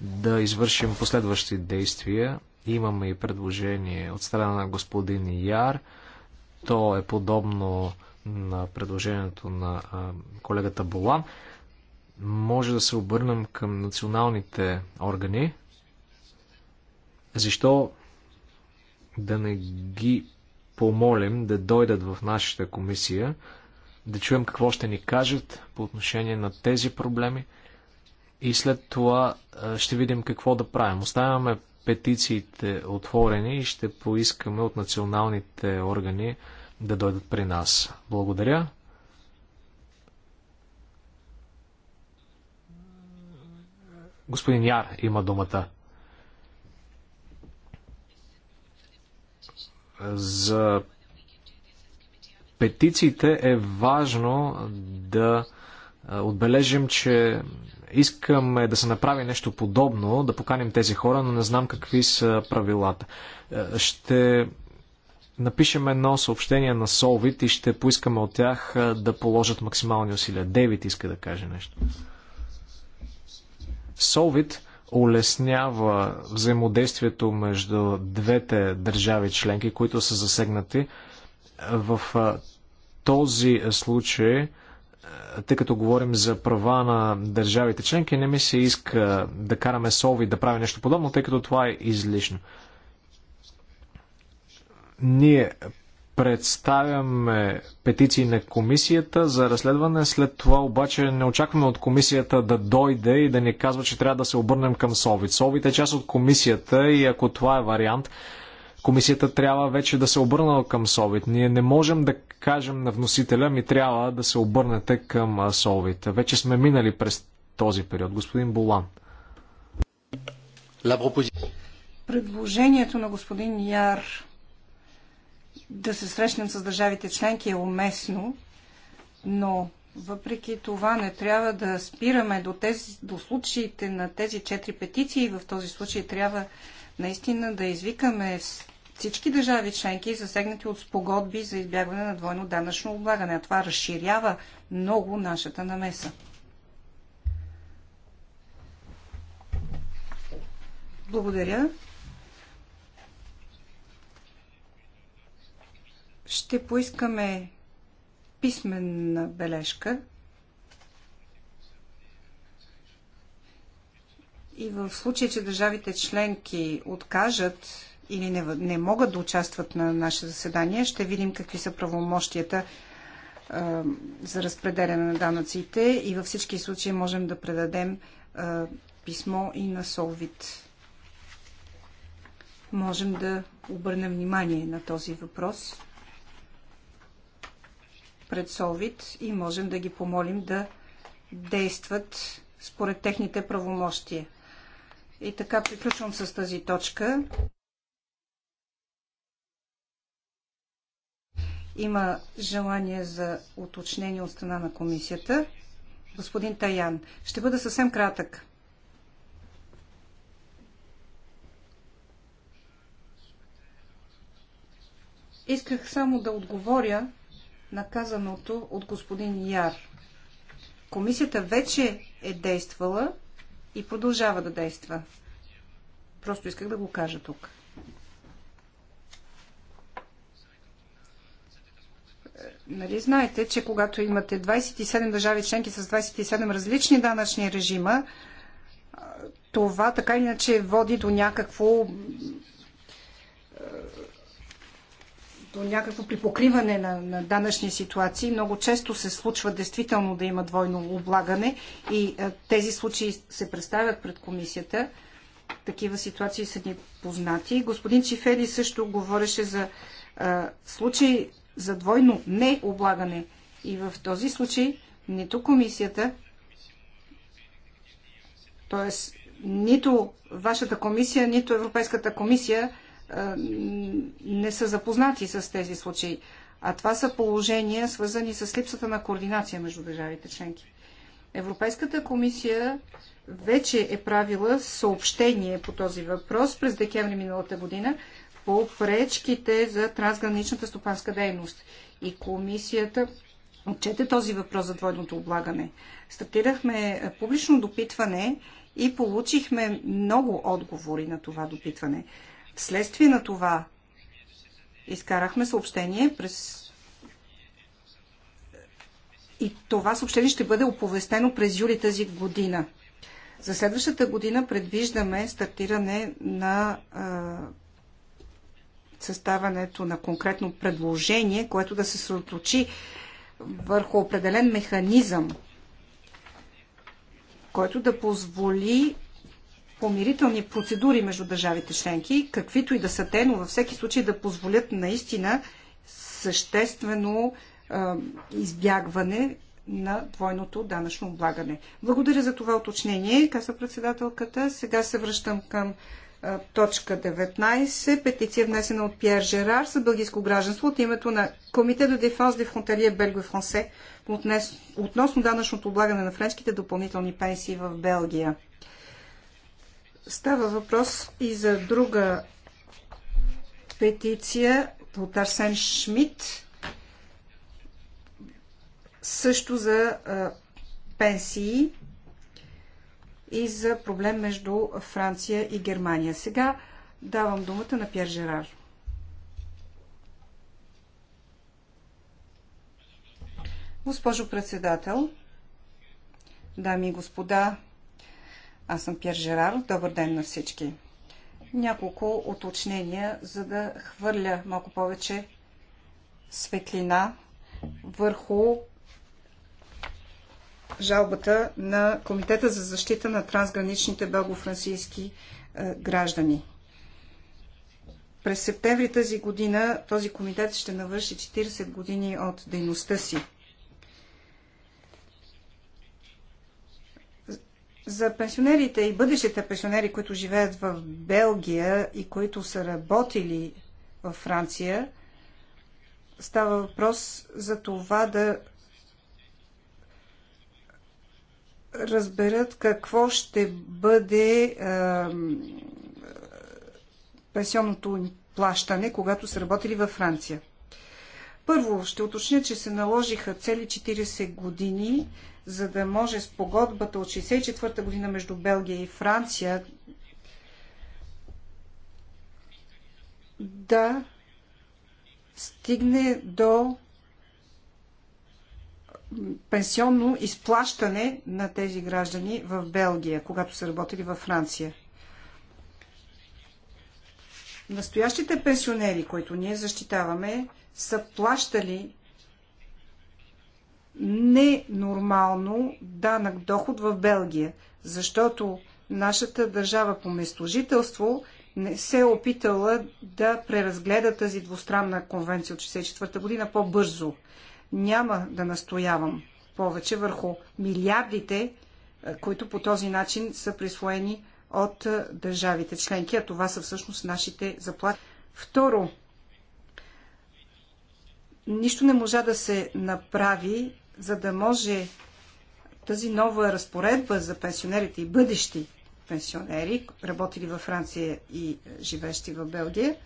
да извършим последващи действия. Имаме и предложение от страна на господин Яр. То е подобно на предложението на колегата Болан може да се обърнем към националните органи. Защо да не ги помолим да дойдат в нашата комисия, да чуем какво ще ни кажат по отношение на тези проблеми и след това ще видим какво да правим. Оставяме петициите отворени и ще поискаме от националните органи да дойдат при нас. Благодаря. Господин Яр има думата. За петициите е важно да отбележим, че искаме да се направи нещо подобно, да поканим тези хора, но не знам какви са правилата. Ще напишем едно съобщение на Солвит и ще поискаме от тях да положат максимални усилия. Дейвид иска да каже нещо. Солвит улеснява взаимодействието между двете държави членки, които са засегнати. В този случай, тъй като говорим за права на държавите членки, не ми се иска да караме Солвит да прави нещо подобно, тъй като това е излишно. Ние представяме петиции на комисията за разследване. След това обаче не очакваме от комисията да дойде и да ни казва, че трябва да се обърнем към Совит. Совит е част от комисията и ако това е вариант, комисията трябва вече да се обърна към Совит. Ние не можем да кажем на вносителя, ми трябва да се обърнете към Совит. Вече сме минали през този период. Господин Болан. Предложението на господин Яр да се срещнем с държавите членки е уместно, но въпреки това не трябва да спираме до, тези, до случаите на тези четири петиции. В този случай трябва наистина да извикаме всички държави членки, засегнати от спогодби за избягване на двойно данъчно облагане. А това разширява много нашата намеса. Благодаря. ще поискаме писменна бележка и в случай, че държавите членки откажат или не, не могат да участват на наше заседание, ще видим какви са правомощията е, за разпределяне на данъците и във всички случаи можем да предадем а, е, писмо и на Солвит. Можем да обърнем внимание на този въпрос пред Солвит и можем да ги помолим да действат според техните правомощия. И така приключвам с тази точка. Има желание за уточнение от страна на комисията. Господин Таян, ще бъда съвсем кратък. Исках само да отговоря наказаното от господин Яр. Комисията вече е действала и продължава да действа. Просто исках да го кажа тук. Нали знаете, че когато имате 27 държави членки с 27 различни данъчни режима, това така иначе води до някакво до някакво припокриване на, на данъчни ситуации. Много често се случва действително да има двойно облагане и а, е, тези случаи се представят пред комисията. Такива ситуации са ни познати. Господин Чифели също говореше за а, е, случаи за двойно необлагане. И в този случай нито комисията, т.е. нито вашата комисия, нито Европейската комисия не са запознати с тези случаи. А това са положения, свързани с липсата на координация между държавите членки. Европейската комисия вече е правила съобщение по този въпрос през декември миналата година по пречките за трансграничната стопанска дейност. И комисията отчете този въпрос за двойното облагане. Стартирахме публично допитване и получихме много отговори на това допитване. Вследствие на това изкарахме съобщение през и това съобщение ще бъде оповестено през юли тази година. За следващата година предвиждаме стартиране на а, съставането на конкретно предложение, което да се съсредоточи върху определен механизъм, който да позволи помирителни процедури между държавите членки, каквито и да са те, но във всеки случай да позволят наистина съществено е, избягване на двойното данъчно облагане. Благодаря за това уточнение, каза председателката. Сега се връщам към е, точка 19. Петиция внесена от Пьер Жерар за бългийско гражданство от името на Комитет де Дефанс де Фронталие Белго Франсе относно данъчното облагане на френските допълнителни пенсии в Белгия. Става въпрос и за друга петиция от Арсен Шмидт, също за а, пенсии и за проблем между Франция и Германия. Сега давам думата на Пьер Жерар. Госпожо председател, дами и господа аз съм Пьер Жерар. Добър ден на всички. Няколко уточнения, за да хвърля малко повече светлина върху жалбата на Комитета за защита на трансграничните бългофранцийски е, граждани. През септември тази година този комитет ще навърши 40 години от дейността си – За пенсионерите и бъдещите пенсионери, които живеят в Белгия и които са работили във Франция, става въпрос за това да разберат какво ще бъде е, пенсионното им плащане, когато са работили във Франция. Първо ще уточня, че се наложиха цели 40 години за да може спогодбата от 1964 година между Белгия и Франция да стигне до пенсионно изплащане на тези граждани в Белгия, когато са работили във Франция. Настоящите пенсионери, които ние защитаваме, са плащали ненормално данък доход в Белгия, защото нашата държава по местожителство не се е опитала да преразгледа тази двустранна конвенция от 1964 година по-бързо. Няма да настоявам повече върху милиардите, е, които по този начин са присвоени от е, държавите членки, а това са всъщност нашите заплати. Второ, нищо не можа да се направи за да може тази нова разпоредба за пенсионерите и бъдещи пенсионери, работили във Франция и е, живещи в Белгия,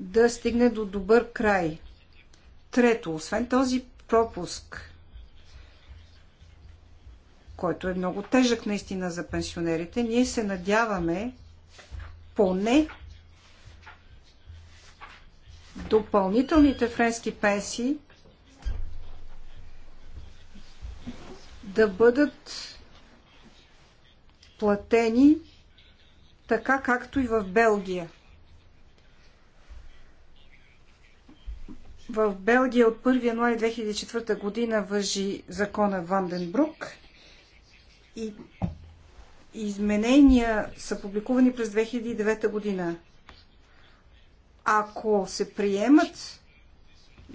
да стигне до добър край. Трето, освен този пропуск, който е много тежък наистина за пенсионерите, ние се надяваме поне допълнителните френски пенсии да бъдат платени така както и в Белгия. В Белгия от 1 януари 2004 година въжи закона Ванденбрук и изменения са публикувани през 2009 година. Ако се приемат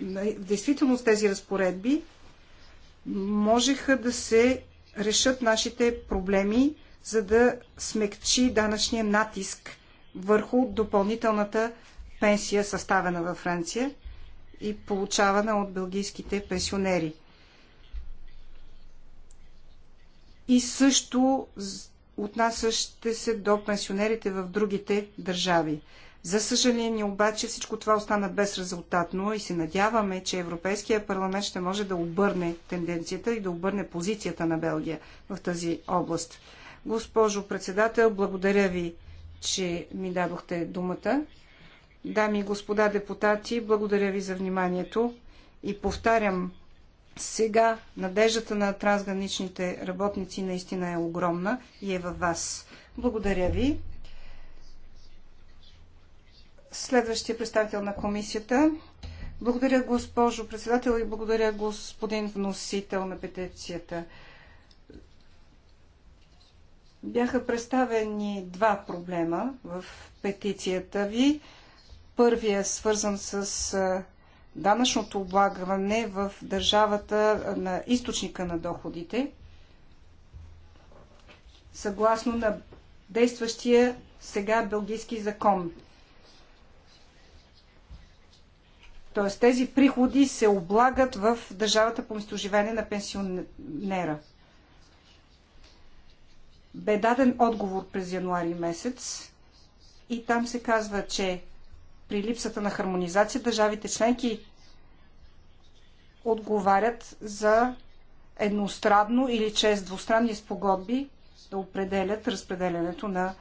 в действителност тези разпоредби, можеха да се решат нашите проблеми, за да смекчи данъчния натиск върху допълнителната пенсия, съставена във Франция и получавана от бългийските пенсионери. И също отнасяще се до пенсионерите в другите държави. За съжаление обаче всичко това остана безрезултатно и се надяваме, че Европейския парламент ще може да обърне тенденцията и да обърне позицията на Белгия в тази област. Госпожо председател, благодаря ви, че ми дадохте думата. Дами и господа депутати, благодаря ви за вниманието и повтарям сега надеждата на трансграничните работници наистина е огромна и е във вас. Благодаря ви. Следващия представител на комисията. Благодаря, госпожо председател и благодаря, господин вносител на петицията. Бяха представени два проблема в петицията ви. Първия е свързан с данъчното облагане в държавата на източника на доходите, съгласно на действащия сега белгийски закон – Т.е. тези приходи се облагат в държавата по местоживение на пенсионера. Бе даден отговор през януари месец и там се казва, че при липсата на хармонизация държавите членки отговарят за едностранно или чрез двустранни спогодби да определят разпределянето на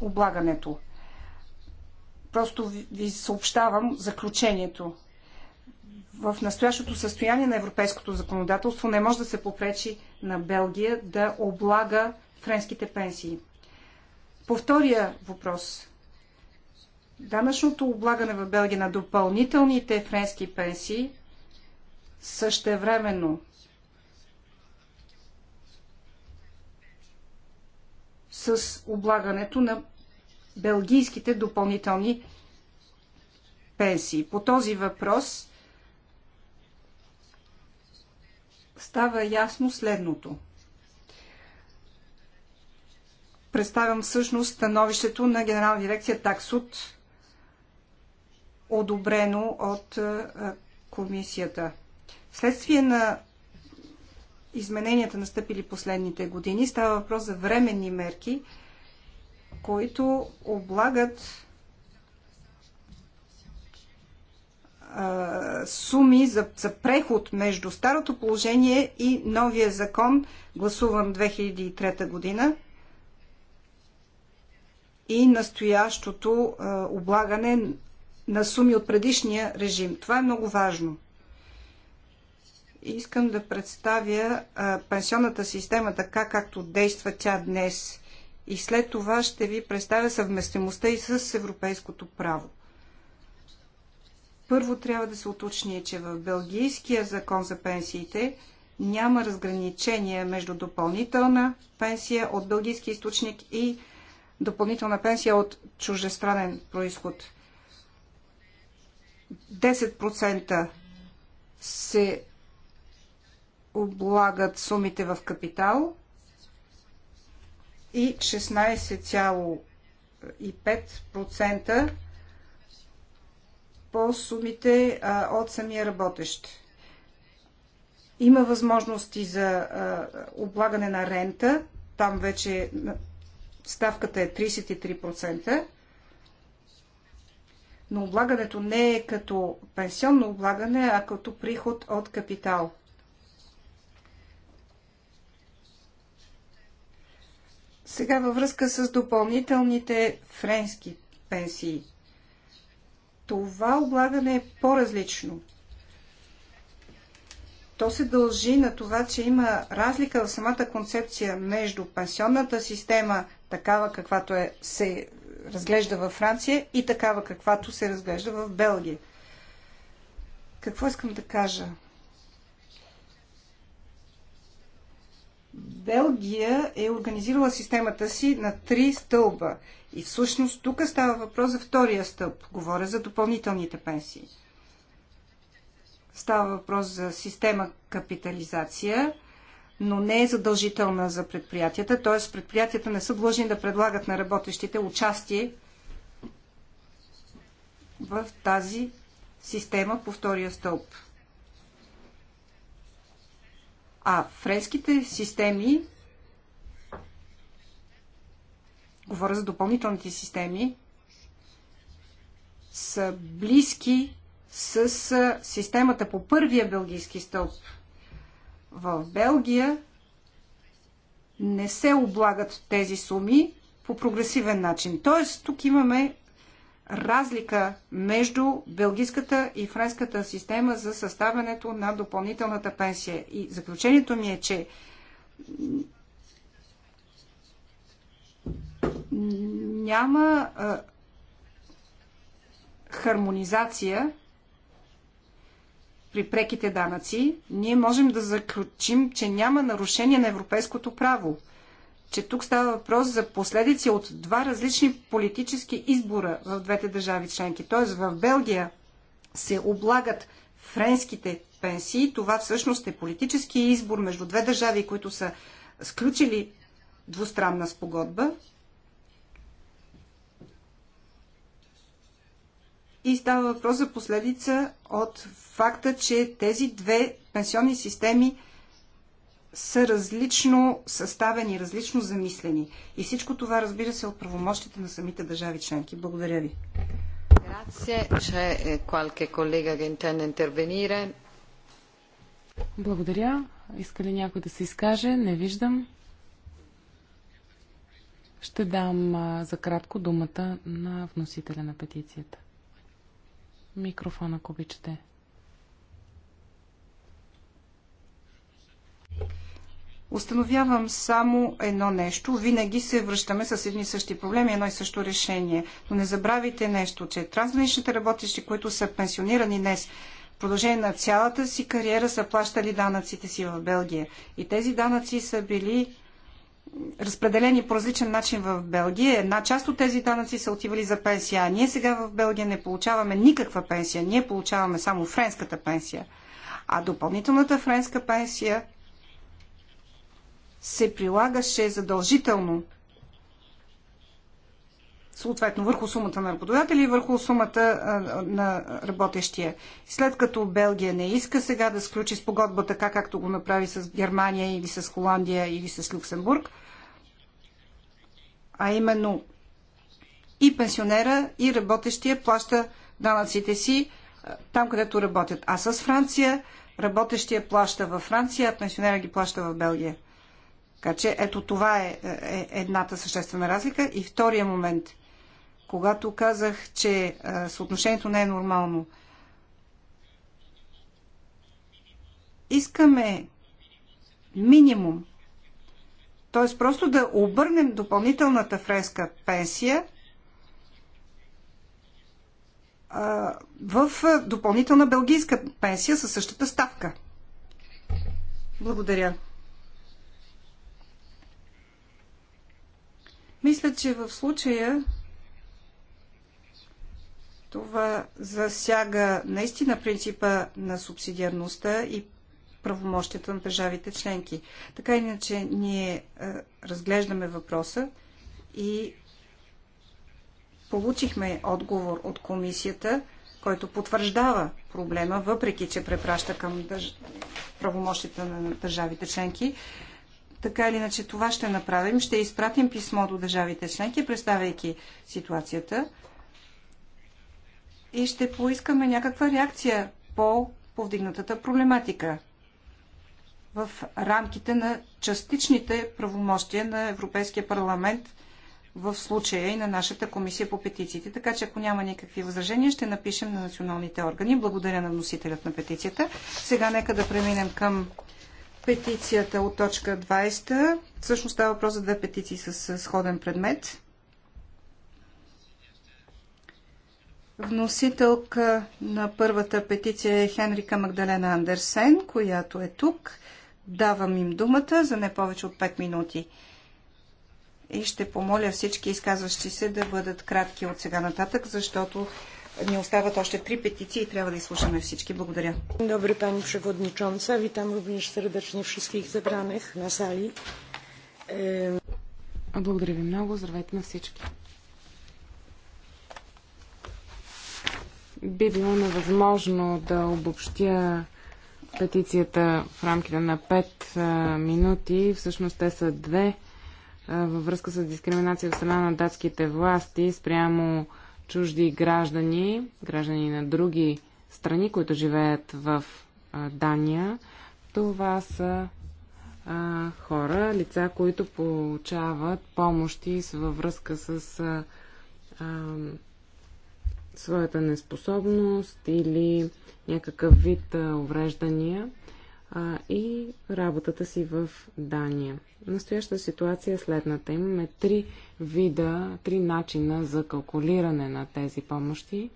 облагането. Просто ви съобщавам заключението. В настоящото състояние на европейското законодателство не може да се попречи на Белгия да облага френските пенсии. По втория въпрос. Данъчното облагане в Белгия на допълнителните френски пенсии същевременно с облагането на белгийските допълнителни пенсии. По този въпрос става ясно следното. Представям всъщност становището на Генерална дирекция Таксот, одобрено от комисията. Вследствие на измененията настъпили последните години, става въпрос за временни мерки – които облагат суми за, за преход между старото положение и новия закон, гласуван 2003 година, и настоящото а, облагане на суми от предишния режим. Това е много важно. Искам да представя а, пенсионната система така, както действа тя днес и след това ще ви представя съвместимостта и с европейското право. Първо трябва да се уточни, че в Белгийския закон за пенсиите няма разграничение между допълнителна пенсия от белгийски източник и допълнителна пенсия от чужестранен происход. 10% се облагат сумите в капитал, и 16,5% по сумите от самия работещ. Има възможности за облагане на рента. Там вече ставката е 33%. Но облагането не е като пенсионно облагане, а като приход от капитал. Сега във връзка с допълнителните френски пенсии. Това облагане е по-различно. То се дължи на това, че има разлика в самата концепция между пенсионната система, такава каквато е, се разглежда във Франция и такава каквато се разглежда в Белгия. Какво искам да кажа? Белгия е организирала системата си на три стълба. И всъщност тук става въпрос за втория стълб. Говоря за допълнителните пенсии. Става въпрос за система капитализация, но не е задължителна за предприятията, т.е. предприятията не са длъжни да предлагат на работещите участие в тази система по втория стълб. А френските системи, говоря за допълнителните системи, са близки с системата по първия белгийски стълб. В Белгия не се облагат тези суми по прогресивен начин. Тоест, тук имаме разлика между белгийската и френската система за съставянето на допълнителната пенсия. И заключението ми е, че няма хармонизация при преките данъци. Ние можем да заключим, че няма нарушение на европейското право – че тук става въпрос за последици от два различни политически избора в двете държави членки. Тоест в Белгия се облагат френските пенсии. Това всъщност е политически избор между две държави, които са сключили двустранна спогодба. И става въпрос за последица от факта, че тези две пенсионни системи – са различно съставени, различно замислени. И всичко това, разбира се, е от правомощите на самите държави членки. Благодаря ви. Е Благодаря. Иска ли някой да се изкаже? Не виждам. Ще дам за кратко думата на вносителя на петицията. Микрофон, ако обичате. установявам само едно нещо. Винаги се връщаме с едни същи проблеми, едно и също решение. Но не забравяйте нещо, че трансграничните работещи, които са пенсионирани днес, в продължение на цялата си кариера са плащали данъците си в Белгия. И тези данъци са били разпределени по различен начин в Белгия. Една част от тези данъци са отивали за пенсия. А ние сега в Белгия не получаваме никаква пенсия. Ние получаваме само френската пенсия. А допълнителната френска пенсия се прилагаше задължително съответно върху сумата на работодателя и върху сумата а, на работещия. След като Белгия не иска сега да сключи спогодба така, както го направи с Германия или с Холандия или с Люксембург, а именно и пенсионера, и работещия плаща данъците си а, там, където работят. А с Франция работещия плаща във Франция, а пенсионера ги плаща в Белгия. Така че ето това е, е, е едната съществена разлика. И втория момент, когато казах, че е, съотношението не е нормално, искаме минимум, т.е. просто да обърнем допълнителната фреска пенсия е, в е, допълнителна белгийска пенсия със същата ставка. Благодаря. Мисля, че в случая това засяга наистина принципа на субсидиарността и правомощията на държавите членки. Така иначе ние е, разглеждаме въпроса и получихме отговор от комисията, който потвърждава проблема, въпреки че препраща към държ... правомощите на държавите членки така или иначе това ще направим. Ще изпратим писмо до държавите членки, представяйки ситуацията и ще поискаме някаква реакция по повдигнатата проблематика в рамките на частичните правомощия на Европейския парламент в случая и на нашата комисия по петициите. Така че ако няма никакви възражения, ще напишем на националните органи. Благодаря на вносителят на петицията. Сега нека да преминем към петицията от точка 20. Всъщност става въпрос за две петиции с сходен предмет. Вносителка на първата петиция е Хенрика Магдалена Андерсен, която е тук. Давам им думата за не повече от 5 минути. И ще помоля всички изказващи се да бъдат кратки от сега нататък, защото ни остават още три петиции и трябва да изслушаме всички. Благодаря. пани Pani Przewodnicząca, witam również serdecznie wszystkich zebranych na sali. Благодаря ви много. Здравейте на всички. Би било невъзможно да обобщя петицията в рамките на 5 е, минути. Всъщност те са две е, във връзка с дискриминация в страна на датските власти спрямо чужди граждани, граждани на други страни, които живеят в Дания. Това са хора, лица, които получават помощи във връзка с а, а, своята неспособност или някакъв вид увреждания а, и работата си в Дания. Настояща ситуация е следната. Имаме три вида, три начина за калкулиране на тези помощи.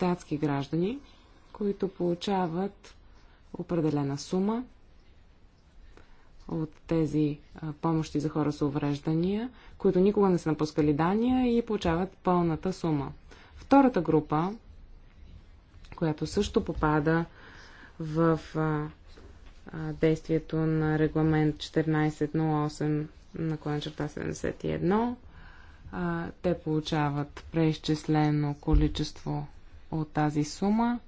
Датски граждани, които получават определена сума от тези помощи за хора с увреждания, които никога не са напускали Дания и получават пълната сума. Втората група, която също попада в а, а, действието на регламент 1408 на черта 71, а, те получават преизчислено количество от тази сума.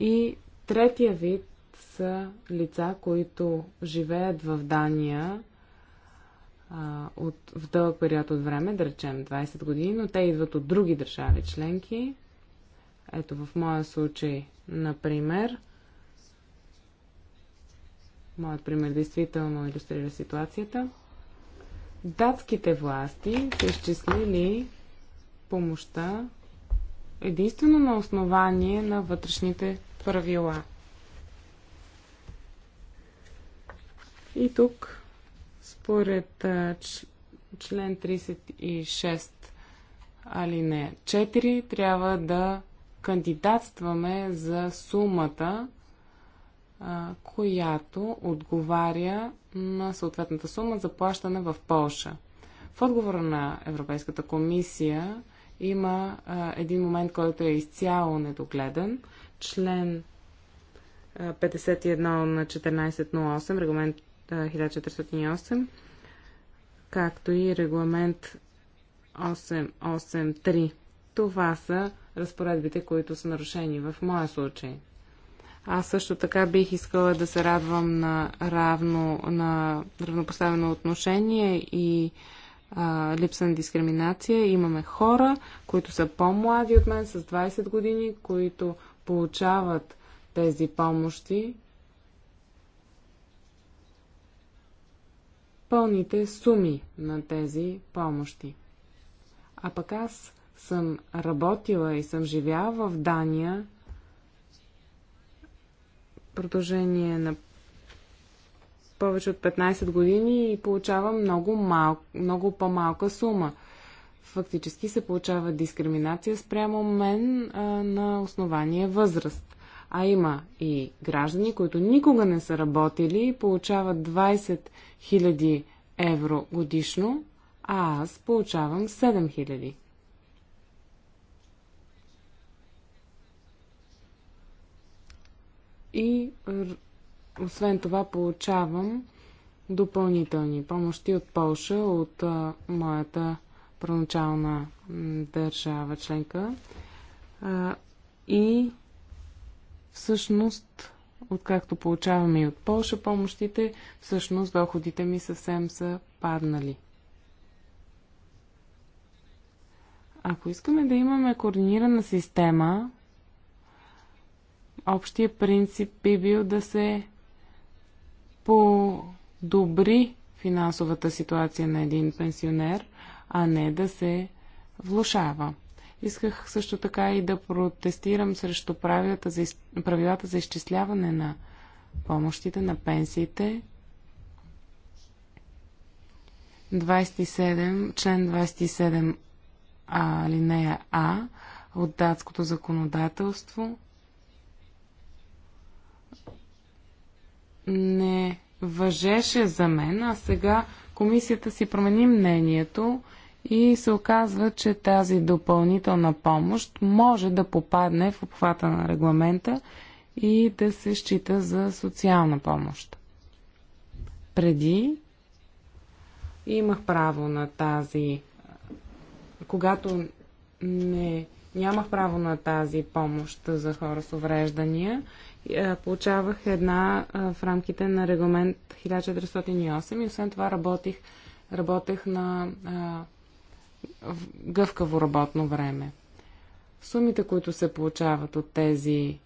И третия вид са лица, които живеят в Дания а, от, в дълъг период от време, да речем 20 години, но те идват от други държави членки. Ето в моя случай, например, моят пример действително иллюстрира ситуацията. Датските власти са изчислили помощта единствено на основание на вътрешните правила. И тук според член 36 алинея 4 трябва да кандидатстваме за сумата, която отговаря на съответната сума за плащане в Полша. В отговор на Европейската комисия има един момент, който е изцяло недогледан. Член 51 на 1408, регламент 1408, както и регламент 883. Това са разпоредбите, които са нарушени в моя случай. Аз също така бих искала да се радвам на, равно, на равнопоставено отношение и а, липса на дискриминация. Имаме хора, които са по-млади от мен, с 20 години, които получават тези помощи пълните суми на тези помощи. А пък аз съм работила и съм живяла в Дания продължение на повече от 15 години и получавам много, мал, много по-малка сума. Фактически се получава дискриминация спрямо мен а, на основание възраст. А има и граждани, които никога не са работили и получават 20 1000 евро годишно, а аз получавам 7000. И освен това получавам допълнителни помощи от Полша, от а, моята проначална държава членка. А, и всъщност откакто получаваме и от Полша помощите, всъщност доходите ми съвсем са паднали. Ако искаме да имаме координирана система, общия принцип би бил да се подобри финансовата ситуация на един пенсионер, а не да се влушава. Исках също така и да протестирам срещу правилата за, из... правилата за изчисляване на помощите, на пенсиите. 27, член 27 а, линея А от датското законодателство не въжеше за мен, а сега комисията си промени мнението и се оказва, че тази допълнителна помощ може да попадне в обхвата на регламента и да се счита за социална помощ. Преди имах право на тази. Когато не, нямах право на тази помощ за хора с увреждания, е, получавах една е, в рамките на регламент 1408 и освен това работих, работех на е, гъвкаво работно време. Сумите, които се получават от тези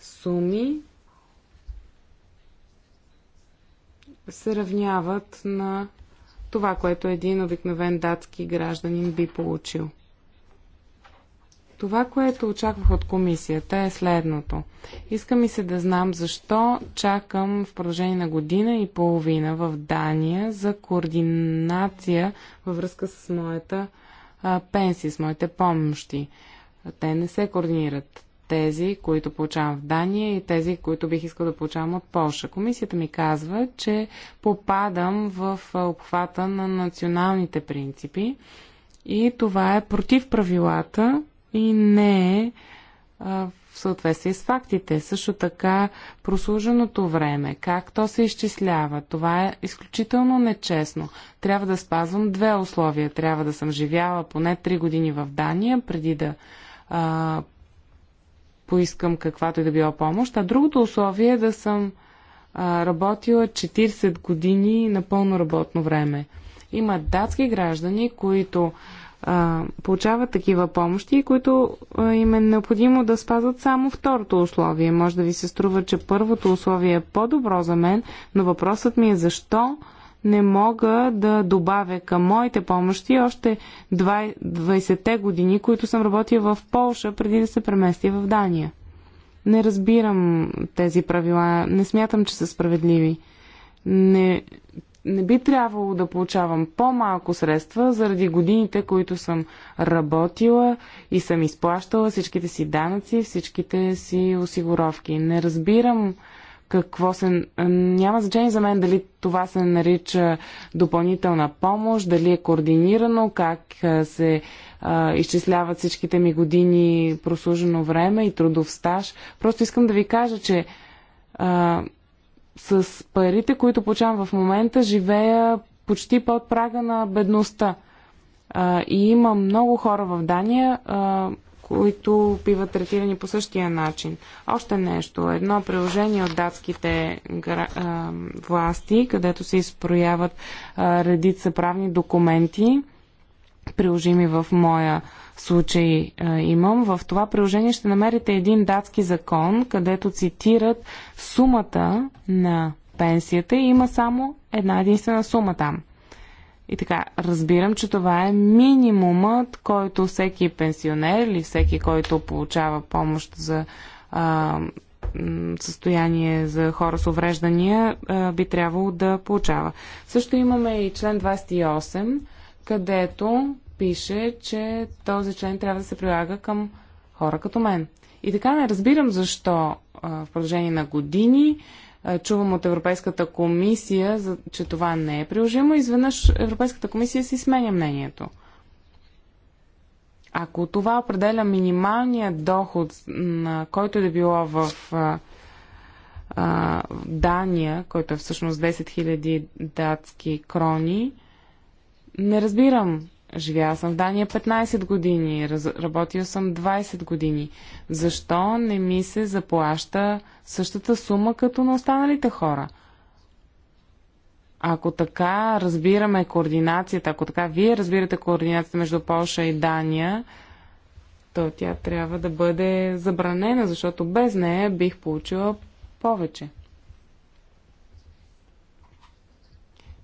суми, се равняват на това, което един обикновен датски гражданин би получил. Това, което очаквах от комисията е следното. Иска ми се да знам защо чакам в продължение на година и половина в Дания за координация във връзка с моята а, пенсия, с моите помощи. Те не се координират. Тези, които получавам в Дания и тези, които бих искал да получавам от Польша. Комисията ми казва, че попадам в обхвата на националните принципи и това е против правилата и не е в съответствие с фактите. Също така прослуженото време, как то се изчислява, това е изключително нечестно. Трябва да спазвам две условия. Трябва да съм живяла поне 3 години в Дания, преди да а, поискам каквато и да била помощ. А другото условие е да съм а, работила 40 години на пълно работно време. Има датски граждани, които а, получават такива помощи, които а, им е необходимо да спазват само второто условие. Може да ви се струва, че първото условие е по-добро за мен, но въпросът ми е защо не мога да добавя към моите помощи още 20-те години, които съм работил в Полша преди да се премести в Дания. Не разбирам тези правила, не смятам, че са справедливи. Не не би трябвало да получавам по-малко средства заради годините, които съм работила и съм изплащала всичките си данъци, всичките си осигуровки. Не разбирам какво се... Няма значение за мен дали това се нарича допълнителна помощ, дали е координирано, как се а, изчисляват всичките ми години прослужено време и трудов стаж. Просто искам да ви кажа, че а, с парите, които получавам в момента, живея почти под прага на бедността. А, и има много хора в Дания, а, които биват третирани по същия начин. Още нещо. Едно приложение от датските власти, където се изпрояват редица правни документи, приложими в моя случаи имам. В това приложение ще намерите един датски закон, където цитират сумата на пенсията и има само една единствена сума там. И така, разбирам, че това е минимумът, който всеки пенсионер или всеки, който получава помощ за а, състояние за хора с увреждания, а, би трябвало да получава. Също имаме и член 28, където пише, че този член трябва да се прилага към хора като мен. И така не разбирам защо а, в продължение на години а, чувам от Европейската комисия, за, че това не е приложимо. Изведнъж Европейската комисия си сменя мнението. Ако това определя минималния доход, на който е да било в а, а, Дания, който е всъщност 10 000 датски крони, не разбирам Живяла съм в Дания 15 години, раз, работил съм 20 години. Защо не ми се заплаща същата сума като на останалите хора? Ако така разбираме координацията, ако така вие разбирате координацията между Полша и Дания, то тя трябва да бъде забранена, защото без нея бих получила повече.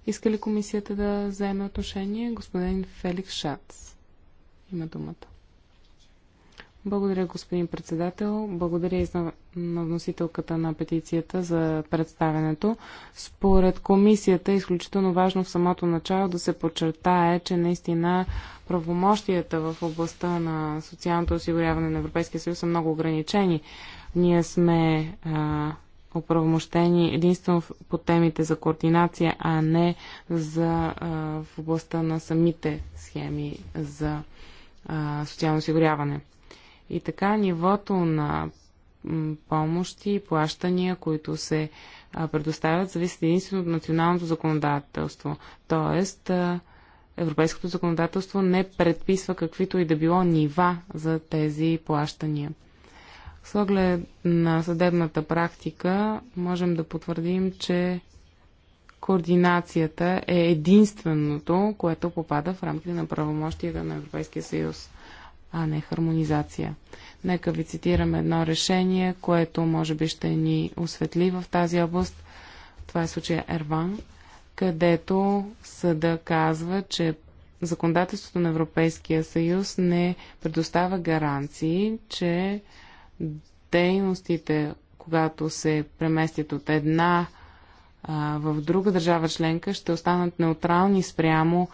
Иска ли комисията да вземе отношение? Господин Феликс Шац има думата. Благодаря, господин председател. Благодаря и на вносителката на петицията за представенето. Според комисията е изключително важно в самото начало да се подчертае, че наистина правомощията в областта на социалното осигуряване на Европейския съюз са много ограничени. Ние сме а, оправомощени единствено по темите за координация, а не за, а, в областта на самите схеми за а, социално осигуряване. И така нивото на помощи и плащания, които се предоставят, зависят единствено от националното законодателство. Тоест, европейското законодателство не предписва каквито и да било нива за тези плащания. С оглед на съдебната практика можем да потвърдим, че координацията е единственото, което попада в рамките на правомощията на Европейския съюз, а не хармонизация. Нека ви цитирам едно решение, което може би ще ни осветли в тази област. Това е случая Ерван, където съда казва, че законодателството на Европейския съюз не предоставя гаранции, че дейностите, когато се преместят от една в друга държава членка, ще останат неутрални спрямо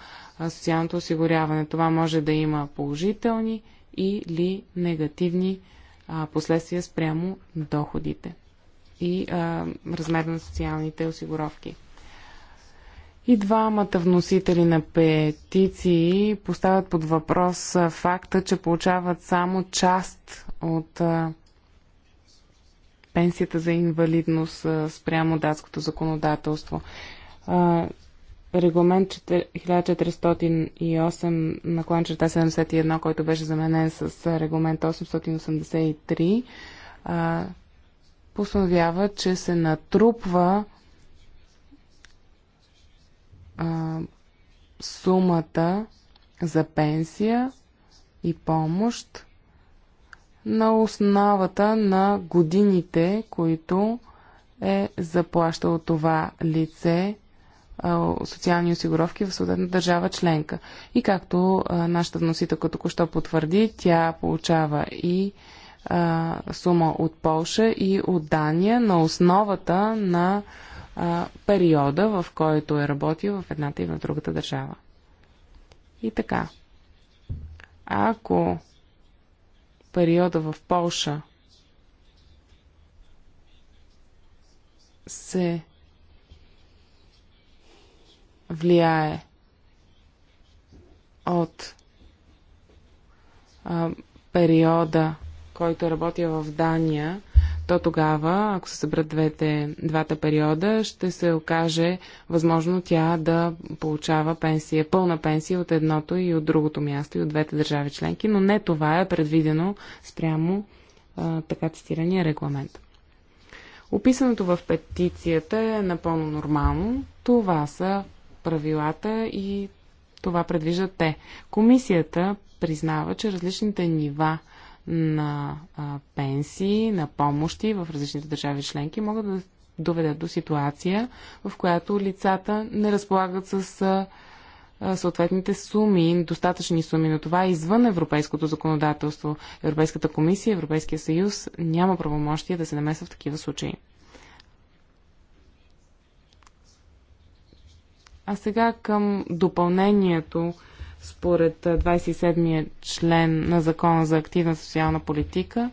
социалното осигуряване. Това може да има положителни или негативни последствия спрямо доходите и размер на социалните осигуровки. И двамата вносители на петиции поставят под въпрос факта, че получават само част от а, пенсията за инвалидност а, спрямо датското законодателство. А, регламент 1408 на клан 71, който беше заменен с регламент 883, а, постановява, че се натрупва а, сумата за пенсия и помощ на основата на годините, които е заплащало това лице социални осигуровки в съответната държава членка. И както а, нашата вносителка току-що потвърди, тя получава и а, сума от Полша и от Дания на основата на а, периода, в който е работил в едната и в другата държава. И така. Ако периода в Полша се влияе от а, периода, който работя в Дания – то тогава, ако се събрат двете, двата периода, ще се окаже възможно тя да получава пенсия, пълна пенсия от едното и от другото място и от двете държави членки, но не това е предвидено спрямо а, така цитирания регламент. Описаното в петицията е напълно нормално. Това са правилата и това предвиждат те. Комисията признава, че различните нива – на а, пенсии, на помощи в различните държави членки могат да доведат до ситуация, в която лицата не разполагат с а, съответните суми, достатъчни суми, но това е извън европейското законодателство. Европейската комисия, Европейския съюз няма правомощия да се намесва в такива случаи. А сега към допълнението според 27-я член на Закона за активна социална политика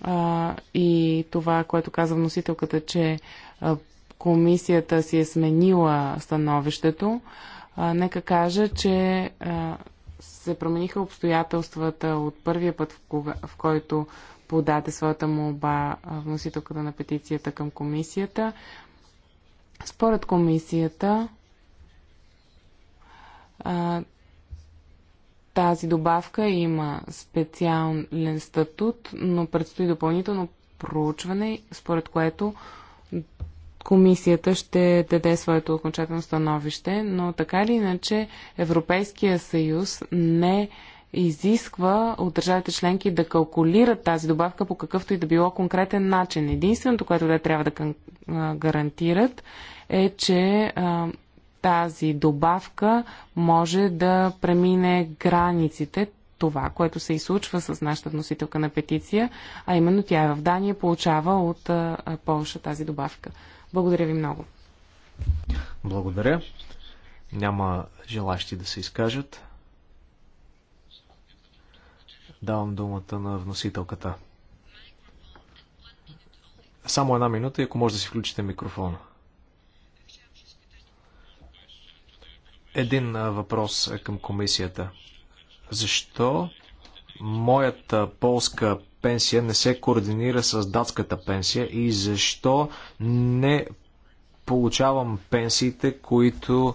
а, и това, което каза вносителката, че а, комисията си е сменила становището, а, нека кажа, че а, се промениха обстоятелствата от първия път, в, кога, в който подаде своята молба вносителката на петицията към комисията. Според комисията, а, тази добавка има специален статут, но предстои допълнително проучване, според което комисията ще даде своето окончателно становище, но така или иначе Европейския съюз не изисква от държавите членки да калкулират тази добавка по какъвто и да било конкретен начин. Единственото, което те трябва да гарантират е, че а, тази добавка може да премине границите, това, което се излучва с нашата вносителка на петиция, а именно тя е в Дания, получава от Полша тази добавка. Благодаря ви много. Благодаря. Няма желащи да се изкажат. Давам думата на вносителката. Само една минута и ако може да си включите микрофона. Един въпрос е, към комисията. Защо моята полска пенсия не се координира с датската пенсия и защо не получавам пенсиите, които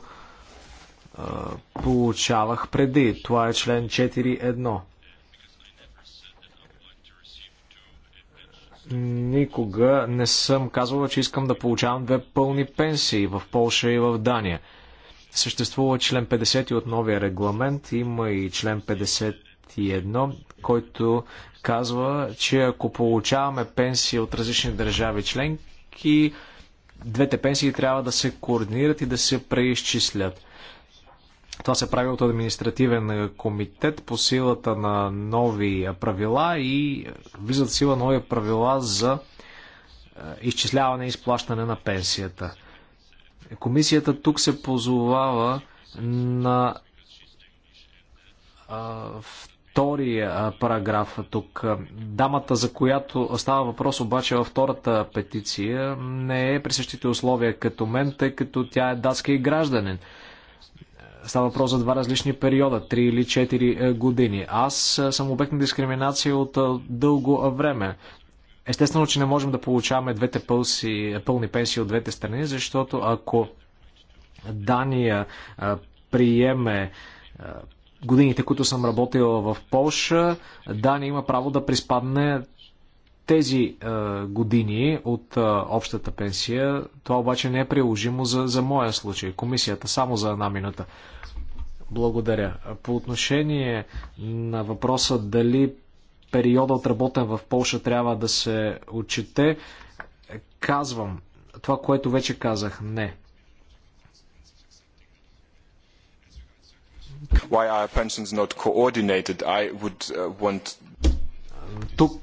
получавах преди. Това е член 4.1. Никога не съм казвала, че искам да получавам две пълни пенсии в Полша и в Дания. Съществува член 50 от новия регламент, има и член 51, който казва, че ако получаваме пенсии от различни държави членки, двете пенсии трябва да се координират и да се преизчислят. Това се прави от административен комитет по силата на нови правила и влизат сила нови правила за е, изчисляване и изплащане на пенсията. Комисията тук се позовава на а, втория параграф тук. Дамата, за която става въпрос обаче във втората петиция, не е при същите условия като мен, тъй като тя е датски гражданин. Става въпрос за два различни периода, 3 или 4 е, години. Аз е, съм обект на дискриминация от е, дълго време. Естествено, че не можем да получаваме двете пълси, пълни пенсии от двете страни, защото ако Дания приеме годините, които съм работила в Полша, Дания има право да приспадне тези е, години от е, общата пенсия. Това обаче не е приложимо за, за моя случай. Комисията само за една минута. Благодаря. По отношение на въпроса дали периода от работа в Польша трябва да се отчете. Казвам това, което вече казах. Не. Why are pensions not coordinated? I would uh, want тук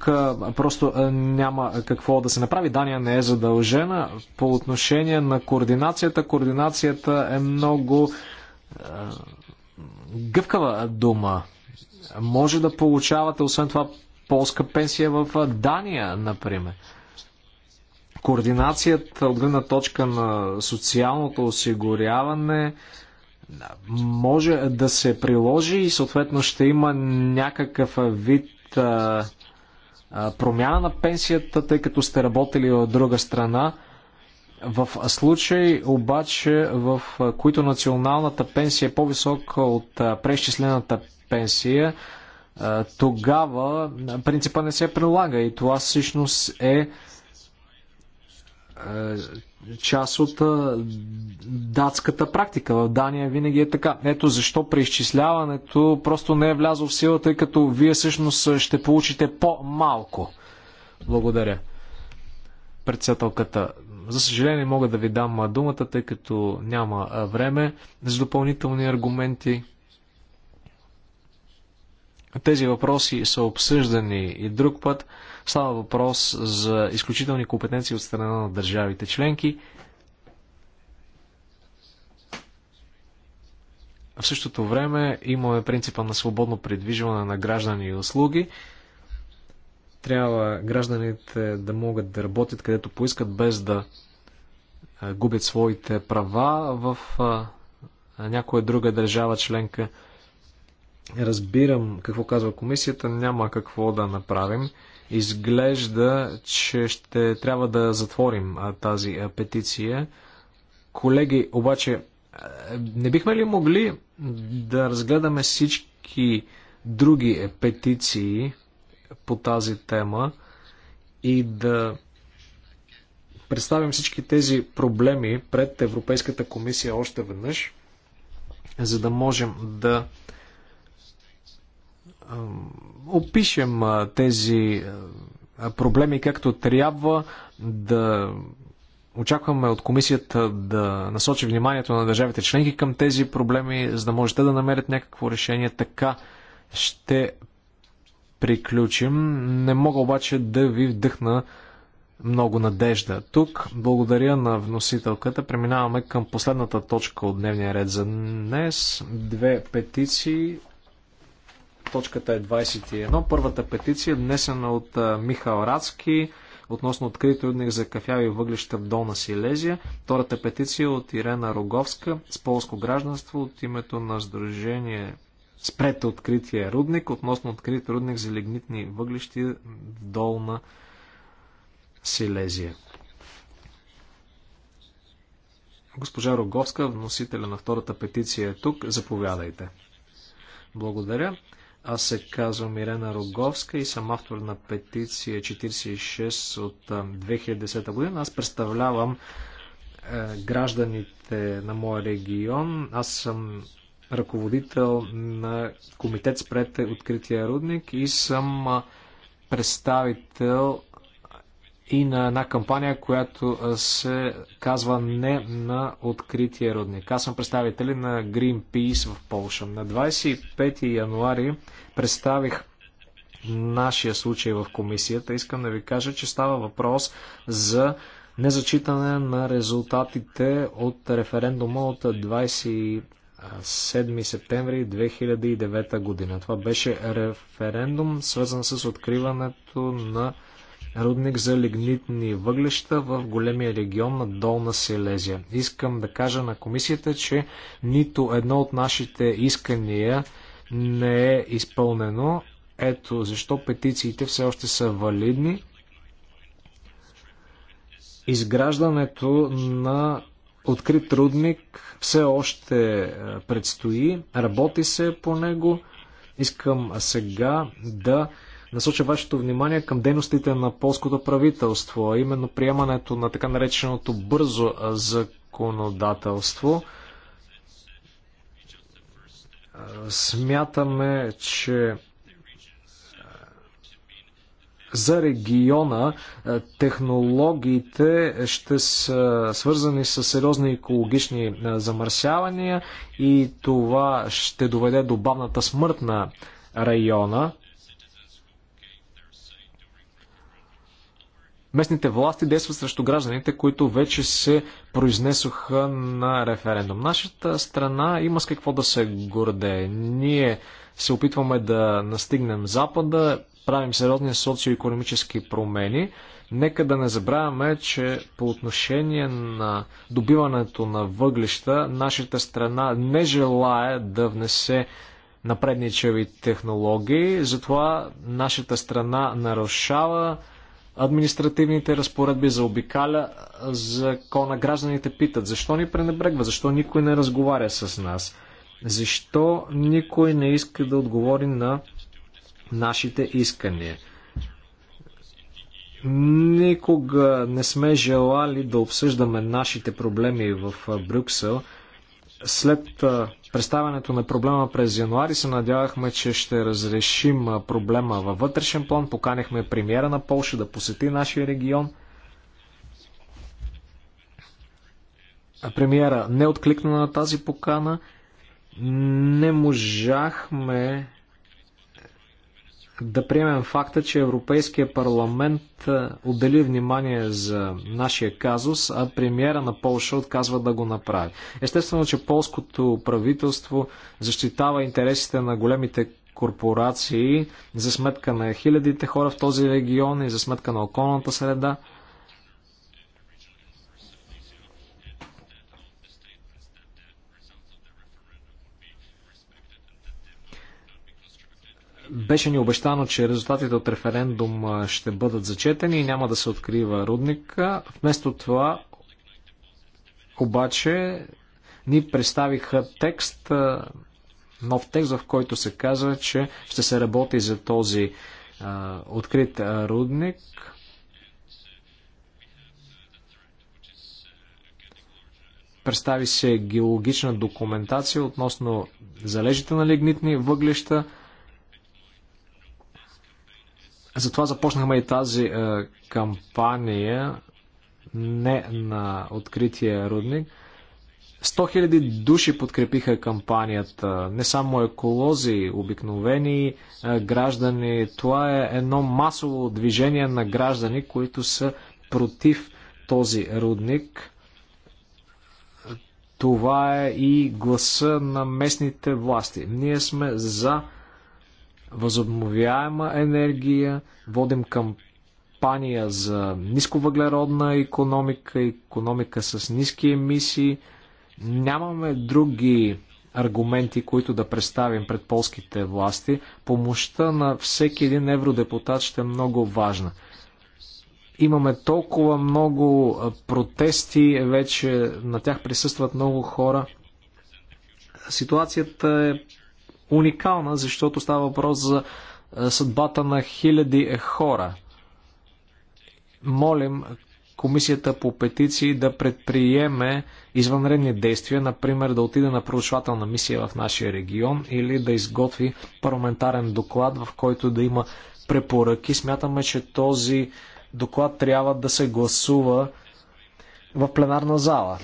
просто няма какво да се направи. Дания не е задължена. По отношение на координацията, координацията е много гъвкава дума. Може да получавате, освен това, полска пенсия в Дания, например. Координацията от гледна точка на социалното осигуряване може да се приложи и съответно ще има някакъв вид промяна на пенсията, тъй като сте работили от друга страна. В случай обаче, в които националната пенсия е по-висока от преизчислената пенсия, тогава принципа не се прилага и това всъщност е, е част от датската практика. В Дания винаги е така. Ето защо преизчисляването просто не е влязло в сила, тъй като вие всъщност ще получите по-малко. Благодаря. Председателката, за съжаление мога да ви дам думата, тъй като няма време за допълнителни аргументи. Тези въпроси са обсъждани и друг път. Става въпрос за изключителни компетенции от страна на държавите членки. В същото време имаме принципа на свободно придвижване на граждани и услуги. Трябва гражданите да могат да работят където поискат, без да губят своите права в някоя друга държава членка. Разбирам какво казва комисията, няма какво да направим. Изглежда, че ще трябва да затворим тази петиция. Колеги, обаче, не бихме ли могли да разгледаме всички други е, петиции по тази тема и да представим всички тези проблеми пред Европейската комисия още веднъж, за да можем да опишем тези проблеми както трябва, да очакваме от комисията да насочи вниманието на държавите членки към тези проблеми, за да можете да намерят някакво решение. Така ще приключим. Не мога обаче да ви вдъхна много надежда. Тук благодаря на вносителката. Преминаваме към последната точка от дневния ред за днес. Две петиции Точката е 21. Първата петиция е внесена от Михал Рацки относно открит рудник за кафяви въглища в Долна Силезия. Втората петиция е от Ирена Роговска с полско гражданство от името на Сдружение Спрете открития рудник относно открит рудник за лигнитни въглищи в Долна Силезия. Госпожа Роговска, вносителя на втората петиция е тук. Заповядайте. Благодаря. Аз се казвам Ирена Роговска и съм автор на петиция 46 от 2010 година. Аз представлявам е, гражданите на моя регион. Аз съм ръководител на комитет спрете открития рудник и съм представител и на една кампания, която се казва не на открития родник. Аз съм представители на Greenpeace в Полша. На 25 януари представих нашия случай в комисията. Искам да ви кажа, че става въпрос за незачитане на резултатите от референдума от 20 7 септември 2009 година. Това беше референдум, свързан с откриването на рудник за лигнитни въглеща в големия регион на Долна Селезия. Искам да кажа на комисията, че нито едно от нашите искания не е изпълнено. Ето защо петициите все още са валидни. Изграждането на открит рудник все още е, предстои, работи се по него. Искам сега да насоча вашето внимание към дейностите на полското правителство, а именно приемането на така нареченото бързо законодателство. Смятаме, че за региона технологиите ще са свързани с сериозни екологични замърсявания и това ще доведе до бавната смърт на района. местните власти действат срещу гражданите, които вече се произнесоха на референдум. Нашата страна има с какво да се горде. Ние се опитваме да настигнем Запада, правим сериозни социо-економически промени. Нека да не забравяме, че по отношение на добиването на въглища, нашата страна не желая да внесе напредничави технологии, затова нашата страна нарушава административните разпоредби, заобикаля закона. Гражданите питат, защо ни пренебрегва, защо никой не разговаря с нас, защо никой не иска да отговори на нашите искания. Никога не сме желали да обсъждаме нашите проблеми в Брюксел – след представянето на проблема през януари се надявахме, че ще разрешим проблема във вътрешен план. Поканихме премиера на Полша да посети нашия регион. Премиера не откликна на тази покана. Не можахме да приемем факта, че Европейския парламент е, отдели внимание за нашия казус, а премиера на Полша отказва да го направи. Естествено, че полското правителство защитава интересите на големите корпорации за сметка на хилядите хора в този регион и за сметка на околната среда. Беше ни обещано, че резултатите от референдум ще бъдат зачетени и няма да се открива рудника. Вместо това, обаче, ни представиха текст, нов текст, в който се казва, че ще се работи за този а, открит а, рудник. Представи се геологична документация относно залежите на лигнитни въглища. Затова започнахме и тази е, кампания не на открития рудник. 100 000 души подкрепиха кампанията, не само еколози, обикновени е, граждани. Това е едно масово движение на граждани, които са против този рудник. Това е и гласа на местните власти. Ние сме за възобновяема енергия, водим кампания за нисковъглеродна економика, економика с ниски емисии. Нямаме други аргументи, които да представим пред полските власти. Помощта на всеки един евродепутат ще е много важна. Имаме толкова много протести, вече на тях присъстват много хора. Ситуацията е уникална, защото става въпрос за е, съдбата на хиляди хора. Молим Комисията по петиции да предприеме извънредни действия, например да отиде на проучвателна мисия в нашия регион или да изготви парламентарен доклад, в който да има препоръки. Смятаме, че този доклад трябва да се гласува в пленарна зала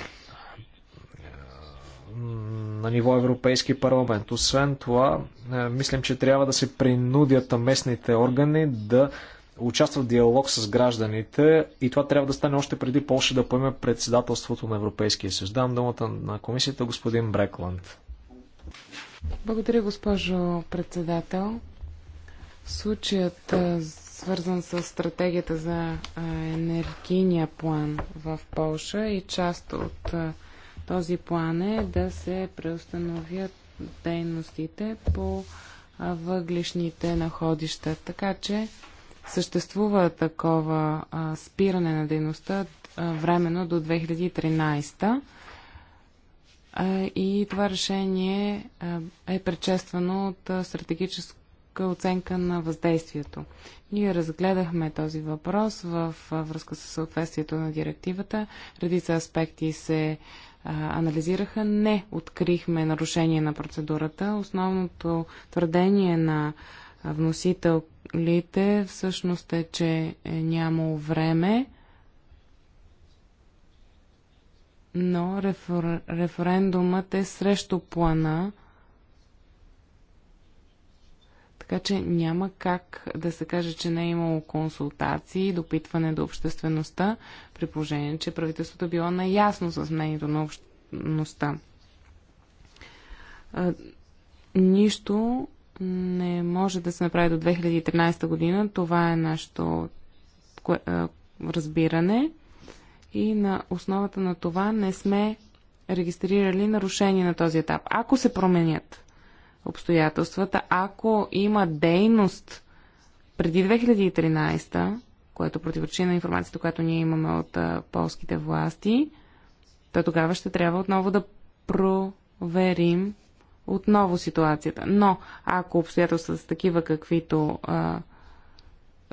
на ниво Европейски парламент. Освен това, е, мислим, че трябва да се принудят местните органи да участват в диалог с гражданите и това трябва да стане още преди Польша да поеме председателството на Европейския съюз. Дам думата на комисията господин Брекланд. Благодаря, госпожо председател. Случаят, е, свързан с стратегията за е, енергийния план в Польша и част от този план е да се преустановят дейностите по въглишните находища. Така че съществува такова а, спиране на дейността а, временно до 2013 а, и това решение а, е предшествано от а, стратегическа оценка на въздействието. Ние разгледахме този въпрос в а, връзка с съответствието на директивата. Редица аспекти се анализираха, не открихме нарушение на процедурата. Основното твърдение на вносителите всъщност е, че е нямало време, но рефер... референдумът е срещу плана така че няма как да се каже, че не е имало консултации, допитване до обществеността, при положение, че правителството е било наясно с мнението на общността. Нищо не може да се направи до 2013 година. Това е нашето разбиране. И на основата на това не сме регистрирали нарушения на този етап. Ако се променят обстоятелствата, ако има дейност преди 2013, което противоречи на информацията, която ние имаме от а, полските власти, то тогава ще трябва отново да проверим отново ситуацията. Но ако обстоятелствата са такива, каквито а,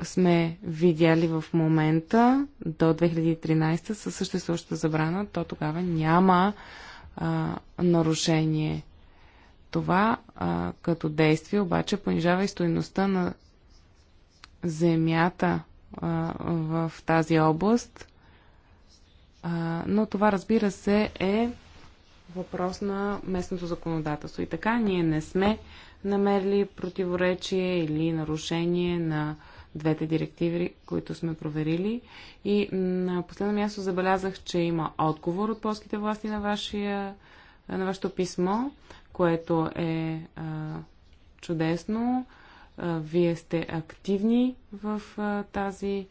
сме видяли в момента до 2013 със съществуващата забрана, то тогава няма а, нарушение това а, като действие обаче понижава и стоеността на земята а, в тази област, а, но това разбира се е въпрос на местното законодателство. И така ние не сме намерили противоречие или нарушение на двете директиви, които сме проверили. И на последно място забелязах, че има отговор от полските власти на, вашия, на вашето писмо което е а, чудесно. А, вие сте активни в а, тази,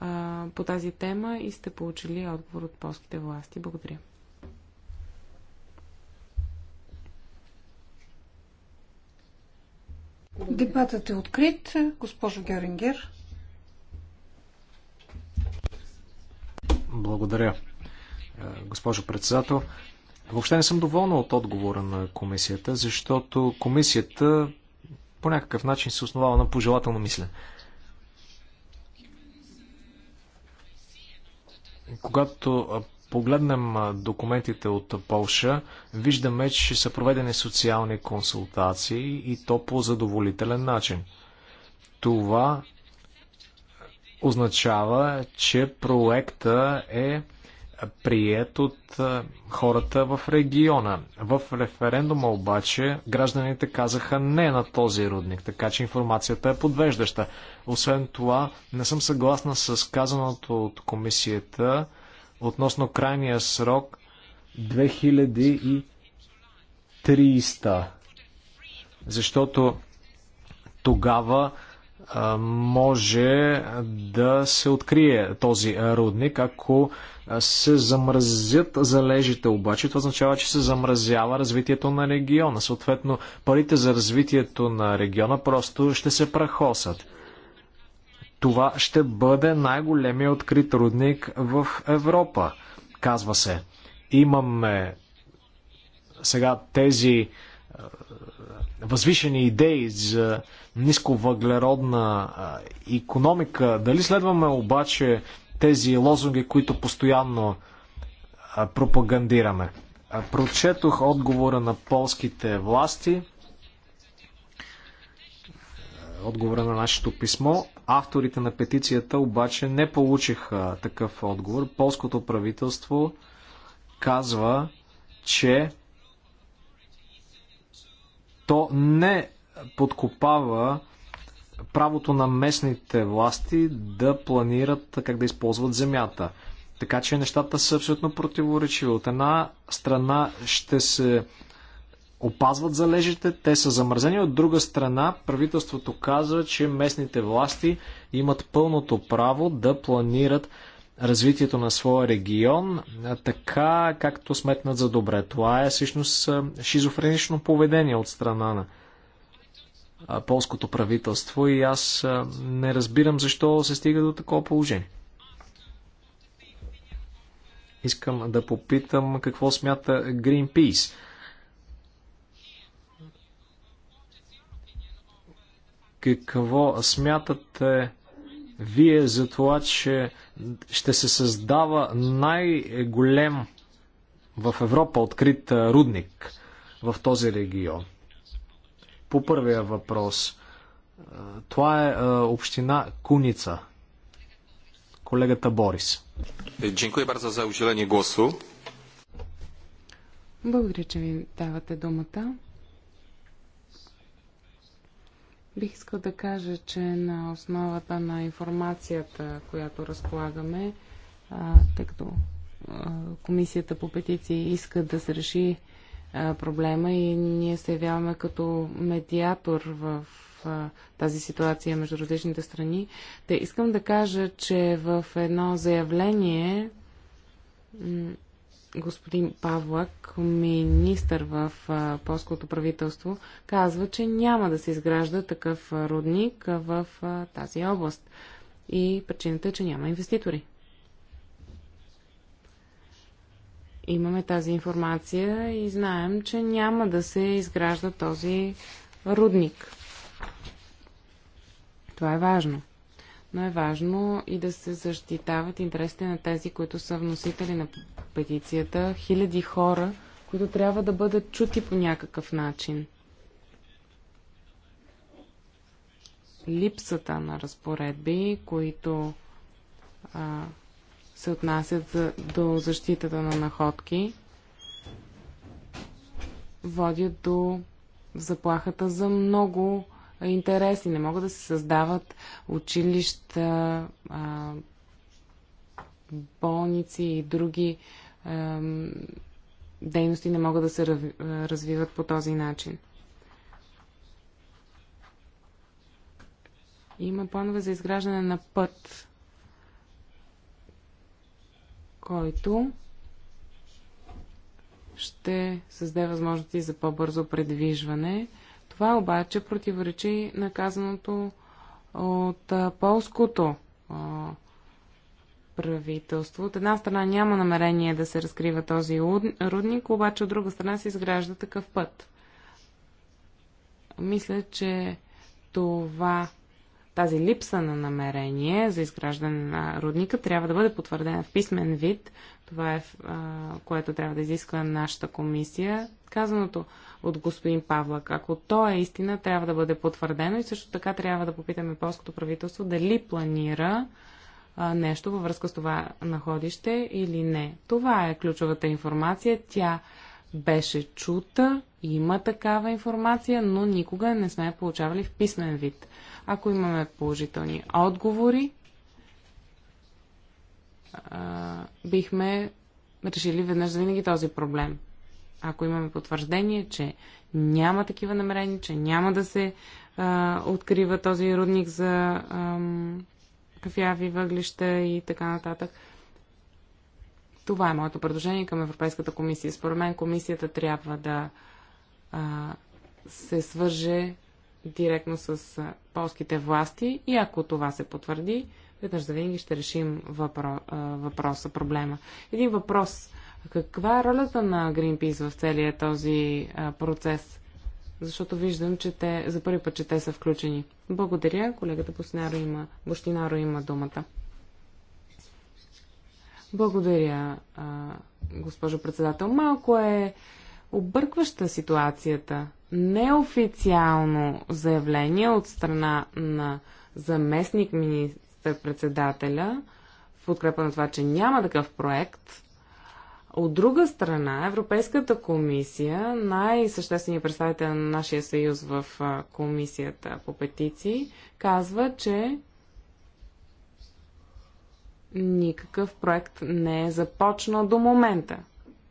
а, по тази тема и сте получили отговор от полските власти. Благодаря. Дебатът е открит. Госпожо Герингер. Благодаря, госпожо председател. Въобще не съм доволна от отговора на комисията, защото комисията по някакъв начин се основава на пожелателно мислене. Когато погледнем документите от Полша, виждаме, че са проведени социални консултации и то по задоволителен начин. Това означава, че проекта е прият от хората в региона. В референдума обаче гражданите казаха не на този рудник, така че информацията е подвеждаща. Освен това, не съм съгласна с казаното от комисията относно крайния срок 2300. Защото тогава може да се открие този рудник. Ако се замразят залежите обаче, това означава, че се замразява развитието на региона. Съответно, парите за развитието на региона просто ще се прахосат. Това ще бъде най големият открит рудник в Европа, казва се. Имаме сега тези възвишени идеи за нисковъглеродна економика. Дали следваме обаче тези лозунги, които постоянно пропагандираме? Прочетох отговора на полските власти, отговора на нашето писмо. Авторите на петицията обаче не получиха такъв отговор. Полското правителство казва, че то не подкопава правото на местните власти да планират как да използват земята. Така че нещата са абсолютно противоречиви. От една страна ще се опазват залежите, те са замързени, от друга страна правителството казва, че местните власти имат пълното право да планират развитието на своя регион, така както сметнат за добре. Това е всъщност шизофренично поведение от страна на полското правителство и аз не разбирам защо се стига до такова положение. Искам да попитам какво смята Greenpeace. Какво смятате вие за това, че ще се създава най-голем в Европа открит рудник в този регион. По първия въпрос, това е община Куница. Колегата Борис. Дякую много за udzielenie гласу. Благодаря, че ми давате думата. Бих искал да кажа, че на основата на информацията, която разполагаме, тъй като Комисията по петиции иска да се реши проблема и ние се явяваме като медиатор в тази ситуация между различните страни. Те искам да кажа, че в едно заявление господин Павлак, министър в полското правителство, казва, че няма да се изгражда такъв родник в тази област. И причината е, че няма инвеститори. Имаме тази информация и знаем, че няма да се изгражда този рудник. Това е важно но е важно и да се защитават интересите на тези, които са вносители на петицията, хиляди хора, които трябва да бъдат чути по някакъв начин. Липсата на разпоредби, които а, се отнасят за, до защитата на находки, водят до заплахата за много интереси. Не могат да се създават училища, а, болници и други дейности не могат да се развиват по този начин. Има планове за изграждане на път, който ще създаде възможности за по-бързо предвижване. Това обаче противоречи на казаното от полското правителство. От една страна няма намерение да се разкрива този рудник, обаче от друга страна се изгражда такъв път. Мисля, че това, тази липса на намерение за изграждане на рудника трябва да бъде потвърдена в писмен вид. Това е което трябва да изисква нашата комисия. Казаното от господин Павлак. Ако то е истина, трябва да бъде потвърдено и също така трябва да попитаме полското правителство дали планира а, нещо във връзка с това находище или не. Това е ключовата информация. Тя беше чута, има такава информация, но никога не сме получавали в писмен вид. Ако имаме положителни отговори, а, бихме решили веднъж за винаги този проблем. Ако имаме потвърждение, че няма такива намерения, че няма да се а, открива този рудник за кафяви въглища и така нататък. Това е моето предложение към Европейската комисия. Според мен комисията трябва да а, се свърже директно с а, полските власти и ако това се потвърди, веднъж завинаги ще решим въпро, а, въпроса, проблема. Един въпрос. Каква е ролята на Greenpeace в целия този а, процес? защото виждам, че те, за първи път, че те са включени. Благодаря. Колегата Бостинаро има, Бостинаро има думата. Благодаря, госпожо председател. Малко е объркваща ситуацията. Неофициално заявление от страна на заместник министър-председателя в подкрепа на това, че няма такъв проект, от друга страна, Европейската комисия, най-същественият представител на нашия съюз в комисията по петиции, казва, че никакъв проект не е започнал до момента,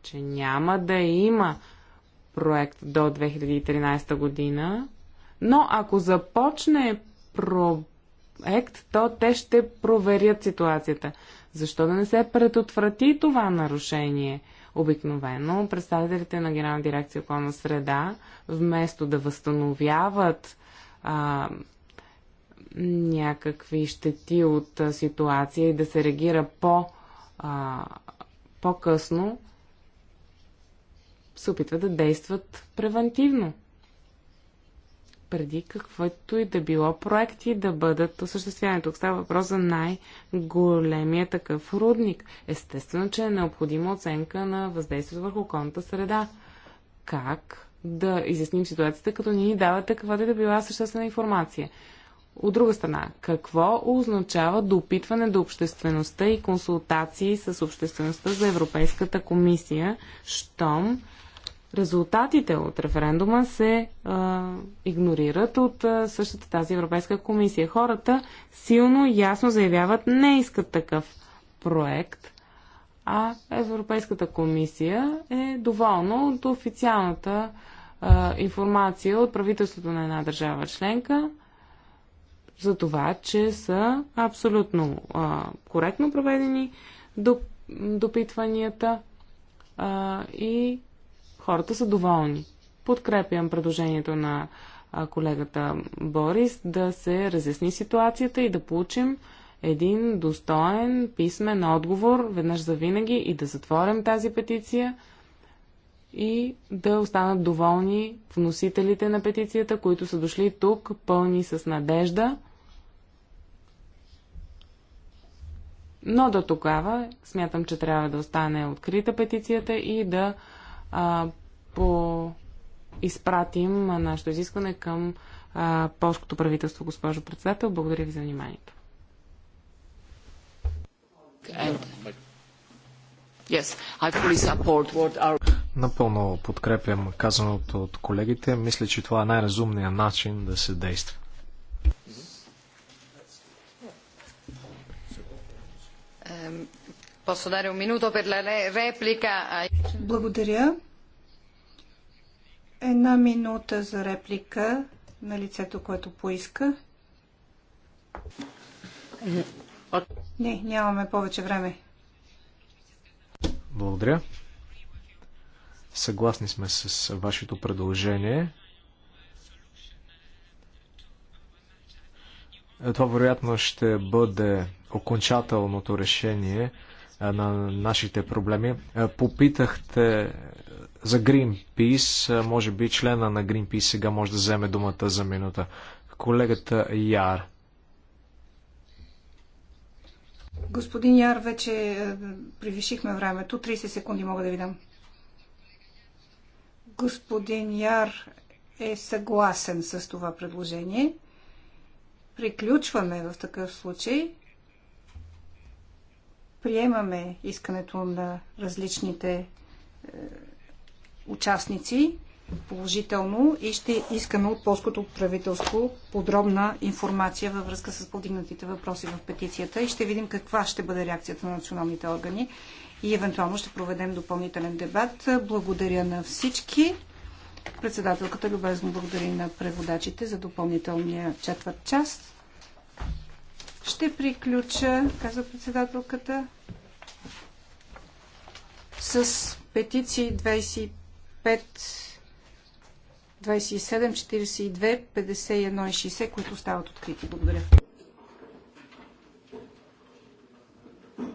че няма да има проект до 2013 година, но ако започне проект, то те ще проверят ситуацията. Защо да не се предотврати това нарушение? Обикновено представителите на Генерална дирекция околна среда, вместо да възстановяват а, някакви щети от а, ситуация и да се реагира по, а, по-късно, се опитват да действат превентивно преди каквото и да било проекти да бъдат осъществявани. Тук става въпрос за най-големия такъв рудник. Естествено, че е необходима оценка на въздействието върху околната среда. Как да изясним ситуацията, като ни, ни давате каквато и да била съществена информация? От друга страна, какво означава допитване до обществеността и консултации с обществеността за Европейската комисия, щом резултатите от референдума се а, игнорират от а, същата тази Европейска комисия. Хората силно и ясно заявяват, не искат такъв проект, а Европейската комисия е доволна от официалната а, информация от правителството на една държава членка за това, че са абсолютно а, коректно проведени допитванията а, и хората са доволни. Подкрепям предложението на колегата Борис да се разясни ситуацията и да получим един достоен писмен отговор веднъж за винаги и да затворим тази петиция и да останат доволни вносителите на петицията, които са дошли тук пълни с надежда. Но до тогава смятам, че трябва да остане открита петицията и да а, по изпратим нашето изискване към а, полското правителство, госпожо председател. Благодаря ви за вниманието. Напълно подкрепям казаното от колегите. Мисля, че това е най-разумният начин да се действа. Um... Благодаря. Една минута за реплика на лицето, което поиска. Не, нямаме повече време. Благодаря. Съгласни сме с вашето предложение. Това вероятно ще бъде окончателното решение на нашите проблеми. Попитахте за Greenpeace, може би члена на Greenpeace сега може да вземе думата за минута. Колегата Яр. Господин Яр, вече е, превишихме времето. 30 секунди мога да ви дам. Господин Яр е съгласен с това предложение. Приключваме в такъв случай приемаме искането на различните е, участници положително и ще искаме от полското правителство подробна информация във връзка с подигнатите въпроси в петицията и ще видим каква ще бъде реакцията на националните органи и евентуално ще проведем допълнителен дебат. Благодаря на всички. Председателката любезно благодари на преводачите за допълнителния четвърт част. Ще приключа, казва председателката, с петиции 25, 27, 42, 51 и 60, които стават открити. Благодаря.